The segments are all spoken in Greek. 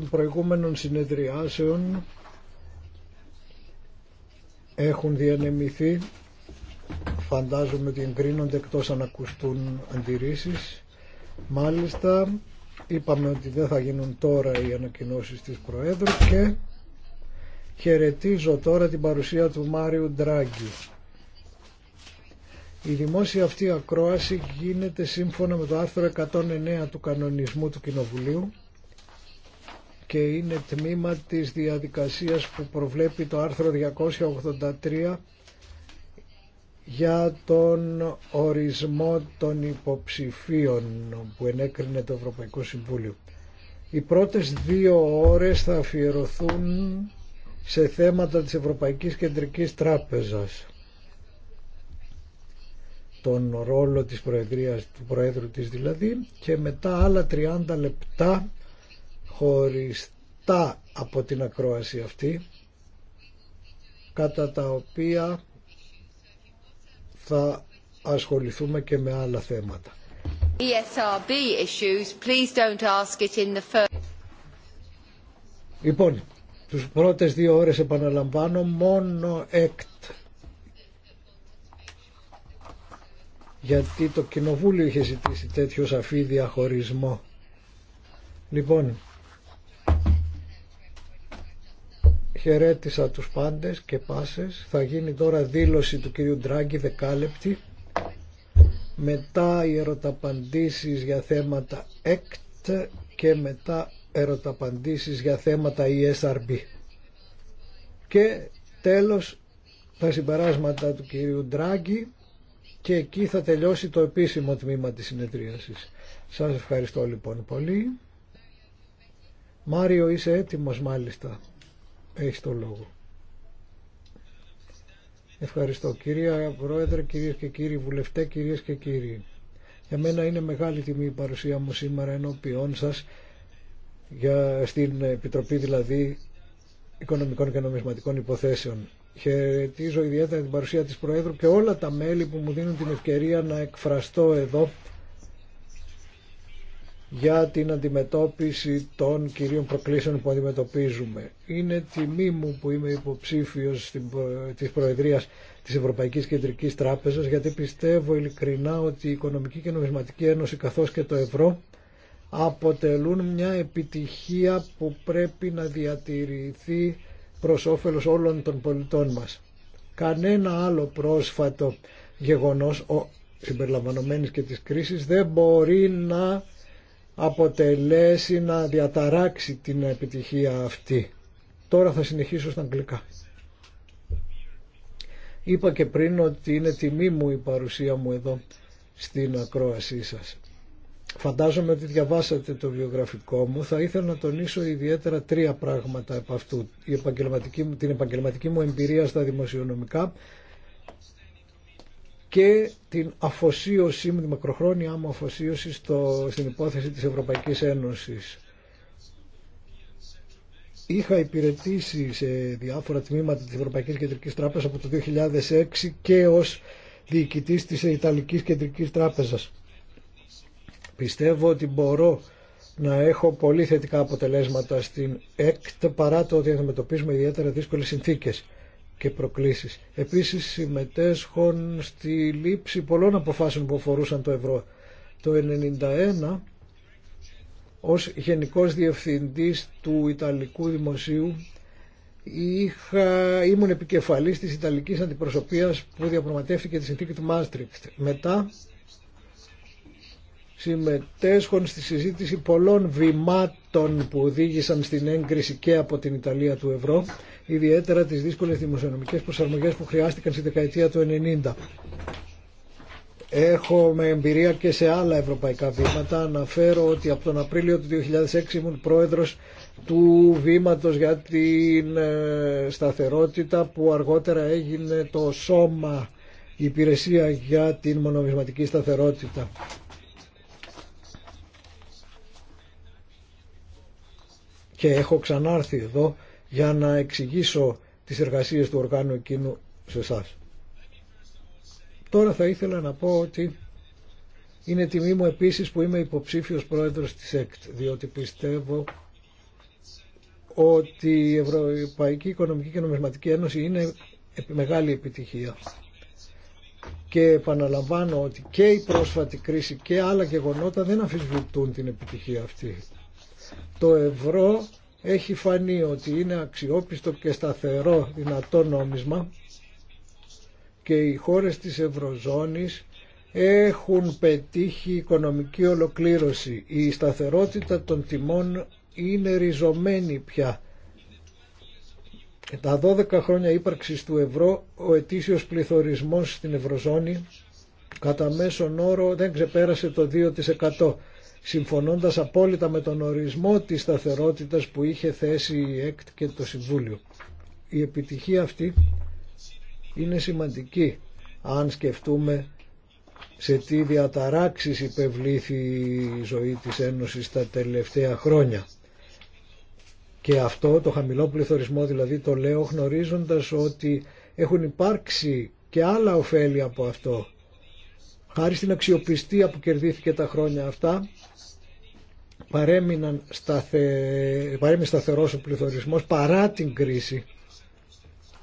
των προηγούμενων συνεδριάσεων έχουν διανεμηθεί φαντάζομαι ότι εγκρίνονται εκτός αν ακουστούν αντιρρήσεις μάλιστα είπαμε ότι δεν θα γίνουν τώρα οι ανακοινώσεις της Προέδρου και χαιρετίζω τώρα την παρουσία του Μάριου Ντράγκη η δημόσια αυτή ακρόαση γίνεται σύμφωνα με το άρθρο 109 του κανονισμού του Κοινοβουλίου και είναι τμήμα της διαδικασίας που προβλέπει το άρθρο 283 για τον ορισμό των υποψηφίων που ενέκρινε το Ευρωπαϊκό Συμβούλιο. Οι πρώτες δύο ώρες θα αφιερωθούν σε θέματα της Ευρωπαϊκής Κεντρικής Τράπεζας τον ρόλο της Προεδρίας του Προέδρου της δηλαδή και μετά άλλα 30 λεπτά χωριστά από την ακρόαση αυτή κατά τα οποία θα ασχοληθούμε και με άλλα θέματα. ESRB issues, please don't ask it in Λοιπόν, τους πρώτες δύο ώρες επαναλαμβάνω μόνο ΕΚΤ γιατί το Κοινοβούλιο είχε ζητήσει τέτοιο σαφή διαχωρισμό. Λοιπόν, Χαιρέτησα τους πάντες και πάσες. Θα γίνει τώρα δήλωση του κυρίου Ντράγκη δεκάλεπτη. Μετά οι ερωταπαντήσεις για θέματα ΕΚΤ και μετά ερωταπαντήσεις για θέματα ESRB. Και τέλος τα συμπεράσματα του κυρίου Ντράγκη και εκεί θα τελειώσει το επίσημο τμήμα της συνεδρίασης. Σας ευχαριστώ λοιπόν πολύ. Μάριο είσαι έτοιμος μάλιστα. Έχει το λόγο. Ευχαριστώ. Κυρία Πρόεδρε, κυρίες και κύριοι βουλευτέ, κυρίες και κύριοι. Για μένα είναι μεγάλη τιμή η παρουσία μου σήμερα ενώπιόν σας για, στην Επιτροπή δηλαδή Οικονομικών και Νομισματικών Υποθέσεων. Χαιρετίζω ιδιαίτερα την παρουσία της Προέδρου και όλα τα μέλη που μου δίνουν την ευκαιρία να εκφραστώ εδώ για την αντιμετώπιση των κυρίων προκλήσεων που αντιμετωπίζουμε. Είναι τιμή μου που είμαι υποψήφιος της Προεδρίας της Ευρωπαϊκής Κεντρικής Τράπεζας γιατί πιστεύω ειλικρινά ότι η Οικονομική και Νομισματική Ένωση καθώς και το ευρώ αποτελούν μια επιτυχία που πρέπει να διατηρηθεί προς όφελος όλων των πολιτών μας. Κανένα άλλο πρόσφατο γεγονός, ο συμπεριλαμβανομένης και της κρίσης, δεν μπορεί να αποτελέσει να διαταράξει την επιτυχία αυτή. Τώρα θα συνεχίσω στα αγγλικά. Είπα και πριν ότι είναι τιμή μου η παρουσία μου εδώ στην ακρόασή σας. Φαντάζομαι ότι διαβάσατε το βιογραφικό μου. Θα ήθελα να τονίσω ιδιαίτερα τρία πράγματα από αυτού. Η επαγγελματική, την επαγγελματική μου εμπειρία στα δημοσιονομικά, και την αφοσίωση, τη μακροχρόνια μου αφοσίωση στο, στην υπόθεση της Ευρωπαϊκής Ένωσης. Είχα υπηρετήσει σε διάφορα τμήματα της Ευρωπαϊκής Κεντρικής Τράπεζας από το 2006 και ως διοικητής της Ιταλικής Κεντρικής Τράπεζας. Πιστεύω ότι μπορώ να έχω πολύ θετικά αποτελέσματα στην ΕΚΤ παρά το ότι αντιμετωπίζουμε ιδιαίτερα δύσκολες συνθήκες και προκλήσεις. Επίσης συμμετέσχον στη λήψη πολλών αποφάσεων που αφορούσαν το ευρώ. Το 1991 ως Γενικός Διευθυντής του Ιταλικού Δημοσίου είχα, ήμουν επικεφαλής της Ιταλικής Αντιπροσωπείας που διαπραγματεύτηκε τη συνθήκη του Μάστριχτ. Μετά συμμετέσχων στη συζήτηση πολλών βημάτων που οδήγησαν στην έγκριση και από την Ιταλία του ευρώ, ιδιαίτερα τις δύσκολες δημοσιονομικές προσαρμογές που χρειάστηκαν στη δεκαετία του 90. Έχω με εμπειρία και σε άλλα ευρωπαϊκά βήματα. Αναφέρω ότι από τον Απρίλιο του 2006 ήμουν πρόεδρος του βήματος για την ε, σταθερότητα που αργότερα έγινε το σώμα υπηρεσία για την μονομισματική σταθερότητα. και έχω ξανάρθει εδώ για να εξηγήσω τις εργασίες του οργάνου εκείνου σε εσά. Τώρα θα ήθελα να πω ότι είναι τιμή μου επίσης που είμαι υποψήφιος πρόεδρος της ΕΚΤ, διότι πιστεύω ότι η Ευρωπαϊκή Οικονομική και Νομισματική Ένωση είναι μεγάλη επιτυχία. Και επαναλαμβάνω ότι και η πρόσφατη κρίση και άλλα γεγονότα δεν αφισβητούν την επιτυχία αυτή. Το ευρώ έχει φανεί ότι είναι αξιόπιστο και σταθερό δυνατό νόμισμα και οι χώρες της Ευρωζώνης έχουν πετύχει οικονομική ολοκλήρωση. Η σταθερότητα των τιμών είναι ριζωμένη πια. Τα 12 χρόνια ύπαρξης του ευρώ ο ετήσιος πληθωρισμός στην Ευρωζώνη κατά μέσον όρο δεν ξεπέρασε το 2% συμφωνώντας απόλυτα με τον ορισμό της σταθερότητας που είχε θέσει η ΕΚΤ και το Συμβούλιο. Η επιτυχία αυτή είναι σημαντική αν σκεφτούμε σε τι διαταράξεις υπευλήθη η ζωή της Ένωσης τα τελευταία χρόνια. Και αυτό το χαμηλό πληθωρισμό δηλαδή το λέω γνωρίζοντας ότι έχουν υπάρξει και άλλα ωφέλη από αυτό Χάρη στην αξιοπιστία που κερδίθηκε τα χρόνια αυτά, παρέμειναν σταθε... παρέμεινε σταθερός ο πληθωρισμός παρά την κρίση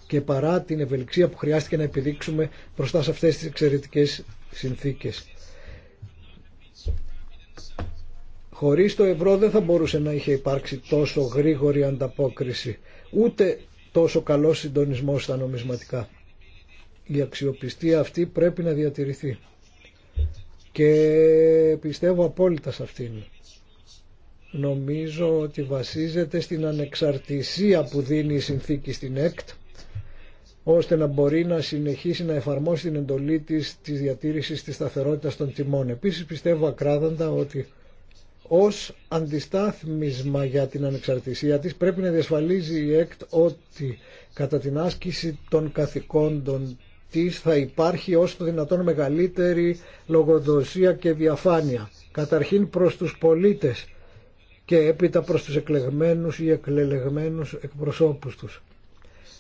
και παρά την ευελιξία που χρειάστηκε να επιδείξουμε μπροστά σε αυτές τις εξαιρετικές συνθήκες. Χωρίς το ευρώ δεν θα μπορούσε να είχε υπάρξει τόσο γρήγορη ανταπόκριση, ούτε τόσο καλός συντονισμός στα νομισματικά. Η αξιοπιστία αυτή πρέπει να διατηρηθεί και πιστεύω απόλυτα σε αυτήν. Νομίζω ότι βασίζεται στην ανεξαρτησία που δίνει η συνθήκη στην ΕΚΤ ώστε να μπορεί να συνεχίσει να εφαρμόσει την εντολή της, της διατήρησης της σταθερότητας των τιμών. Επίσης πιστεύω ακράδαντα ότι ως αντιστάθμισμα για την ανεξαρτησία της πρέπει να διασφαλίζει η ΕΚΤ ότι κατά την άσκηση των καθηκόντων της θα υπάρχει όσο το δυνατόν μεγαλύτερη λογοδοσία και διαφάνεια. Καταρχήν προς τους πολίτες και έπειτα προς τους εκλεγμένους ή εκλελεγμένους εκπροσώπους τους.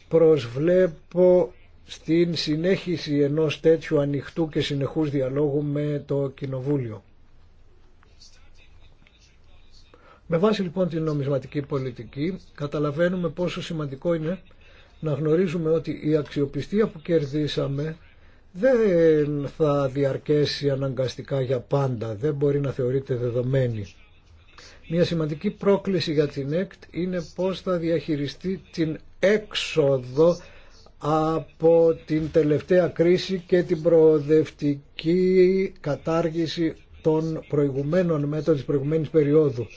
Προσβλέπω στην συνέχιση ενός τέτοιου ανοιχτού και συνεχούς διαλόγου με το Κοινοβούλιο. Με βάση λοιπόν την νομισματική πολιτική καταλαβαίνουμε πόσο σημαντικό είναι να γνωρίζουμε ότι η αξιοπιστία που κερδίσαμε δεν θα διαρκέσει αναγκαστικά για πάντα, δεν μπορεί να θεωρείται δεδομένη. Μια σημαντική πρόκληση για την ΕΚΤ είναι πώς θα διαχειριστεί την έξοδο από την τελευταία κρίση και την προοδευτική κατάργηση των προηγουμένων μέτρων της προηγουμένης περίοδου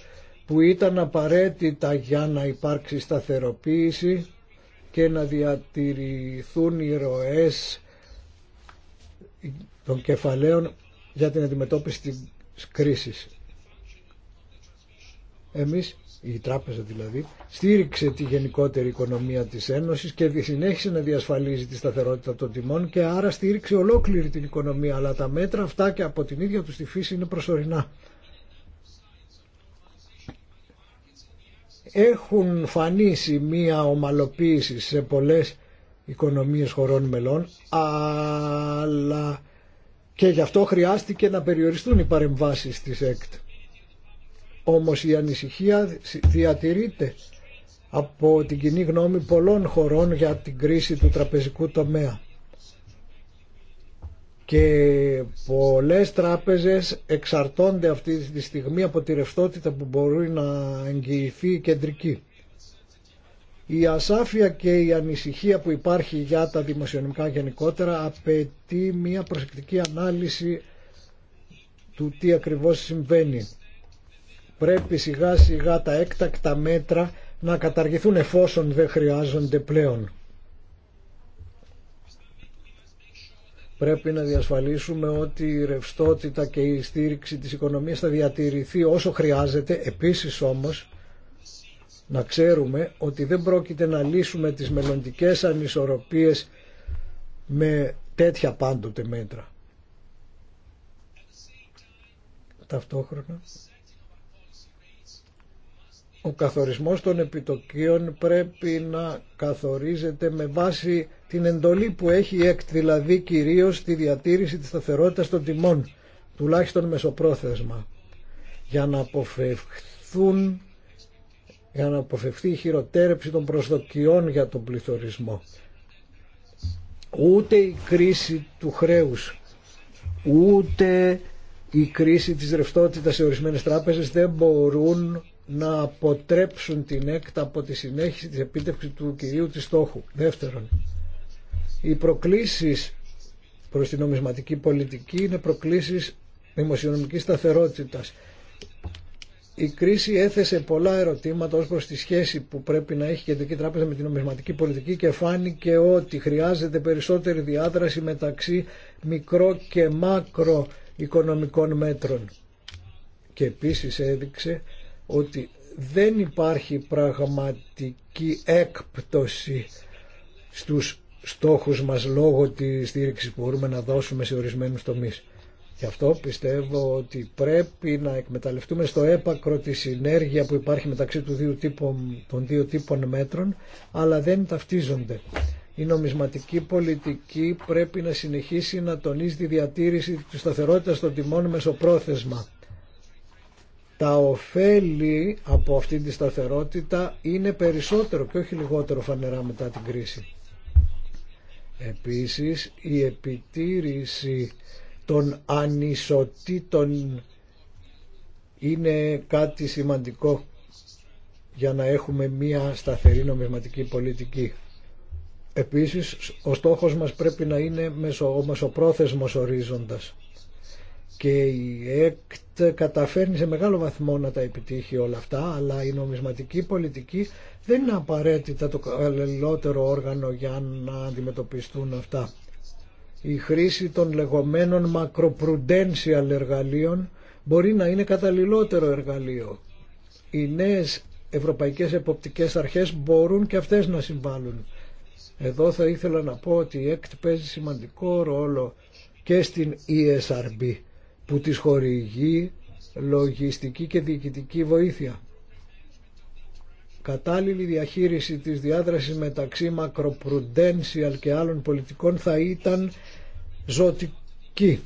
που ήταν απαραίτητα για να υπάρξει σταθεροποίηση και να διατηρηθούν οι ροές των κεφαλαίων για την αντιμετώπιση της κρίσης. Εμείς, η τράπεζα δηλαδή, στήριξε τη γενικότερη οικονομία της Ένωσης και συνέχισε να διασφαλίζει τη σταθερότητα των τιμών και άρα στήριξε ολόκληρη την οικονομία, αλλά τα μέτρα αυτά και από την ίδια τους τη φύση είναι προσωρινά. έχουν φανεί μια ομαλοποίηση σε πολλές οικονομίες χωρών μελών αλλά και γι' αυτό χρειάστηκε να περιοριστούν οι παρεμβάσεις της ΕΚΤ. Όμως η ανησυχία διατηρείται από την κοινή γνώμη πολλών χωρών για την κρίση του τραπεζικού τομέα και πολλές τράπεζες εξαρτώνται αυτή τη στιγμή από τη ρευστότητα που μπορεί να εγγυηθεί η κεντρική. Η ασάφεια και η ανησυχία που υπάρχει για τα δημοσιονομικά γενικότερα απαιτεί μια προσεκτική ανάλυση του τι ακριβώς συμβαίνει. Πρέπει σιγά σιγά τα έκτακτα μέτρα να καταργηθούν εφόσον δεν χρειάζονται πλέον. Πρέπει να διασφαλίσουμε ότι η ρευστότητα και η στήριξη της οικονομίας θα διατηρηθεί όσο χρειάζεται. Επίσης όμως να ξέρουμε ότι δεν πρόκειται να λύσουμε τις μελλοντικές ανισορροπίες με τέτοια πάντοτε μέτρα. Ταυτόχρονα ο καθορισμός των επιτοκίων πρέπει να καθορίζεται με βάση την εντολή που έχει η ΕΚΤ, δηλαδή κυρίως τη διατήρηση της σταθερότητας των τιμών, τουλάχιστον μεσοπρόθεσμα, για να αποφευχθούν για να αποφευθεί η χειροτέρεψη των προσδοκιών για τον πληθωρισμό. Ούτε η κρίση του χρέους, ούτε η κρίση της ρευστότητας σε ορισμένες τράπεζες δεν μπορούν να αποτρέψουν την έκτα από τη συνέχιση της επίτευξη του κυρίου της στόχου. Δεύτερον, οι προκλήσεις προς την νομισματική πολιτική είναι προκλήσεις δημοσιονομικής σταθερότητας. Η κρίση έθεσε πολλά ερωτήματα ως προς τη σχέση που πρέπει να έχει η Κεντρική Τράπεζα με την νομισματική πολιτική και φάνηκε ότι χρειάζεται περισσότερη διάδραση μεταξύ μικρό και μάκρο οικονομικών μέτρων. Και επίσης έδειξε ότι δεν υπάρχει πραγματική έκπτωση στους στόχους μας λόγω της στήριξης που μπορούμε να δώσουμε σε ορισμένους τομείς. Γι' αυτό πιστεύω ότι πρέπει να εκμεταλλευτούμε στο έπακρο τη συνέργεια που υπάρχει μεταξύ του δύο τύπων, των δύο τύπων μέτρων, αλλά δεν ταυτίζονται. Η νομισματική πολιτική πρέπει να συνεχίσει να τονίζει τη διατήρηση της σταθερότητας των τιμών μεσοπρόθεσμα τα ωφέλη από αυτή τη σταθερότητα είναι περισσότερο και όχι λιγότερο φανερά μετά την κρίση. Επίσης, η επιτήρηση των ανισοτήτων είναι κάτι σημαντικό για να έχουμε μία σταθερή νομισματική πολιτική. Επίσης, ο στόχος μας πρέπει να είναι ο μεσοπρόθεσμος ορίζοντας και η ΕΚΤ καταφέρνει σε μεγάλο βαθμό να τα επιτύχει όλα αυτά, αλλά η νομισματική πολιτική δεν είναι απαραίτητα το καλύτερο όργανο για να αντιμετωπιστούν αυτά. Η χρήση των λεγόμενων macroprudential εργαλείων μπορεί να είναι καταλληλότερο εργαλείο. Οι νέες ευρωπαϊκές εποπτικές αρχές μπορούν και αυτές να συμβάλλουν. Εδώ θα ήθελα να πω ότι η ΕΚΤ παίζει σημαντικό ρόλο και στην ESRB που τις χορηγεί λογιστική και διοικητική βοήθεια. Κατάλληλη διαχείριση της διάδρασης μεταξύ μακροπρουντένσιαλ και άλλων πολιτικών θα ήταν ζωτική.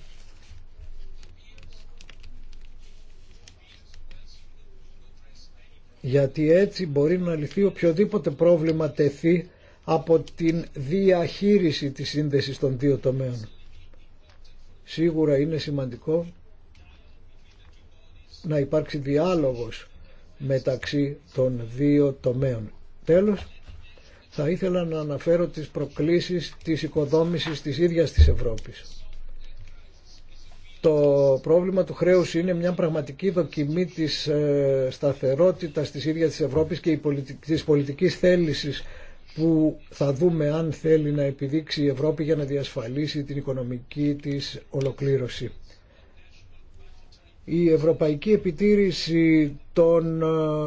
γιατί έτσι μπορεί να λυθεί οποιοδήποτε πρόβλημα τεθεί από την διαχείριση της σύνδεσης των δύο τομέων. Σίγουρα είναι σημαντικό να υπάρξει διάλογος μεταξύ των δύο τομέων. Τέλος, θα ήθελα να αναφέρω τις προκλήσεις της οικοδόμησης της ίδιας της Ευρώπης. Το πρόβλημα του χρέους είναι μια πραγματική δοκιμή της ε, σταθερότητας της ίδιας της Ευρώπης και της πολιτικής θέλησης που θα δούμε αν θέλει να επιδείξει η Ευρώπη για να διασφαλίσει την οικονομική της ολοκλήρωση. Η ευρωπαϊκή επιτήρηση των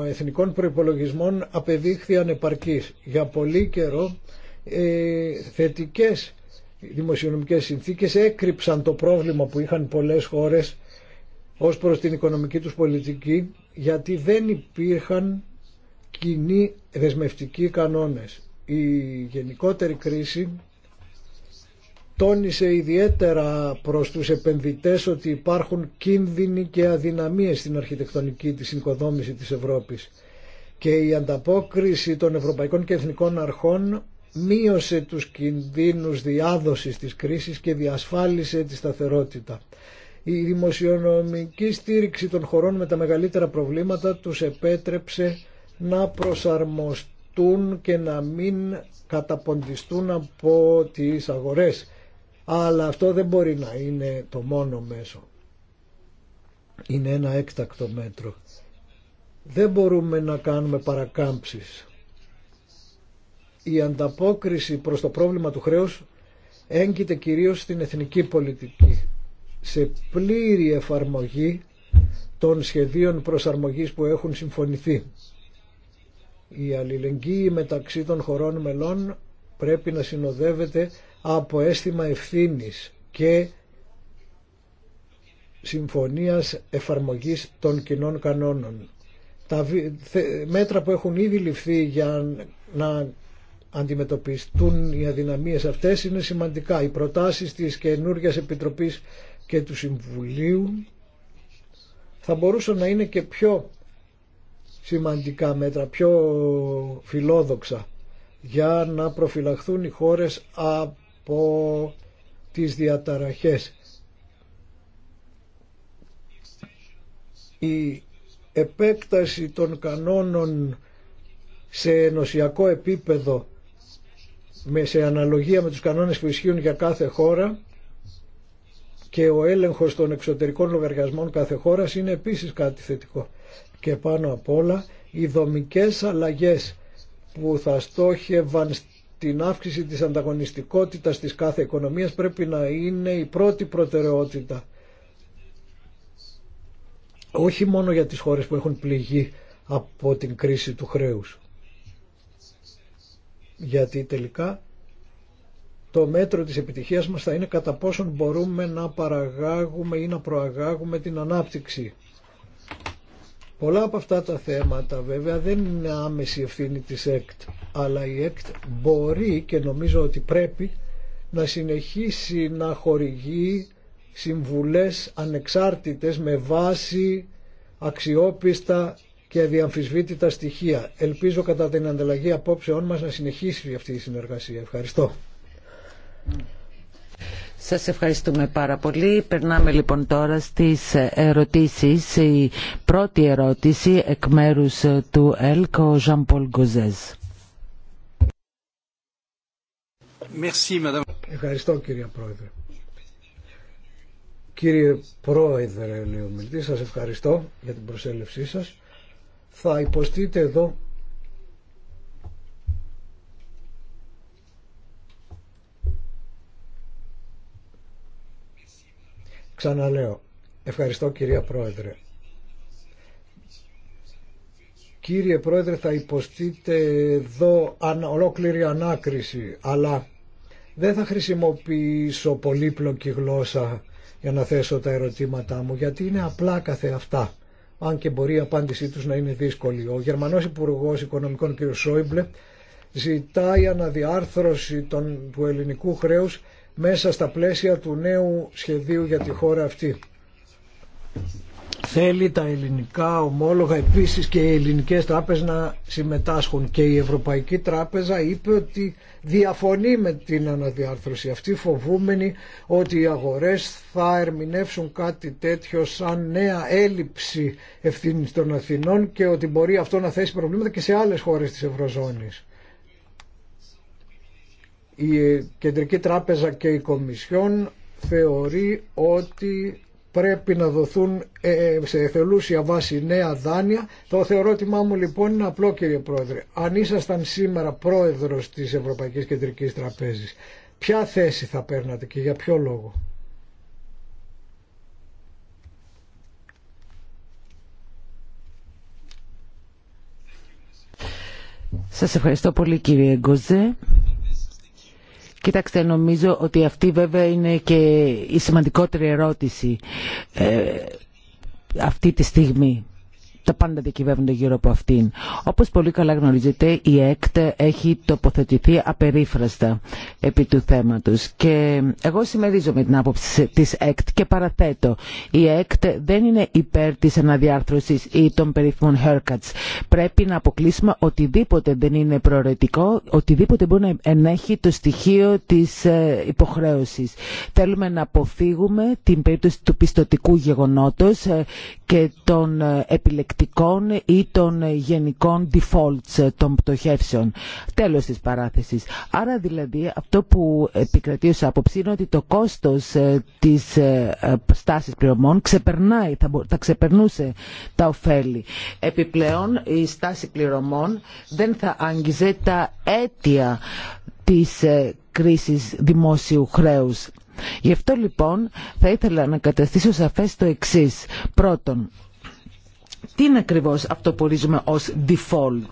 ε, εθνικών προϋπολογισμών απεδείχθη ανεπαρκής. Για πολύ καιρό ε, θετικές δημοσιονομικές συνθήκες έκρυψαν το πρόβλημα που είχαν πολλές χώρες ως προς την οικονομική τους πολιτική γιατί δεν υπήρχαν κοινοί δεσμευτικοί κανόνες η γενικότερη κρίση τόνισε ιδιαίτερα προς τους επενδυτές ότι υπάρχουν κίνδυνοι και αδυναμίες στην αρχιτεκτονική της οικοδόμηση της Ευρώπης και η ανταπόκριση των ευρωπαϊκών και εθνικών αρχών μείωσε τους κινδύνους διάδοσης της κρίσης και διασφάλισε τη σταθερότητα. Η δημοσιονομική στήριξη των χωρών με τα μεγαλύτερα προβλήματα τους επέτρεψε να προσαρμοστούν και να μην καταποντιστούν από τις αγορές. Αλλά αυτό δεν μπορεί να είναι το μόνο μέσο. Είναι ένα έκτακτο μέτρο. Δεν μπορούμε να κάνουμε παρακάμψεις. Η ανταπόκριση προς το πρόβλημα του χρέους έγκυται κυρίως στην εθνική πολιτική. Σε πλήρη εφαρμογή των σχεδίων προσαρμογής που έχουν συμφωνηθεί. Η αλληλεγγύη μεταξύ των χωρών μελών πρέπει να συνοδεύεται από αίσθημα ευθύνης και συμφωνίας εφαρμογής των κοινών κανόνων. Τα μέτρα που έχουν ήδη ληφθεί για να αντιμετωπιστούν οι αδυναμίες αυτές είναι σημαντικά. Οι προτάσεις της καινούργιας Επιτροπής και του Συμβουλίου θα μπορούσαν να είναι και πιο σημαντικά μέτρα, πιο φιλόδοξα για να προφυλαχθούν οι χώρες από τις διαταραχές. Η επέκταση των κανόνων σε ενωσιακό επίπεδο με, σε αναλογία με τους κανόνες που ισχύουν για κάθε χώρα και ο έλεγχος των εξωτερικών λογαριασμών κάθε χώρας είναι επίσης κάτι θετικό και πάνω απ' όλα οι δομικές αλλαγές που θα στόχευαν στην αύξηση της ανταγωνιστικότητας της κάθε οικονομίας πρέπει να είναι η πρώτη προτεραιότητα. Όχι μόνο για τις χώρες που έχουν πληγεί από την κρίση του χρέους. Γιατί τελικά το μέτρο της επιτυχίας μας θα είναι κατά πόσον μπορούμε να παραγάγουμε ή να προαγάγουμε την ανάπτυξη Πολλά από αυτά τα θέματα βέβαια δεν είναι άμεση ευθύνη της ΕΚΤ, αλλά η ΕΚΤ μπορεί και νομίζω ότι πρέπει να συνεχίσει να χορηγεί συμβουλές ανεξάρτητες με βάση αξιόπιστα και διαμφισβήτητα στοιχεία. Ελπίζω κατά την ανταλλαγή απόψεών μας να συνεχίσει αυτή η συνεργασία. Ευχαριστώ. Σας ευχαριστούμε πάρα πολύ. Περνάμε λοιπόν τώρα στις ερωτήσεις. Η πρώτη ερώτηση εκ μέρους του ΕΛΚ, ο Ζαν Πολ Ευχαριστώ κύριε Πρόεδρε. Κύριε Πρόεδρε, λέει σας ευχαριστώ για την προσέλευσή σας. Θα υποστείτε εδώ Ξαναλέω. Ευχαριστώ κυρία Πρόεδρε. Κύριε Πρόεδρε θα υποστείτε εδώ ολόκληρη ανάκριση αλλά δεν θα χρησιμοποιήσω πολύπλοκη γλώσσα για να θέσω τα ερωτήματά μου γιατί είναι απλά καθεαυτά αν και μπορεί η απάντησή τους να είναι δύσκολη. Ο Γερμανός Υπουργό Οικονομικών κ. Σόιμπλε ζητάει αναδιάρθρωση του ελληνικού χρέους μέσα στα πλαίσια του νέου σχεδίου για τη χώρα αυτή. Θέλει τα ελληνικά ομόλογα επίσης και οι ελληνικές τράπεζες να συμμετάσχουν και η Ευρωπαϊκή Τράπεζα είπε ότι διαφωνεί με την αναδιάρθρωση αυτή φοβούμενη ότι οι αγορές θα ερμηνεύσουν κάτι τέτοιο σαν νέα έλλειψη ευθύνης των Αθηνών και ότι μπορεί αυτό να θέσει προβλήματα και σε άλλες χώρες της Ευρωζώνης. Η Κεντρική Τράπεζα και η Κομισιόν θεωρεί ότι πρέπει να δοθούν ε, σε εθελούσια βάση νέα δάνεια. Το θεωρώτημά μου λοιπόν είναι απλό κύριε Πρόεδρε. Αν ήσασταν σήμερα πρόεδρος της Ευρωπαϊκής Κεντρικής Τραπέζης, ποια θέση θα παίρνατε και για ποιο λόγο. Σας ευχαριστώ πολύ κύριε Γκοζέ. Κοιτάξτε, νομίζω ότι αυτή βέβαια είναι και η σημαντικότερη ερώτηση ε, αυτή τη στιγμή τα πάντα διακυβεύονται γύρω από αυτήν. Όπω πολύ καλά γνωρίζετε, η ΕΚΤ έχει τοποθετηθεί απερίφραστα επί του θέματο. και εγώ συμμερίζομαι την άποψη τη ΕΚΤ και παραθέτω. Η ΕΚΤ δεν είναι υπέρ τη αναδιάρθρωση ή των περίφημων haircuts. Πρέπει να αποκλείσουμε οτιδήποτε δεν είναι προαιρετικό, οτιδήποτε μπορεί να ενέχει το στοιχείο τη ε, υποχρέωση. Θέλουμε να αποφύγουμε την περίπτωση του πιστοτικού γεγονότο ε, και των ε, επιλεκτών ή των γενικών defaults ε, των πτωχεύσεων. Τέλος της παράθεσης. Άρα δηλαδή αυτό που επικρατεί ως άποψη είναι ότι το κόστος ε, της ε, στάσης πληρωμών ξεπερνάει, θα ξεπερνούσε τα ωφέλη. Επιπλέον η στάση πληρωμών δεν θα άγγιζε τα αίτια της κρίσης δημόσιου χρέους. Γι' αυτό λοιπόν θα ήθελα να καταστήσω σαφές το εξής. Πρώτον, τι είναι ακριβώς αυτό που ορίζουμε ως default.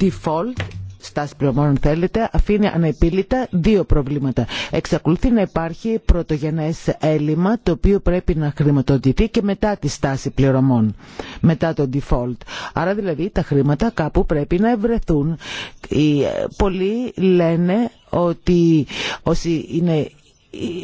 Default στάση πληρωμών θέλετε, αφήνει ανεπίλητα δύο προβλήματα. Εξακολουθεί να υπάρχει πρωτογενέ έλλειμμα το οποίο πρέπει να χρηματοδοτηθεί και μετά τη στάση πληρωμών, μετά το default. Άρα δηλαδή τα χρήματα κάπου πρέπει να ευρεθούν. Οι ε, πολλοί λένε ότι όσοι είναι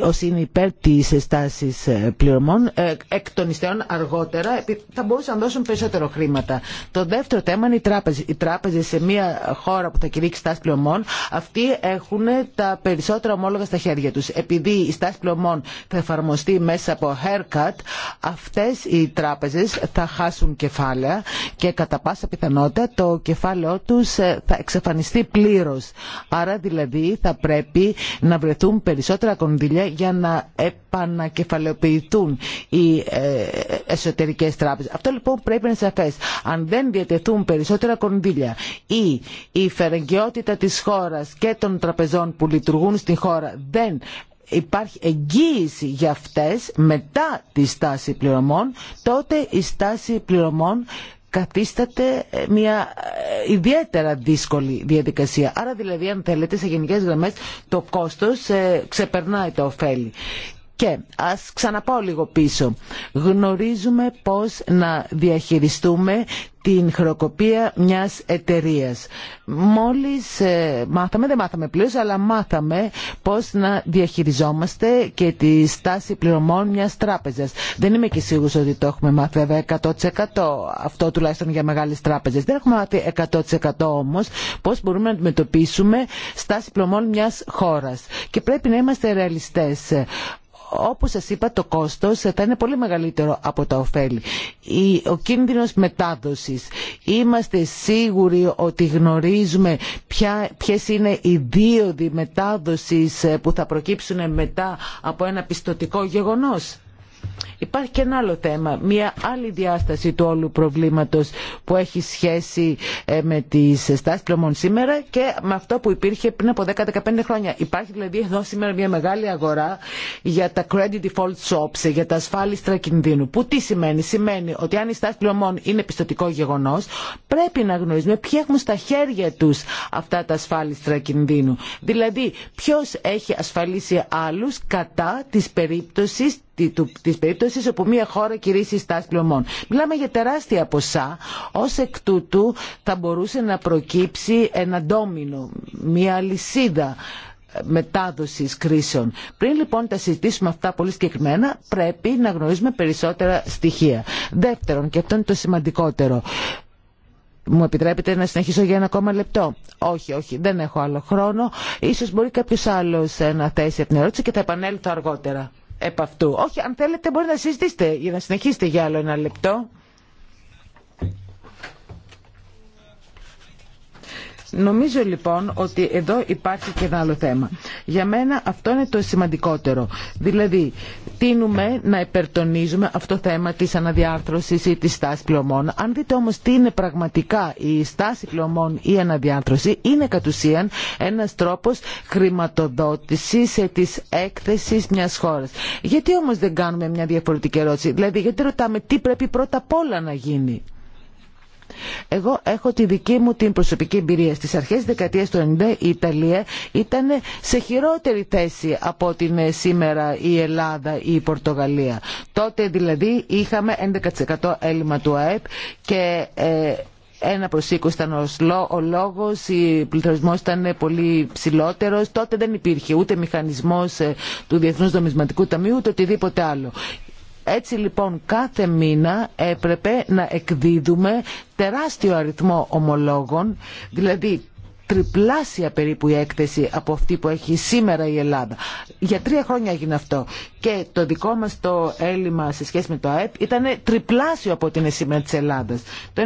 όσοι είναι υπέρ της στάσης ε, πληρωμών ε, εκ των υστέρων αργότερα θα μπορούσαν να δώσουν περισσότερο χρήματα. Το δεύτερο θέμα είναι οι τράπεζες. Οι τράπεζες σε μια χώρα που θα κηρύξει στάση πληρωμών αυτοί έχουν τα περισσότερα ομόλογα στα χέρια τους. Επειδή η στάση πληρωμών θα εφαρμοστεί μέσα από haircut αυτές οι τράπεζες θα χάσουν κεφάλαια και κατά πάσα πιθανότητα το κεφάλαιό τους ε, θα εξαφανιστεί πλήρως. Άρα δηλαδή θα πρέπει να βρεθούν περισσότερα κονδύλια για να επανακεφαλαιοποιηθούν οι ε, εσωτερικές τράπεζες. Αυτό λοιπόν πρέπει να είναι σαφές. Αν δεν διατεθούν περισσότερα κονδύλια ή η η φερεγκαιοτητα της χώρας και των τραπεζών που λειτουργούν στην χώρα δεν υπάρχει εγγύηση για αυτές μετά τη στάση πληρωμών, τότε η στάση πληρωμών καθίσταται ε, μια ε, ιδιαίτερα δύσκολη διαδικασία. Άρα δηλαδή αν θέλετε σε γενικές γραμμές το κόστος ε, ξεπερνάει το ωφέλη. Και ας ξαναπάω λίγο πίσω. Γνωρίζουμε πώς να διαχειριστούμε την χροκοπία μιας εταιρείας. Μόλις ε, μάθαμε, δεν μάθαμε πλήρως, αλλά μάθαμε πώς να διαχειριζόμαστε και τη στάση πληρωμών μιας τράπεζας. Δεν είμαι και σίγουρος ότι το έχουμε μάθει βέβαια 100%. Αυτό τουλάχιστον για μεγάλες τράπεζες. Δεν έχουμε μάθει 100% όμως πώς μπορούμε να αντιμετωπίσουμε στάση πληρωμών μιας χώρας. Και πρέπει να είμαστε ρεαλιστές όπως σας είπα το κόστος θα είναι πολύ μεγαλύτερο από τα ωφέλη. Ο κίνδυνος μετάδοσης. Είμαστε σίγουροι ότι γνωρίζουμε ποια, ποιες είναι οι δίωδοι μετάδοσης ε, που θα προκύψουν μετά από ένα πιστοτικό γεγονός. Υπάρχει και ένα άλλο θέμα, μια άλλη διάσταση του όλου προβλήματος που έχει σχέση ε, με τις στάσεις πλωμών σήμερα και με αυτό που υπήρχε πριν από 10-15 χρόνια. Υπάρχει δηλαδή εδώ σήμερα μια μεγάλη αγορά για τα credit default shops, για τα ασφάλιστρα κινδύνου. Που τι σημαίνει, σημαίνει ότι αν η στάση πλωμών είναι πιστοτικό γεγονός, πρέπει να γνωρίζουμε ποιοι έχουν στα χέρια τους αυτά τα ασφάλιστρα κινδύνου. Δηλαδή, ποιο έχει ασφαλίσει άλλους κατά της περίπτωσης της περίπτωσης όπου μια χώρα κηρύσσει στάση πλωμών. Μιλάμε για τεράστια ποσά, ως εκ τούτου θα μπορούσε να προκύψει ένα ντόμινο, μια λυσίδα ε, μετάδοση κρίσεων. Πριν λοιπόν τα συζητήσουμε αυτά πολύ συγκεκριμένα, πρέπει να γνωρίζουμε περισσότερα στοιχεία. Δεύτερον, και αυτό είναι το σημαντικότερο. Μου επιτρέπετε να συνεχίσω για ένα ακόμα λεπτό. Όχι, όχι, δεν έχω άλλο χρόνο. Ίσως μπορεί κάποιος άλλος να θέσει την ερώτηση και θα επανέλθω αργότερα επ' Όχι, αν θέλετε μπορείτε να συζητήσετε για να συνεχίσετε για άλλο ένα λεπτό. Νομίζω λοιπόν ότι εδώ υπάρχει και ένα άλλο θέμα. Για μένα αυτό είναι το σημαντικότερο. Δηλαδή, τίνουμε να υπερτονίζουμε αυτό το θέμα τη αναδιάρθρωση ή τη στάση πλωών. Αν δείτε όμω τι είναι πραγματικά η στάση πλωμών ή η αναδιάρθρωση, είναι κατ' ουσίαν ένας τρόπος χρηματοδότησης ε, τη έκθεση μια χώρας. Γιατί όμως δεν κάνουμε μια διαφορετική ερώτηση. Δηλαδή, γιατί ρωτάμε τι ειναι πραγματικα η σταση πλωμων η η αναδιαρθρωση ειναι κατ ουσιαν ενας τροπος χρηματοδοτησης της εκθεση μια χωρα γιατι ομω δεν κανουμε μια διαφορετικη ερωτηση δηλαδη γιατι ρωταμε τι πρεπει πρωτα απ' όλα να γίνει. Εγώ έχω τη δική μου την προσωπική εμπειρία. Στις αρχές της δεκαετίας του 90 η Ιταλία ήταν σε χειρότερη θέση από ότι είναι σήμερα η Ελλάδα ή η Πορτογαλία. Τότε δηλαδή είχαμε 11% έλλειμμα του ΑΕΠ και ε, ένα προς 20 ήταν ο λόγος, ο πληθωρισμός ήταν πολύ ψηλότερος, τότε δεν υπήρχε ούτε μηχανισμός ε, του Διεθνούς Δομισματικού Ταμείου, ούτε οτιδήποτε άλλο. Έτσι λοιπόν κάθε μήνα έπρεπε να εκδίδουμε τεράστιο αριθμό ομολόγων, δηλαδή τριπλάσια περίπου η έκθεση από αυτή που έχει σήμερα η Ελλάδα. Για τρία χρόνια έγινε αυτό. Και το δικό μα το έλλειμμα σε σχέση με το ΑΕΠ ήταν τριπλάσιο από ό,τι είναι σήμερα τη Ελλάδα. Το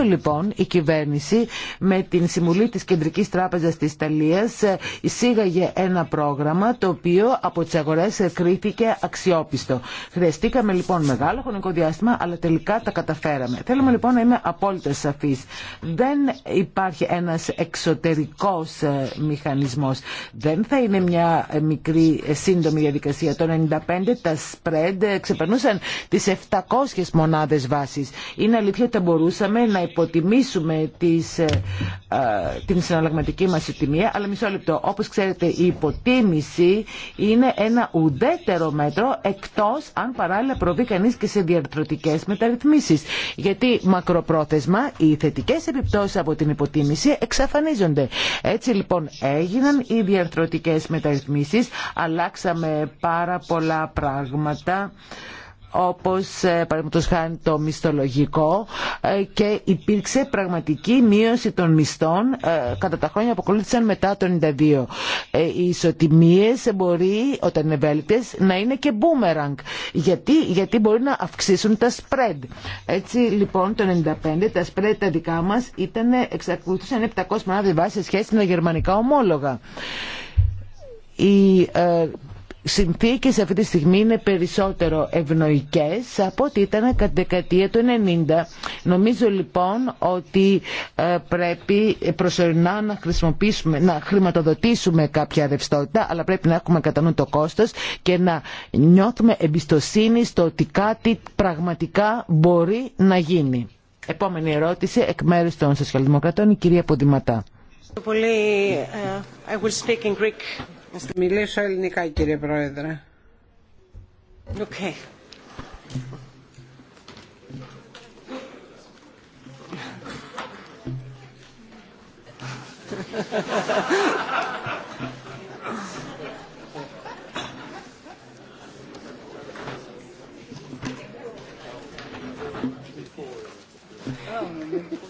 1992 λοιπόν η κυβέρνηση με την συμβουλή τη κεντρική τράπεζα τη Ιταλία ε, εισήγαγε ένα πρόγραμμα το οποίο από τι αγορέ κρίθηκε αξιόπιστο. Χρειαστήκαμε λοιπόν μεγάλο χρονικό διάστημα αλλά τελικά τα καταφέραμε. Θέλουμε λοιπόν να είμαι απόλυτα σαφή. Δεν υπάρχει ένα εξωτερικό εσωτερικός ε, μηχανισμός. Δεν θα είναι μια ε, μικρή ε, σύντομη διαδικασία. Το 95 τα spread ξεπερνούσαν τις 700 μονάδες βάσης. Είναι αλήθεια ότι μπορούσαμε να υποτιμήσουμε τις, την συναλλαγματική μας τιμία, αλλά μισό λεπτό. Όπως ξέρετε η υποτίμηση είναι ένα ουδέτερο μέτρο εκτός αν παράλληλα προβεί κανείς και σε διαρθρωτικές μεταρρυθμίσεις. Γιατί μακροπρόθεσμα οι θετικές επιπτώσεις από την υποτίμηση εξαφανίζονται έτσι λοιπόν έγιναν οι διαρθρωτικές μεταρρυθμίσεις, αλλάξαμε πάρα πολλά πράγματα όπως ε, παραδείγματος χάνει το μισθολογικό ε, και υπήρξε πραγματική μείωση των μισθών ε, κατά τα χρόνια που ακολούθησαν μετά το 92. Οι ισοτιμίες μπορεί όταν είναι ευέλικτες να είναι και boomerang γιατί, γιατί μπορεί να αυξήσουν τα spread. Έτσι λοιπόν το 95 τα spread τα δικά μας ήταν, εξακολουθούσαν 700 μονάδες βάση σε σχέση με τα γερμανικά ομόλογα συνθήκες αυτή τη στιγμή είναι περισσότερο ευνοϊκές από ό,τι ήταν κατά τη δεκαετία του 90. Νομίζω λοιπόν ότι ε, πρέπει προσωρινά να, χρησιμοποιήσουμε, να χρηματοδοτήσουμε κάποια ρευστότητα αλλά πρέπει να έχουμε κατά νου το κόστος και να νιώθουμε εμπιστοσύνη στο ότι κάτι πραγματικά μπορεί να γίνει. Επόμενη ερώτηση εκ μέρους των Σοσιαλδημοκρατών η κυρία Ποντιματά. Μιλήσω ελληνικά κύριε Πρόεδρε. Okay.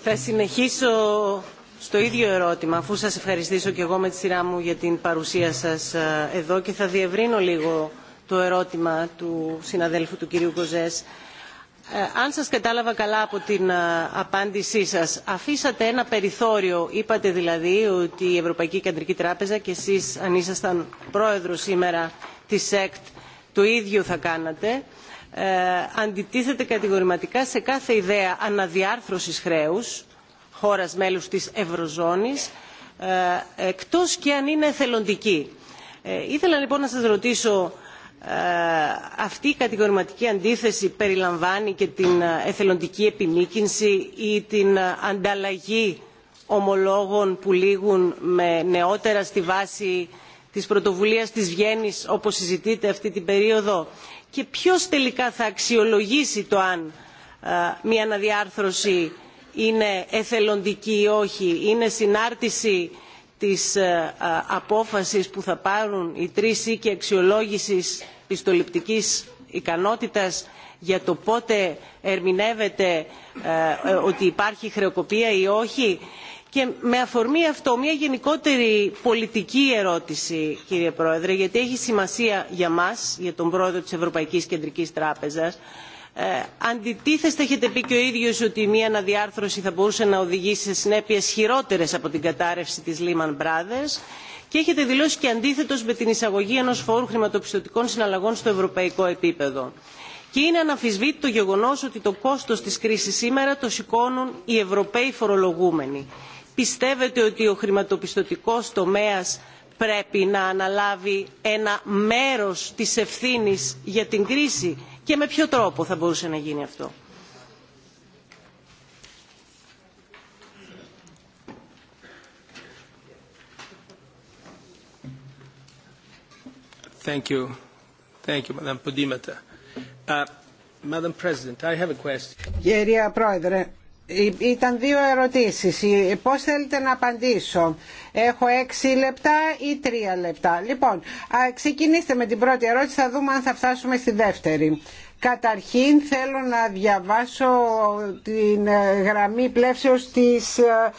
Θα συνεχίσω στο ίδιο ερώτημα αφού σας ευχαριστήσω και εγώ με τη σειρά μου για την παρουσία σας ε, εδώ και θα διευρύνω λίγο το ερώτημα του συναδέλφου του κυρίου Κοζές. Ε, αν σας κατάλαβα καλά από την ε, απάντησή σας, αφήσατε ένα περιθώριο, είπατε δηλαδή ότι η Ευρωπαϊκή Κεντρική Τράπεζα και εσείς αν ήσασταν πρόεδρος σήμερα της ΕΚΤ το ίδιο θα κάνατε, αντιτίθεται κατηγορηματικά σε κάθε ιδέα αναδιάρθρωσης χρέους χώρας μέλους της Ευρωζώνης, ε, εκτός και αν είναι εθελοντική. Ε, ήθελα λοιπόν να σας ρωτήσω, ε, αυτή η κατηγορηματική αντίθεση περιλαμβάνει και την εθελοντική επιμήκυνση ή την ανταλλαγή ομολόγων που λήγουν με νεότερα στη βάση της πρωτοβουλίας της Βιέννης όπως συζητείτε αυτή την περίοδο και ποιος τελικά θα αξιολογήσει το αν μια αναδιάρθρωση είναι εθελοντική ή όχι, είναι συνάρτηση της ε, ε, απόφασης που θα πάρουν οι τρεις και αξιολόγησης πιστοληπτικής ικανότητας για το πότε ερμηνεύεται ε, ότι υπάρχει χρεοκοπία ή όχι. Και με αφορμή αυτό μια γενικότερη πολιτική ερώτηση κύριε Πρόεδρε γιατί έχει σημασία για μας, για τον Πρόεδρο της Ευρωπαϊκής Κεντρικής Τράπεζας ε, αντιτίθεστε έχετε πει και ο ίδιος ότι μια αναδιάρθρωση θα μπορούσε να οδηγήσει σε συνέπειες χειρότερες από την κατάρρευση της Lehman Brothers και έχετε δηλώσει και αντίθετος με την εισαγωγή ενός φόρου χρηματοπιστωτικών συναλλαγών στο ευρωπαϊκό επίπεδο. Και είναι αναμφισβήτητο το γεγονός ότι το κόστος της κρίσης σήμερα το σηκώνουν οι Ευρωπαίοι φορολογούμενοι. Πιστεύετε ότι ο χρηματοπιστωτικός τομέας πρέπει να αναλάβει ένα μέρος της ευθύνης για την κρίση και με ποιο τρόπο θα μπορούσε να γίνει αυτό. Thank you. Thank you, Madam Podimata. Uh, Madam President, I have a question. Κύριε Πρόεδρε, ήταν δύο ερωτήσεις. Πώς θέλετε να απαντήσω. Έχω έξι λεπτά ή τρία λεπτά. Λοιπόν, ξεκινήστε με την πρώτη ερώτηση. Θα δούμε αν θα φτάσουμε στη δεύτερη. Καταρχήν θέλω να διαβάσω την ε, γραμμή πλεύσεως της ε,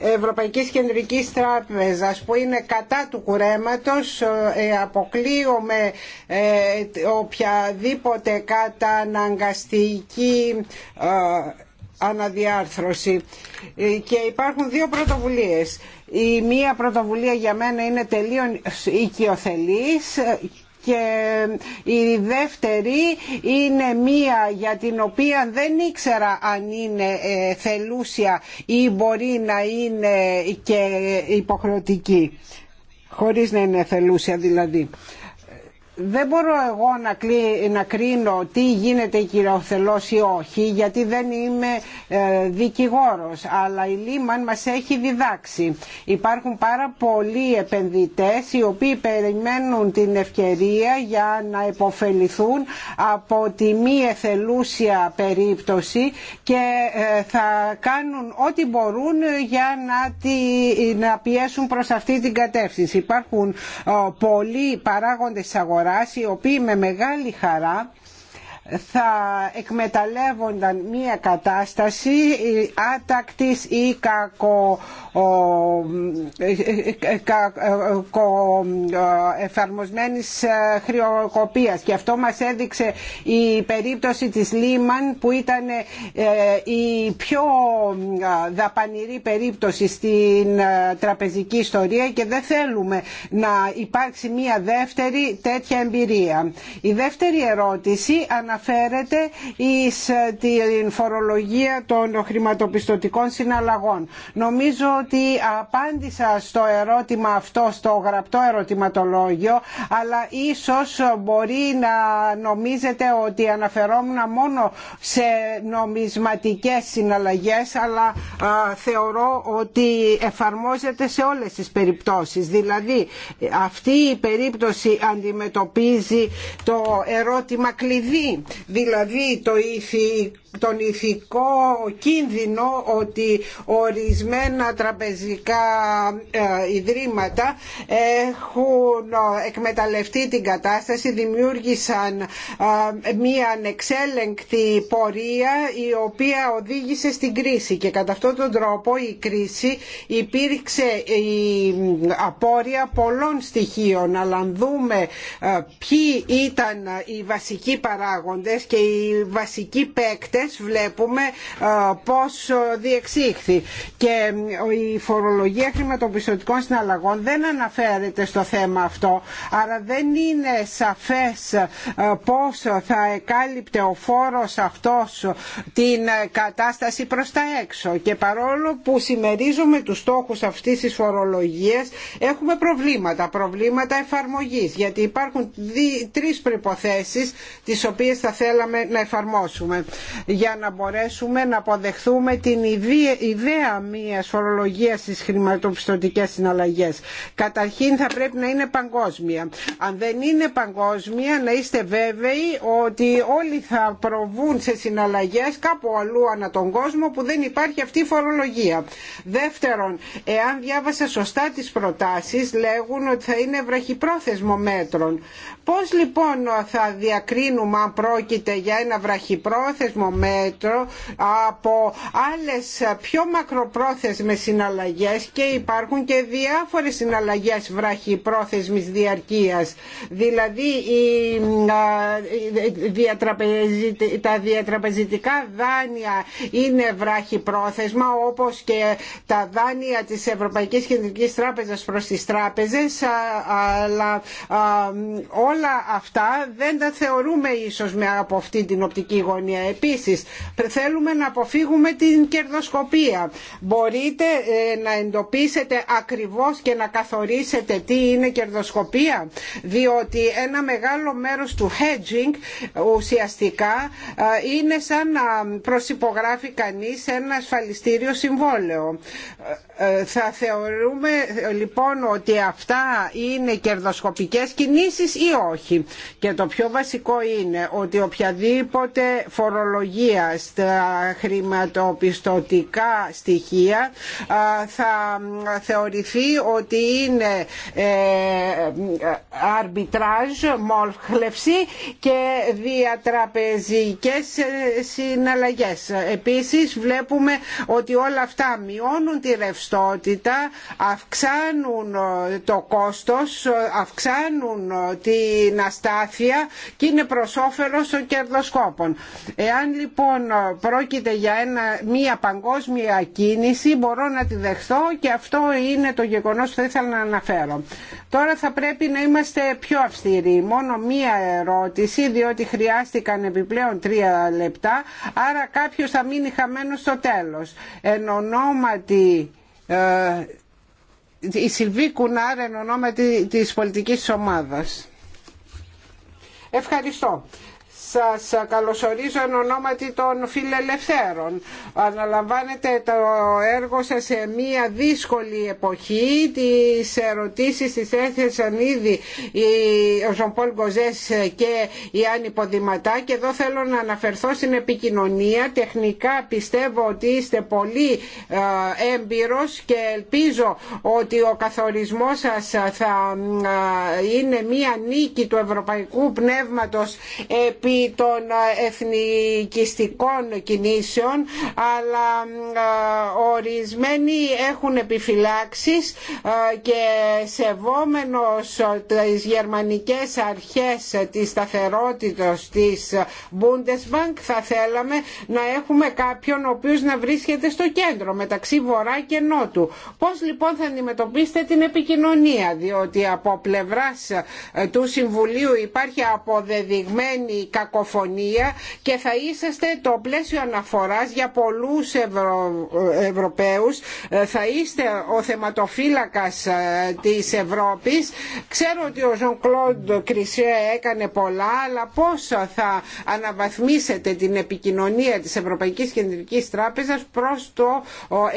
Ευρωπαϊκής Κεντρικής Τράπεζας που είναι κατά του κουρέματος ε, αποκλείομαι οποιαδήποτε καταναγκαστική αναδιάρθρωση ε, και υπάρχουν δύο πρωτοβουλίες. Η μία πρωτοβουλία για μένα είναι τελείως οικειοθελής ε, και η δεύτερη είναι μία για την οποία δεν ήξερα αν είναι ε, θελούσια ή μπορεί να είναι και υποχρεωτική, χωρίς να είναι θελούσια δηλαδή δεν μπορώ εγώ να, κλει, να κρίνω τι γίνεται κυριοθελώς ή όχι γιατί δεν είμαι ε, δικηγόρος αλλά η Λίμαν μας έχει διδάξει. Υπάρχουν πάρα πολλοί επενδυτές οι οποίοι περιμένουν την ευκαιρία για να υποφεληθούν από τη μη εθελούσια περίπτωση και ε, θα κάνουν ό,τι μπορούν για να, πιέσουν προς αυτή την κατεύθυνση. Υπάρχουν ε, πολλοί παράγοντες αγορά οι οποίοι με μεγάλη χαρά θα εκμεταλλεύονταν μια κατάσταση ε, άτακτης ή κακο ε, ε, ε, εφαρμοσμένης χρεοκοπίας και αυτό μας έδειξε η περίπτωση της Λίμαν που ήταν η πιο δαπανηρή περίπτωση στην τραπεζική ιστορία και δεν θέλουμε να υπάρξει μία δεύτερη τέτοια εμπειρία. Η δεύτερη ερώτηση αναφέρεται εις την φορολογία των χρηματοπιστωτικών συναλλαγών. Νομίζω ότι απάντησα στο ερώτημα αυτό στο γραπτό ερωτηματολόγιο αλλά ίσως μπορεί να νομίζετε ότι αναφερόμουν μόνο σε νομισματικές συναλλαγές αλλά θεωρώ ότι εφαρμόζεται σε όλες τις περιπτώσεις. Δηλαδή αυτή η περίπτωση αντιμετωπίζει το ερώτημα κλειδί δηλαδή το ηθικό τον ηθικό κίνδυνο ότι ορισμένα τραπεζικά ε, ιδρύματα έχουν ε, εκμεταλλευτεί την κατάσταση, δημιούργησαν ε, μία ανεξέλεγκτη πορεία η οποία οδήγησε στην κρίση και κατά αυτόν τον τρόπο η κρίση υπήρξε η απόρρια πολλών στοιχείων αλλά αν δούμε ποιοι ήταν οι βασικοί παράγοντες και οι βασικοί παίκτες βλέπουμε ε, πώς ε, διεξήχθη και ε, η φορολογία χρηματοπιστωτικών συναλλαγών δεν αναφέρεται στο θέμα αυτό άρα δεν είναι σαφές πώς θα εκάλυπτε ο φόρος αυτός την κατάσταση προς τα έξω και παρόλο που συμμερίζουμε τους στόχους αυτής της φορολογίας έχουμε προβλήματα, προβλήματα εφαρμογής γιατί υπάρχουν δι, τρεις προϋποθέσεις τις οποίες θα θέλαμε να εφαρμόσουμε για να μπορέσουμε να αποδεχθούμε την ιδέα μιας φορολογίας στις χρηματοπιστωτικές συναλλαγές. Καταρχήν θα πρέπει να είναι παγκόσμια. Αν δεν είναι παγκόσμια να είστε βέβαιοι ότι όλοι θα προβούν σε συναλλαγές κάπου αλλού ανά τον κόσμο που δεν υπάρχει αυτή η φορολογία. Δεύτερον, εάν διάβασα σωστά τις προτάσεις λέγουν ότι θα είναι βραχυπρόθεσμο μέτρων Πώς λοιπόν θα διακρίνουμε αν πρόκειται για ένα βραχυπρόθεσμο μέτρο από άλλες πιο μακροπρόθεσμες συναλλαγές και υπάρχουν και διάφορες συναλλαγές βραχυπρόθεσμης διαρκείας. Δηλαδή τα διατραπεζιτικά δάνεια είναι βραχυπρόθεσμα όπως και τα δάνεια της Ευρωπαϊκής Κεντρικής Τράπεζας προς τις τράπεζες αλλά όλα αυτά δεν τα θεωρούμε ίσως με από αυτή την οπτική γωνία. Επίσης θέλουμε να αποφύγουμε την κερδοσκοπία. Μπορείτε ε, να εντοπίσετε ακριβώς και να καθορίσετε τι είναι κερδοσκοπία διότι ένα μεγάλο μέρος του hedging ουσιαστικά ε, είναι σαν να προσυπογράφει κανείς ένα ασφαλιστήριο συμβόλαιο. Ε, θα θεωρούμε λοιπόν ότι αυτά είναι κερδοσκοπικές κινήσεις ή και το πιο βασικό είναι ότι οποιαδήποτε φορολογία στα χρηματοπιστωτικά στοιχεία θα θεωρηθεί ότι είναι ε, αρμπιτράζ, μόλχλευση και διατραπεζικές ε, συναλλαγές. Επίσης βλέπουμε ότι όλα αυτά μειώνουν τη ρευστότητα, αυξάνουν ε, το κόστος, ε, αυξάνουν την αστάθεια και είναι προς όφελος των κερδοσκόπων. Εάν λοιπόν πρόκειται για ένα, μια παγκόσμια κίνηση μπορώ να τη δεχθώ και αυτό είναι το γεγονός που θα ήθελα να αναφέρω. Τώρα θα πρέπει να είμαστε πιο αυστηροί. Μόνο μία ερώτηση, διότι χρειάστηκαν επιπλέον τρία λεπτά, άρα κάποιος θα μείνει χαμένος στο τέλος. Εν ονόματι... Ε, η Σιλβή Κουνάρ εν ονόματι της πολιτικής ομάδας. Ευχαριστώ. Σας καλωσορίζω εν ονόματι των φιλελευθέρων. Αναλαμβάνετε το έργο σας σε μια δύσκολη εποχή. Τις ερωτήσεις τις έθεσαν ήδη ο Ζωμπόλ Γκοζές και η Άννη Ποδηματά και εδώ θέλω να αναφερθώ στην επικοινωνία. Τεχνικά πιστεύω ότι είστε πολύ ε, έμπειρος και ελπίζω ότι ο καθορισμός σας θα ε, είναι μια νίκη του ευρωπαϊκού πνεύματος επί των ε, εθνικιστικών κινήσεων αλλά ε, ορισμένοι έχουν επιφυλάξεις ε, και σεβόμενος τις γερμανικές αρχές της σταθερότητας της Bundesbank θα θέλαμε να έχουμε κάποιον ο οποίος να βρίσκεται στο κέντρο μεταξύ βορρά και νότου. Πώς λοιπόν θα αντιμετωπίσετε την επικοινωνία διότι από πλευράς του Συμβουλίου υπάρχει αποδεδειγμένη κακοποίηση κακοφωνία και θα είσαστε το πλαίσιο αναφοράς για πολλούς Ευρω... Ευρωπαίους ε, θα είστε ο θεματοφύλακας ε, της Ευρώπης ξέρω ότι ο Ζων Κλοντ Κρισιέ έκανε πολλά αλλά πώς θα αναβαθμίσετε την επικοινωνία της Ευρωπαϊκής Κεντρικής Τράπεζας προς το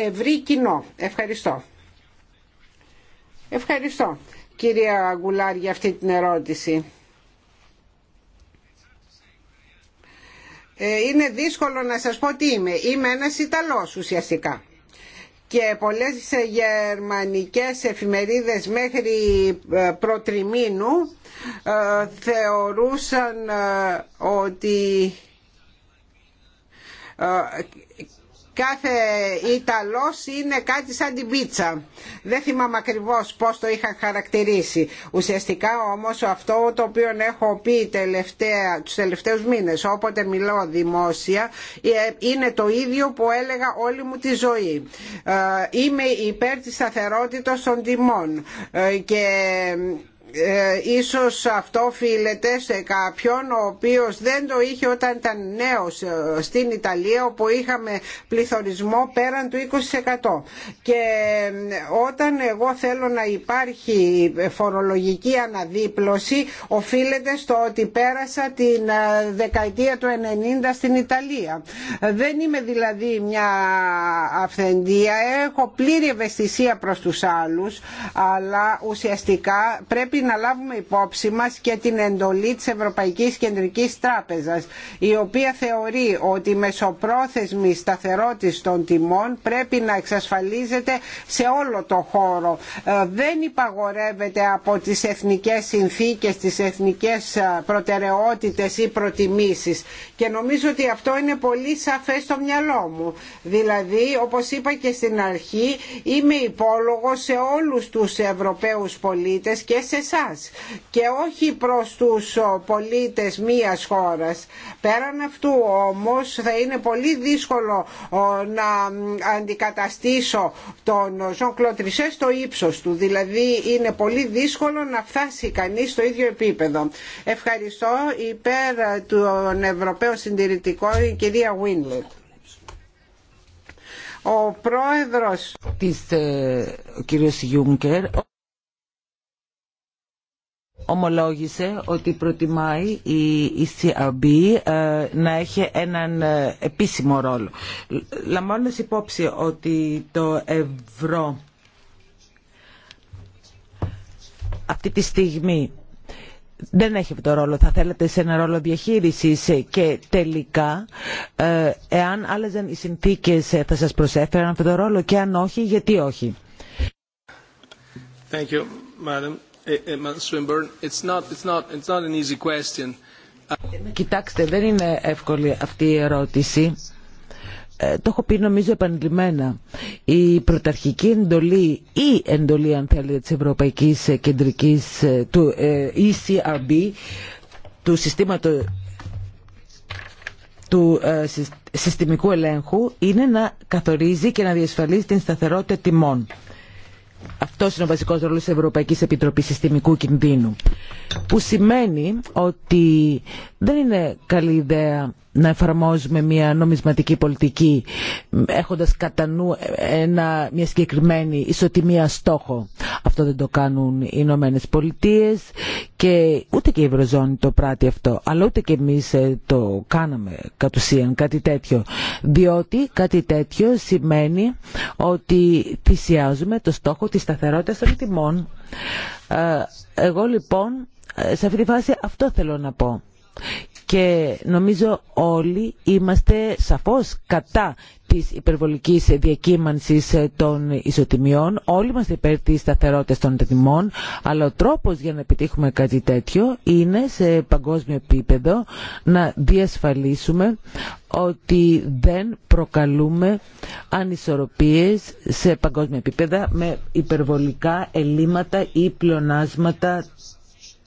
ευρύ κοινό Ευχαριστώ Ευχαριστώ κυρία Γκουλάρ για αυτή την ερώτηση Ε, είναι δύσκολο να σας πω τι είμαι. Είμαι ένας Ιταλός ουσιαστικά και πολλές γερμανικές εφημερίδες μέχρι ε, προτριμήνου ε, θεωρούσαν ότι κάθε Ιταλός είναι κάτι σαν την πίτσα. Δεν θυμάμαι ακριβώς πώς το είχαν χαρακτηρίσει. Ουσιαστικά όμως αυτό το οποίο έχω πει τελευταία, τους τελευταίους μήνες όποτε μιλώ δημόσια ε, είναι το ίδιο που έλεγα όλη μου τη ζωή. Ε, είμαι υπέρ της σταθερότητας των τιμών ε, και ε, ίσως αυτό οφείλεται σε κάποιον ο οποίος δεν το είχε όταν ήταν νέος ε, στην Ιταλία όπου είχαμε πληθωρισμό πέραν του 20% και ε, όταν εγώ θέλω να υπάρχει φορολογική αναδίπλωση οφείλεται στο ότι πέρασα την δεκαετία του 90 στην Ιταλία δεν είμαι δηλαδή μια αυθεντία έχω πλήρη ευαισθησία προς τους άλλους αλλά ουσιαστικά πρέπει να λάβουμε υπόψη μας και την εντολή της Ευρωπαϊκής Κεντρικής Τράπεζας η οποία θεωρεί ότι η μεσοπρόθεσμη σταθερότητα των τιμών πρέπει να εξασφαλίζεται σε όλο το χώρο. Ε, δεν υπαγορεύεται από τις εθνικές συνθήκες, τις εθνικές ε, προτεραιότητες ή προτιμήσεις και νομίζω ότι αυτό είναι πολύ σαφές στο μυαλό μου. Δηλαδή, όπως είπα και στην αρχή, είμαι υπόλογο σε όλους τους Ευρωπαίους πολίτες και σε και όχι προς τους πολίτες μίας χώρας. Πέραν αυτού όμως θα είναι πολύ δύσκολο να αντικαταστήσω τον Ζων Κλωτρισέ στο ύψος του. Δηλαδή είναι πολύ δύσκολο να φτάσει κανείς στο ίδιο επίπεδο. Ευχαριστώ υπέρ των Ευρωπαίων Συντηρητικών η κυρία Βίνλετ ο πρόεδρος της, ε, Γιούγκερ ομολόγησε ότι προτιμάει η ECRB ε, να έχει έναν ε, επίσημο ρόλο. Λαμβάνοντας υπόψη ότι το ευρώ αυτή τη στιγμή δεν έχει αυτό το ρόλο. Θα θέλατε σε ένα ρόλο διαχείρισης και τελικά ε, εάν άλλαζαν οι συνθήκες θα σας προσέφεραν αυτό το ρόλο και αν όχι γιατί όχι. Thank you, Κοιτάξτε, δεν είναι εύκολη αυτή η ερώτηση. Ε, το έχω πει νομίζω επανειλημμένα. Η πρωταρχική εντολή ή εντολή αν θέλετε της Ευρωπαϊκής Κεντρικής ε, του ε, ECRB του συστήματο του ε, συστημικού ελέγχου είναι να καθορίζει και να διασφαλίζει την σταθερότητα τιμών. Αυτό είναι ο βασικός ρόλος της Ευρωπαϊκής Επιτροπής Συστημικού Κινδύνου. Που σημαίνει ότι δεν είναι καλή ιδέα να εφαρμόζουμε μια νομισματική πολιτική έχοντας κατά νου ένα, μια συγκεκριμένη ισοτιμία στόχο. Αυτό δεν το κάνουν οι Ηνωμένε Πολιτείε και ούτε και η Ευρωζώνη το πράττει αυτό, αλλά ούτε και εμείς ε, το κάναμε κατ' ουσίαν κάτι τέτοιο. Διότι κάτι τέτοιο σημαίνει ότι θυσιάζουμε το στόχο της σταθερότητας των τιμών. Ε, εγώ λοιπόν ε, σε αυτή τη φάση αυτό θέλω να πω και νομίζω όλοι είμαστε σαφώς κατά της υπερβολικής διακύμανσης των ισοτιμιών. Όλοι είμαστε υπέρ της σταθερότητας των τιμών, αλλά ο τρόπος για να επιτύχουμε κάτι τέτοιο είναι σε παγκόσμιο επίπεδο να διασφαλίσουμε ότι δεν προκαλούμε ανισορροπίες σε παγκόσμια επίπεδα με υπερβολικά ελλείμματα ή πλονάσματα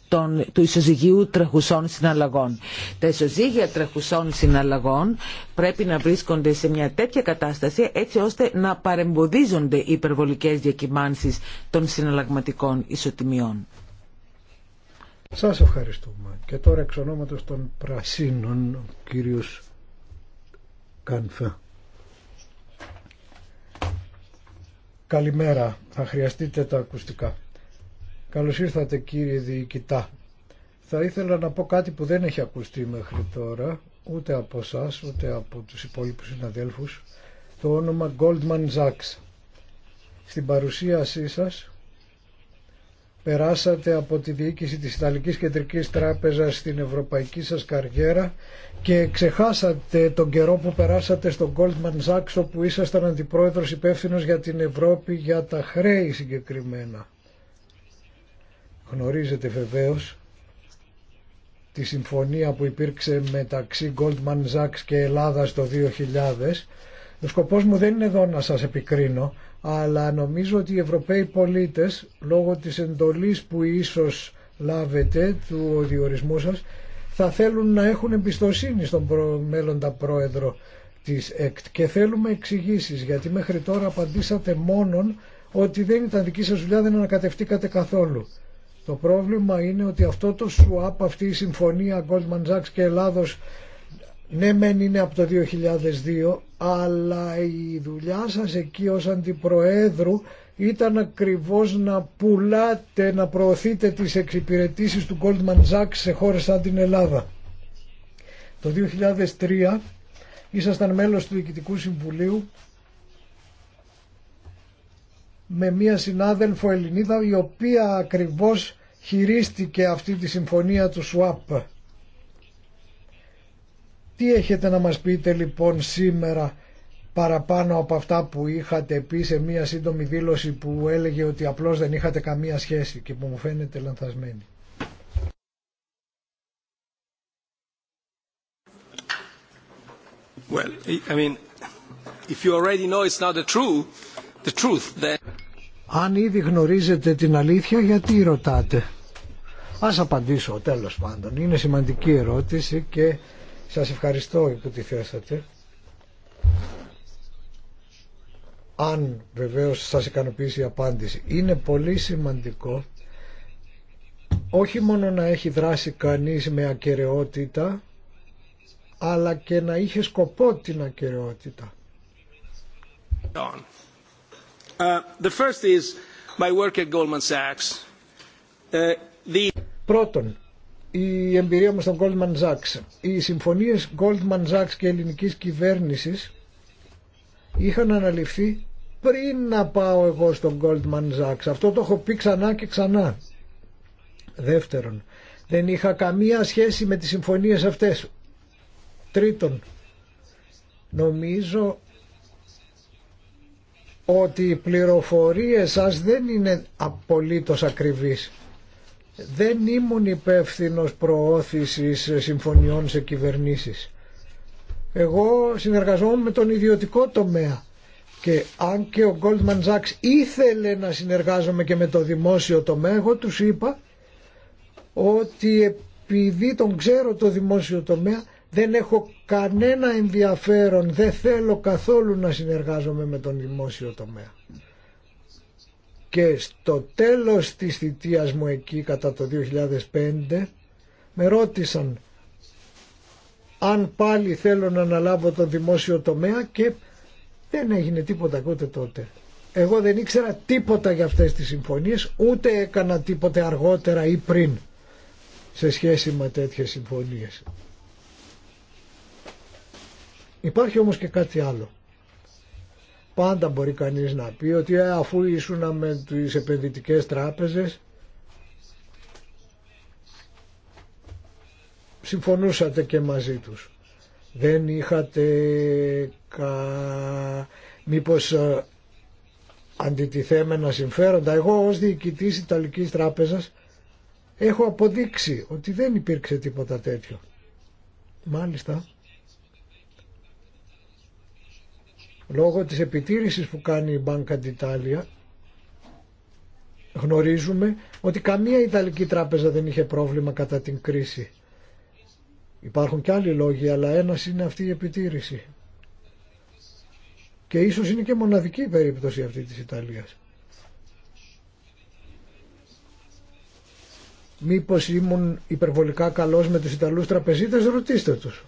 των, του ισοζυγίου τρεχουσών συναλλαγών. Τα ισοζύγια τρεχουσών συναλλαγών πρέπει να βρίσκονται σε μια τέτοια κατάσταση έτσι ώστε να παρεμποδίζονται οι υπερβολικές διακυμάνσεις των συναλλαγματικών ισοτιμιών. Σας ευχαριστούμε. Και τώρα εξ ονόματος των Πρασίνων, ο κύριος Κάνφα. Καλημέρα. Θα χρειαστείτε τα ακουστικά. Καλώς ήρθατε κύριε Διοικητά. Θα ήθελα να πω κάτι που δεν έχει ακουστεί μέχρι τώρα, ούτε από εσά, ούτε από τους υπόλοιπους συναδέλφους, το όνομα Goldman Sachs. Στην παρουσίασή σας περάσατε από τη διοίκηση της Ιταλικής Κεντρικής Τράπεζας στην ευρωπαϊκή σας καριέρα και ξεχάσατε τον καιρό που περάσατε στο Goldman Sachs όπου ήσασταν αντιπρόεδρος υπεύθυνος για την Ευρώπη για τα χρέη συγκεκριμένα. Γνωρίζετε βεβαίως τη συμφωνία που υπήρξε μεταξύ Goldman Sachs και Ελλάδας το 2000. Ο σκοπός μου δεν είναι εδώ να σας επικρίνω, αλλά νομίζω ότι οι Ευρωπαίοι πολίτες, λόγω της εντολής που ίσως λάβετε του διορισμού σας, θα θέλουν να έχουν εμπιστοσύνη στον προ... μέλλοντα πρόεδρο της ΕΚΤ και θέλουμε εξηγήσει γιατί μέχρι τώρα απαντήσατε μόνον ότι δεν ήταν δική σας δουλειά, δεν ανακατευτήκατε καθόλου. Το πρόβλημα είναι ότι αυτό το swap, αυτή η συμφωνία Goldman Sachs και Ελλάδος ναι μεν είναι από το 2002 αλλά η δουλειά σας εκεί ως αντιπροέδρου ήταν ακριβώς να πουλάτε, να προωθείτε τις εξυπηρετήσεις του Goldman Sachs σε χώρες σαν την Ελλάδα. Το 2003 ήσασταν μέλος του Διοικητικού Συμβουλίου με μία συνάδελφο Ελληνίδα η οποία ακριβώς χειρίστηκε αυτή τη συμφωνία του ΣΟΑΠ. Τι έχετε να μας πείτε λοιπόν σήμερα παραπάνω από αυτά που είχατε πει σε μία σύντομη δήλωση που έλεγε ότι απλώς δεν είχατε καμία σχέση και που μου φαίνεται λανθασμένη. Well, I mean, if you already know it's not the truth, αν ήδη γνωρίζετε την αλήθεια, γιατί ρωτάτε. Ας απαντήσω, τέλος πάντων. Είναι σημαντική ερώτηση και σας ευχαριστώ που τη θέσατε. Αν βεβαίως σας ικανοποιήσει η απάντηση. Είναι πολύ σημαντικό όχι μόνο να έχει δράσει κανείς με ακαιρεότητα, αλλά και να είχε σκοπό την ακαιρεότητα. Uh, Goldman Sachs. Uh, Πρώτον, η εμπειρία μου στον Goldman Sachs. Οι συμφωνίες Goldman Sachs και ελληνικής κυβέρνησης είχαν αναλυφθεί πριν να πάω εγώ στον Goldman Sachs. Αυτό το έχω πει ξανά και ξανά. Δεύτερον, δεν είχα καμία σχέση με τις συμφωνίες αυτές. Τρίτον, νομίζω ότι οι πληροφορίες σας δεν είναι απολύτως ακριβείς. Δεν ήμουν υπεύθυνο προώθησης συμφωνιών σε κυβερνήσεις. Εγώ συνεργαζόμουν με τον ιδιωτικό τομέα και αν και ο Goldman Sachs ήθελε να συνεργάζομαι και με το δημόσιο τομέα, εγώ τους είπα ότι επειδή τον ξέρω το δημόσιο τομέα δεν έχω κανένα ενδιαφέρον, δεν θέλω καθόλου να συνεργάζομαι με τον δημόσιο τομέα. Και στο τέλος της θητείας μου εκεί κατά το 2005 με ρώτησαν αν πάλι θέλω να αναλάβω τον δημόσιο τομέα και δεν έγινε τίποτα ούτε τότε. Εγώ δεν ήξερα τίποτα για αυτές τις συμφωνίες, ούτε έκανα τίποτε αργότερα ή πριν σε σχέση με τέτοιες συμφωνίες. Υπάρχει όμως και κάτι άλλο. Πάντα μπορεί κανείς να πει ότι ε, αφού ήσουν με τις επενδυτικές τράπεζες συμφωνούσατε και μαζί τους. Δεν είχατε κα... μήπως ε, αντιτιθέμενα συμφέροντα. Εγώ ως διοικητής Ιταλικής Τράπεζας έχω αποδείξει ότι δεν υπήρξε τίποτα τέτοιο. Μάλιστα. λόγω της επιτήρησης που κάνει η Banca d'Italia γνωρίζουμε ότι καμία Ιταλική τράπεζα δεν είχε πρόβλημα κατά την κρίση. Υπάρχουν και άλλοι λόγοι, αλλά ένας είναι αυτή η επιτήρηση. Και ίσως είναι και μοναδική η περίπτωση αυτή της Ιταλίας. Μήπως ήμουν υπερβολικά καλός με τους Ιταλούς τραπεζίτες, ρωτήστε τους.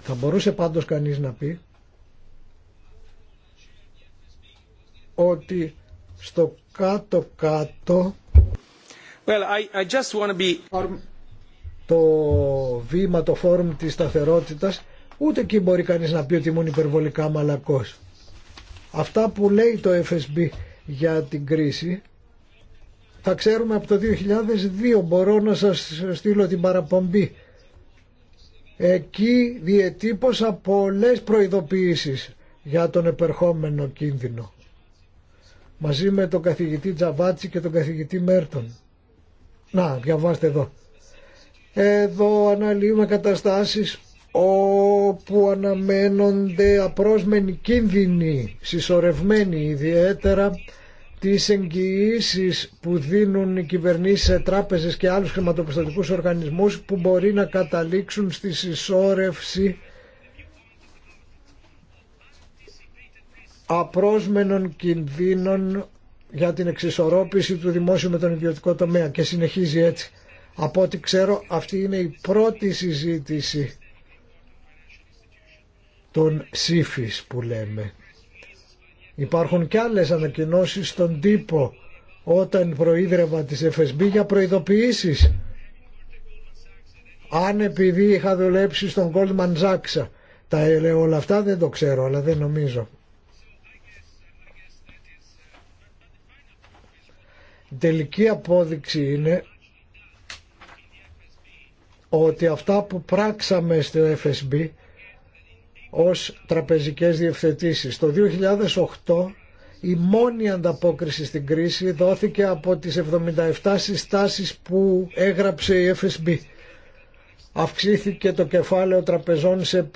Θα μπορούσε πάντως κανείς να πει ότι στο κάτω-κάτω well, το βήμα, το φόρουμ της σταθερότητας ούτε εκεί μπορεί κανείς να πει ότι ήμουν υπερβολικά μαλακός. Αυτά που λέει το FSB για την κρίση θα ξέρουμε από το 2002 μπορώ να σας στείλω την παραπομπή εκεί διετύπωσα πολλές προειδοποιήσεις για τον επερχόμενο κίνδυνο μαζί με τον καθηγητή Τζαβάτσι και τον καθηγητή Μέρτον. Να, διαβάστε εδώ. Εδώ αναλύουμε καταστάσεις όπου αναμένονται απρόσμενοι κίνδυνοι, συσσωρευμένοι ιδιαίτερα τις εγγυήσει που δίνουν οι κυβερνήσεις σε τράπεζες και άλλους χρηματοπιστωτικούς οργανισμούς που μπορεί να καταλήξουν στη συσσόρευση απρόσμενων κινδύνων για την εξισορρόπηση του δημόσιου με τον ιδιωτικό τομέα και συνεχίζει έτσι. Από ό,τι ξέρω αυτή είναι η πρώτη συζήτηση των ΣΥΦΙΣ που λέμε. Υπάρχουν και άλλες ανακοινώσεις στον τύπο όταν προείδρευα της FSB για προειδοποιήσεις. Αν επειδή είχα δουλέψει στον Goldman Sachs τα έλεγα όλα αυτά δεν το ξέρω αλλά δεν νομίζω. τελική απόδειξη είναι ότι αυτά που πράξαμε στο FSB ως τραπεζικές διευθετήσεις. Το 2008 η μόνη ανταπόκριση στην κρίση δόθηκε από τις 77 συστάσεις που έγραψε η FSB. Αυξήθηκε το κεφάλαιο τραπεζών σε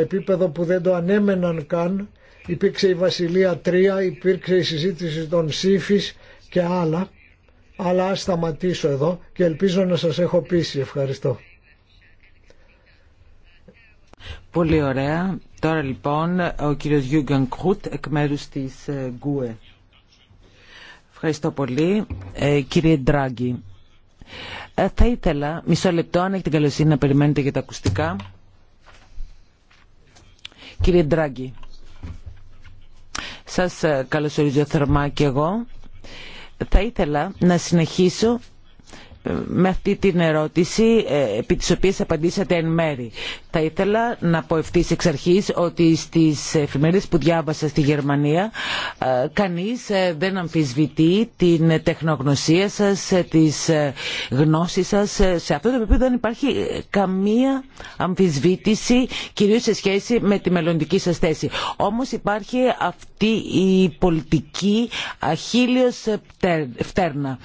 επίπεδο που δεν το ανέμεναν καν. Υπήρξε η Βασιλεία 3, υπήρξε η συζήτηση των ΣΥΦΙΣ και άλλα, αλλά ας σταματήσω εδώ και ελπίζω να σας έχω πείσει. Ευχαριστώ. Πολύ ωραία. Τώρα λοιπόν ο κύριος Γιούγκεν Κρουτ εκ μέρους της ε, Γκουε. Ευχαριστώ πολύ. Ε, κύριε Ντράγκη, ε, θα ήθελα μισό λεπτό αν έχετε καλοσύνη να περιμένετε για τα ακουστικά. Κύριε Ντράγκη, σας ε, καλωσορίζω θερμά και εγώ θα ήθελα να συνεχίσω με αυτή την ερώτηση ε, επί της οποίας απαντήσατε εν μέρη. Θα ήθελα να πω ευθύς εξ αρχής ότι στις εφημερίδες που διάβασα στη Γερμανία ε, κανείς ε, δεν αμφισβητεί την τεχνογνωσία σας, τις γνώσεις σας. Σε αυτό το επίπεδο δεν υπάρχει καμία αμφισβήτηση κυρίως σε σχέση με τη μελλοντική σας θέση. Όμως υπάρχει αυτή η πολιτική αχίλιος φτέρνα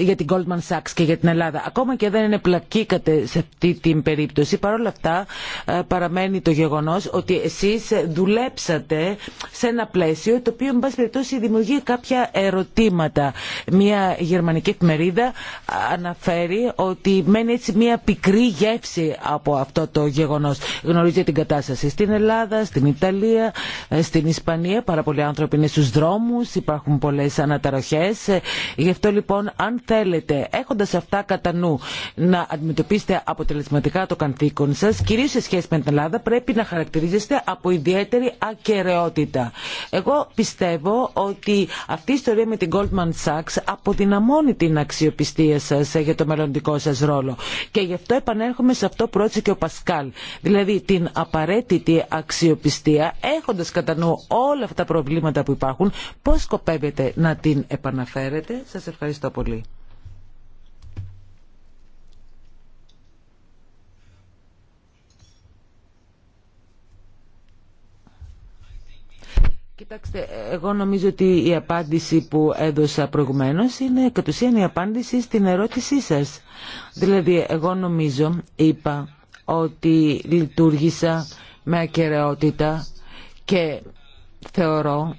για την Goldman Sachs και για την Ελλάδα. Ακόμα και δεν είναι πλακήκατε σε αυτή την περίπτωση, παρόλα αυτά ε, παραμένει το γεγονός ότι εσείς δουλέψατε σε ένα πλαίσιο το οποίο, εν πάση περιπτώσει, δημιουργεί κάποια ερωτήματα. Μια γερμανική εφημερίδα ε, αναφέρει ότι μένει έτσι μια πικρή γεύση από αυτό το γεγονός. Γνωρίζετε την κατάσταση στην Ελλάδα, στην Ιταλία, ε, στην Ισπανία. Πάρα πολλοί άνθρωποι είναι στους δρόμους, υπάρχουν πολλές αναταροχέ. Γι' αυτό λοιπόν αν θέλετε έχοντας σε αυτά κατά νου να αντιμετωπίσετε αποτελεσματικά το καθήκον σα, κυρίω σε σχέση με την Ελλάδα, πρέπει να χαρακτηρίζεστε από ιδιαίτερη ακαιρεότητα. Εγώ πιστεύω ότι αυτή η ιστορία με την Goldman Sachs αποδυναμώνει την αξιοπιστία σα για το μελλοντικό σα ρόλο. Και γι' αυτό επανέρχομαι σε αυτό που ρώτησε και ο Πασκάλ. Δηλαδή την απαραίτητη αξιοπιστία, έχοντα κατά νου όλα αυτά τα προβλήματα που υπάρχουν, Πώ σκοπεύετε να την επαναφέρετε. σα ευχαριστώ πολύ. Κοιτάξτε, εγώ νομίζω ότι η απάντηση που έδωσα προηγουμένως είναι κατ' ουσίαν η απάντηση στην ερώτησή σας. Δηλαδή, εγώ νομίζω, είπα, ότι λειτουργήσα με ακαιρεότητα και θεωρώ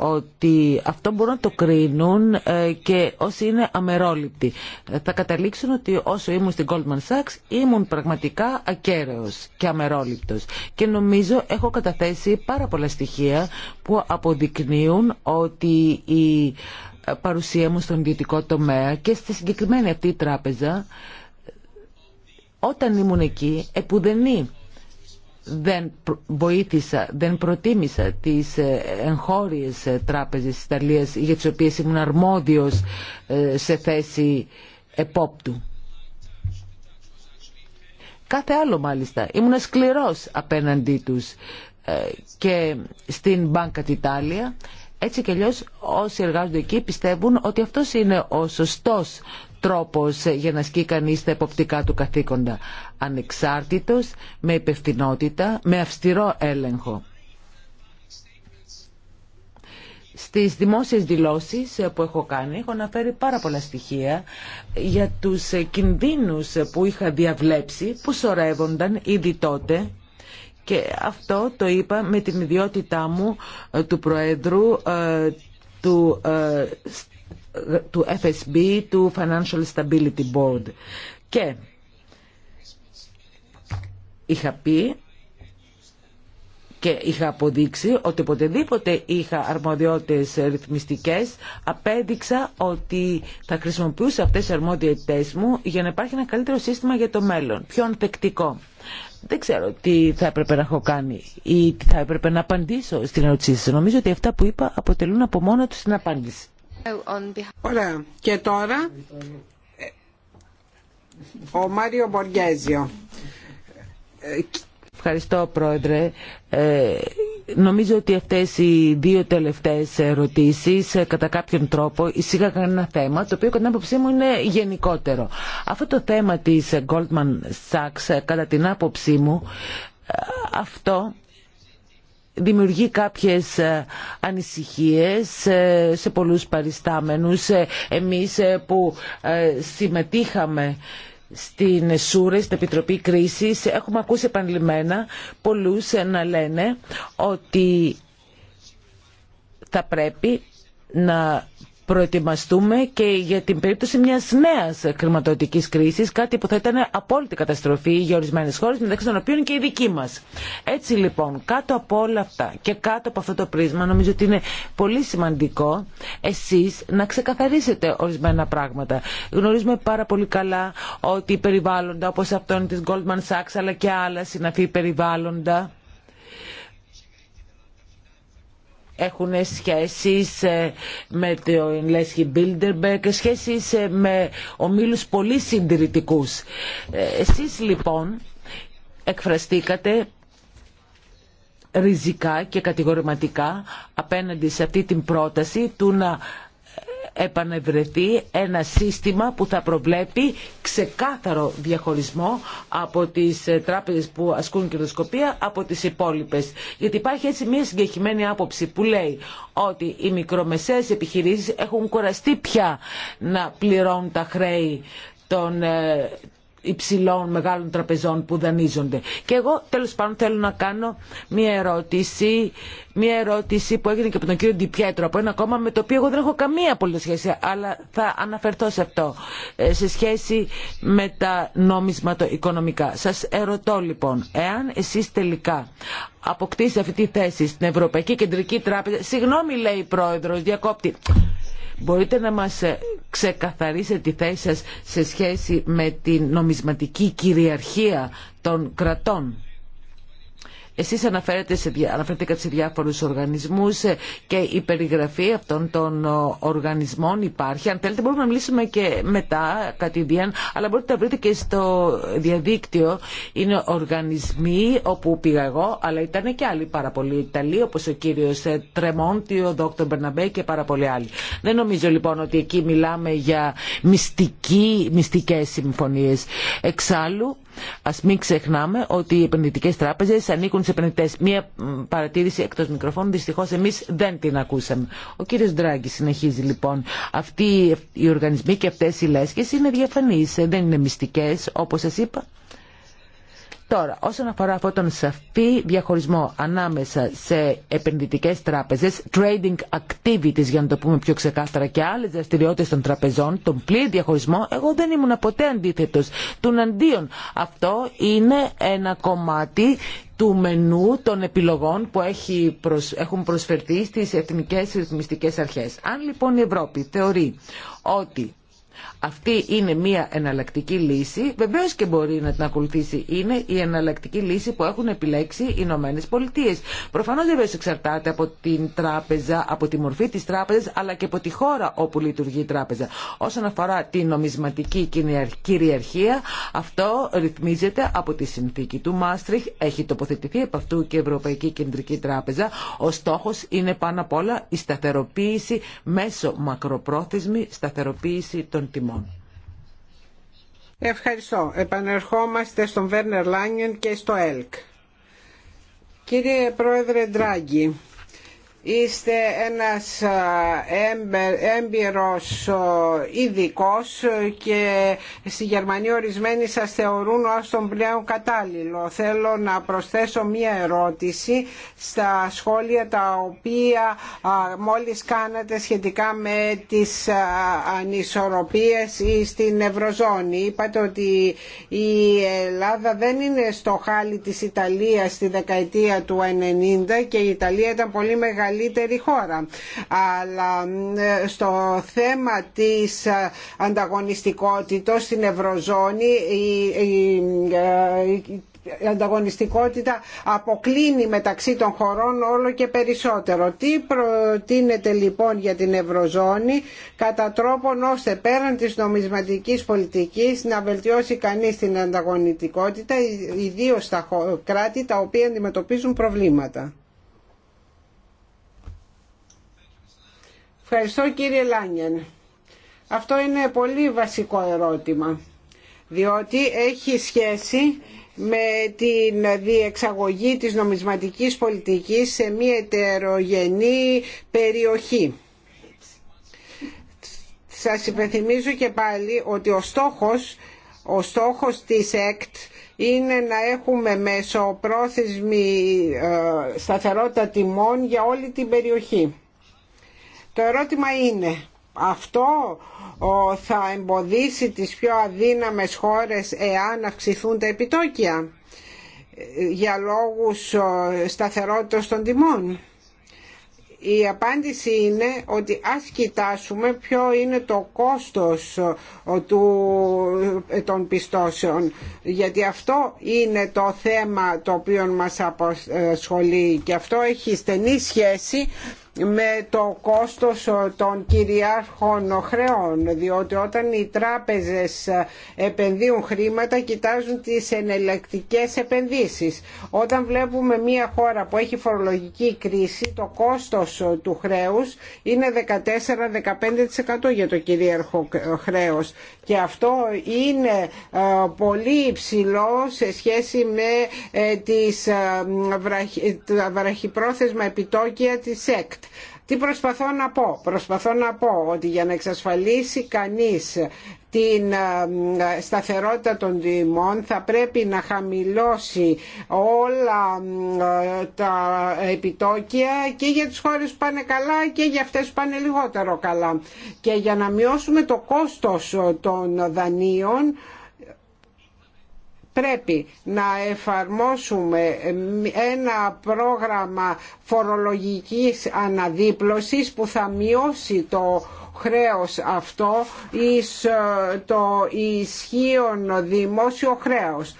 ότι αυτό μπορούν να το κρίνουν ε, και όσοι είναι αμερόληπτοι. Ε, θα καταλήξουν ότι όσο ήμουν στην Goldman Sachs ήμουν πραγματικά ακέραιος και αμερόληπτος. Και νομίζω έχω καταθέσει πάρα πολλά στοιχεία που αποδεικνύουν ότι η ε, παρουσία μου στον ιδιωτικό τομέα και στη συγκεκριμένη αυτή τράπεζα όταν ήμουν εκεί επουδενή δεν βοήθησα, δεν προτίμησα τις ε, εγχώριες ε, τράπεζες της Ιταλίας για τις οποίες ήμουν αρμόδιος ε, σε θέση επόπτου. Κάθε άλλο μάλιστα. Ήμουν σκληρός απέναντί τους και στην της d'Italia έτσι κι αλλιώς όσοι εργάζονται εκεί πιστεύουν ότι αυτός είναι ο σωστός τρόπος για να ασκεί κανεί τα εποπτικά του καθήκοντα. Ανεξάρτητος, με υπευθυνότητα, με αυστηρό έλεγχο. Στις δημόσιες δηλώσεις που έχω κάνει έχω αναφέρει πάρα πολλά στοιχεία για τους κινδύνους που είχα διαβλέψει, που σωρεύονταν ήδη τότε και αυτό το είπα με την ιδιότητά μου ε, του Προέδρου ε, του ε, του FSB, του Financial Stability Board. Και είχα πει και είχα αποδείξει ότι οποτεδήποτε είχα αρμοδιότητες ρυθμιστικές απέδειξα ότι θα χρησιμοποιούσα αυτές τις αρμοδιότητες μου για να υπάρχει ένα καλύτερο σύστημα για το μέλλον, πιο ανθεκτικό. Δεν ξέρω τι θα έπρεπε να έχω κάνει ή τι θα έπρεπε να απαντήσω στην ερώτησή σας. Νομίζω ότι αυτά που είπα αποτελούν από μόνα τους την απάντηση. Ωραία. Και τώρα ο Μάριο Μποργέζιο. Ευχαριστώ πρόεδρε. Ε, νομίζω ότι αυτές οι δύο τελευταίες ερωτήσεις ε, κατά κάποιον τρόπο εισήγαγαν ένα θέμα το οποίο κατά την άποψή μου είναι γενικότερο. Αυτό το θέμα της Goldman Sachs ε, κατά την άποψή μου αυτό δημιουργεί κάποιες ε, ανησυχίες ε, σε πολλούς παριστάμενους. Ε, εμείς που συμμετείχαμε στην ΣΟΥΡΕ, στην Επιτροπή Κρίσης, έχουμε ακούσει επανειλημμένα πολλούς να λένε ότι θα πρέπει να προετοιμαστούμε και για την περίπτωση μια νέα κρηματοδοτική κρίση κάτι που θα ήταν απόλυτη καταστροφή για ορισμένε χώρε μεταξύ των οποίων και η δική μα. Έτσι λοιπόν, κάτω από όλα αυτά και κάτω από αυτό το πρίσμα, νομίζω ότι είναι πολύ σημαντικό εσεί να ξεκαθαρίσετε ορισμένα πράγματα. Γνωρίζουμε πάρα πολύ καλά ότι οι περιβάλλοντα, όπως αυτόν τη Goldman Sachs, αλλά και άλλα συναφή περιβάλλοντα, έχουν σχέσεις ε, με το Λέσχη Μπίλντερμπεκ, σχέσεις ε, με ομίλους πολύ συντηρητικούς. Ε, εσείς λοιπόν εκφραστήκατε ριζικά και κατηγορηματικά απέναντι σε αυτή την πρόταση του να επανευρεθεί ένα σύστημα που θα προβλέπει ξεκάθαρο διαχωρισμό από τις ε, τράπεζες που ασκούν κερδοσκοπία από τις υπόλοιπες. Γιατί υπάρχει έτσι μια συγκεκριμένη άποψη που λέει ότι οι μικρομεσαίες επιχειρήσεις έχουν κουραστεί πια να πληρώνουν τα χρέη των ε, υψηλών μεγάλων τραπεζών που δανείζονται. Και εγώ τέλος πάντων θέλω να κάνω μια ερώτηση, μια ερώτηση που έγινε και από τον κύριο Ντιπιέτρο από ένα κόμμα με το οποίο εγώ δεν έχω καμία πολύ σχέση, αλλά θα αναφερθώ σε αυτό ε, σε σχέση με τα το οικονομικα Σας ερωτώ λοιπόν, εάν εσείς τελικά αποκτήσετε αυτή τη θέση στην Ευρωπαϊκή Κεντρική Τράπεζα, συγγνώμη λέει η πρόεδρος, διακόπτη, Μπορείτε να μας ε, ξεκαθαρίσετε τη θέση σας σε σχέση με την νομισματική κυριαρχία των κρατών. Εσείς αναφέρετε σε, αναφέρετε σε διάφορους οργανισμούς ε, και η περιγραφή αυτών των οργανισμών υπάρχει. Αν θέλετε μπορούμε να μιλήσουμε και μετά κατηδίαν, αλλά μπορείτε να βρείτε και στο διαδίκτυο. Είναι οργανισμοί όπου πήγα εγώ, αλλά ήταν και άλλοι πάρα πολλοί Ιταλοί, όπως ο κύριος ε, Τρεμόντι, ο Δόκτωρ Μπερναμπέ και πάρα πολλοί άλλοι. Δεν νομίζω λοιπόν ότι εκεί μιλάμε για μυστικέ μυστικές συμφωνίες. Εξάλλου, ας μην ξεχνάμε ότι οι επενδυτικές τράπεζες ανήκουν ακούν του Μία παρατήρηση εκτός μικροφώνου, Δυστυχώς εμείς δεν την ακούσαμε. Ο κύριος Ντράγκη συνεχίζει λοιπόν. Αυτοί οι οργανισμοί και αυτές οι λέσκες είναι διαφανείς. Ε, δεν είναι μυστικές όπως σας είπα. Τώρα, όσον αφορά αυτόν τον σαφή διαχωρισμό ανάμεσα σε επενδυτικές τράπεζες, trading activities για να το πούμε πιο ξεκάθαρα και άλλες δραστηριότητε των τραπεζών, τον πλήρη διαχωρισμό, εγώ δεν ήμουν ποτέ αντίθετος. Τον αντίον, αυτό είναι ένα κομμάτι του μενού των επιλογών που έχει έχουν προσφερθεί στις εθνικές ρυθμιστικές αρχές. Αν λοιπόν η Ευρώπη θεωρεί ότι αυτή είναι μια εναλλακτική λύση, βεβαίω και μπορεί να την ακολουθήσει. Είναι η εναλλακτική λύση που έχουν επιλέξει οι Ηνωμένε Πολιτείε. Προφανώ βεβαίω εξαρτάται από την τράπεζα, από τη μορφή τη τράπεζα, αλλά και από τη χώρα όπου λειτουργεί η τράπεζα. Όσον αφορά την νομισματική κυριαρχία, αυτό ρυθμίζεται από τη συνθήκη του Μάστριχ. Έχει τοποθετηθεί από αυτού και η Ευρωπαϊκή Κεντρική Τράπεζα. Ο στόχο είναι πάνω απ' όλα η σταθεροποίηση μέσω μακροπρόθεσμη σταθεροποίηση των τιμών. Ευχαριστώ. Επανερχόμαστε στον Βέρνερ Λάνιον και στο ΕΛΚ. Κύριε Πρόεδρε Ντράγκη, Είστε ένας έμπειρος ειδικό και στη Γερμανία ορισμένοι σας θεωρούν ως τον πλέον κατάλληλο. Θέλω να προσθέσω μία ερώτηση στα σχόλια τα οποία μόλις κάνατε σχετικά με τις ανισορροπίες στην Ευρωζώνη. Είπατε ότι η Ελλάδα δεν είναι στο χάλι της Ιταλίας στη δεκαετία του 90 και η Ιταλία ήταν πολύ μεγάλη μεγαλύτερη χώρα. Αλλά στο θέμα της ανταγωνιστικότητας στην Ευρωζώνη η η ανταγωνιστικότητα αποκλίνει μεταξύ των χωρών όλο και περισσότερο. Τι προτείνεται λοιπόν για την Ευρωζώνη κατά τρόπον ώστε πέραν της νομισματικής πολιτικής να βελτιώσει κανείς την ανταγωνιστικότητα ιδίως στα κράτη τα οποία αντιμετωπίζουν προβλήματα. Ευχαριστώ κύριε Λάνιεν. Αυτό είναι πολύ βασικό ερώτημα, διότι έχει σχέση με την διεξαγωγή της νομισματικής πολιτικής σε μια ετερογενή περιοχή. Σας υπενθυμίζω και πάλι ότι ο στόχος, ο στόχος της ΕΚΤ είναι να έχουμε μέσω πρόθεσμη ε, σταθερότητα τιμών για όλη την περιοχή. Το ερώτημα είναι αυτό θα εμποδίσει τις πιο αδύναμες χώρες εάν αυξηθούν τα επιτόκια ε, για λόγους σταθερότητας των τιμών. Η απάντηση είναι ότι ας κοιτάσουμε ποιο είναι το κόστος του, ε, των πιστώσεων γιατί αυτό είναι το θέμα το οποίο μας απασχολεί και αυτό έχει στενή σχέση με το κόστος ε, των κυριάρχων χρεών διότι όταν οι τράπεζες ε, επενδύουν χρήματα κοιτάζουν τις ενελεκτικές επενδύσεις όταν βλέπουμε μια χώρα που έχει φορολογική κρίση το κόστος ε, του χρέους είναι 14-15% για το κυρίαρχο χρέος και αυτό είναι ε, πολύ υψηλό σε σχέση με ε, τις, ε, τα βραχυπρόθεσμα επιτόκια της ΕΚΤ. Τι προσπαθώ να πω. Προσπαθώ να πω ότι για να εξασφαλίσει κανείς την ε, σταθερότητα των τιμών θα πρέπει να χαμηλώσει όλα ε, τα επιτόκια και για τις χώρες που πάνε καλά και για αυτές που πάνε λιγότερο καλά. Και για να μειώσουμε το κόστος ε, των δανείων πρέπει να εφαρμόσουμε ένα πρόγραμμα φορολογικής αναδίπλωσης που θα μειώσει το χρέος αυτό εις ε, το ισχύον δημόσιο χρέος.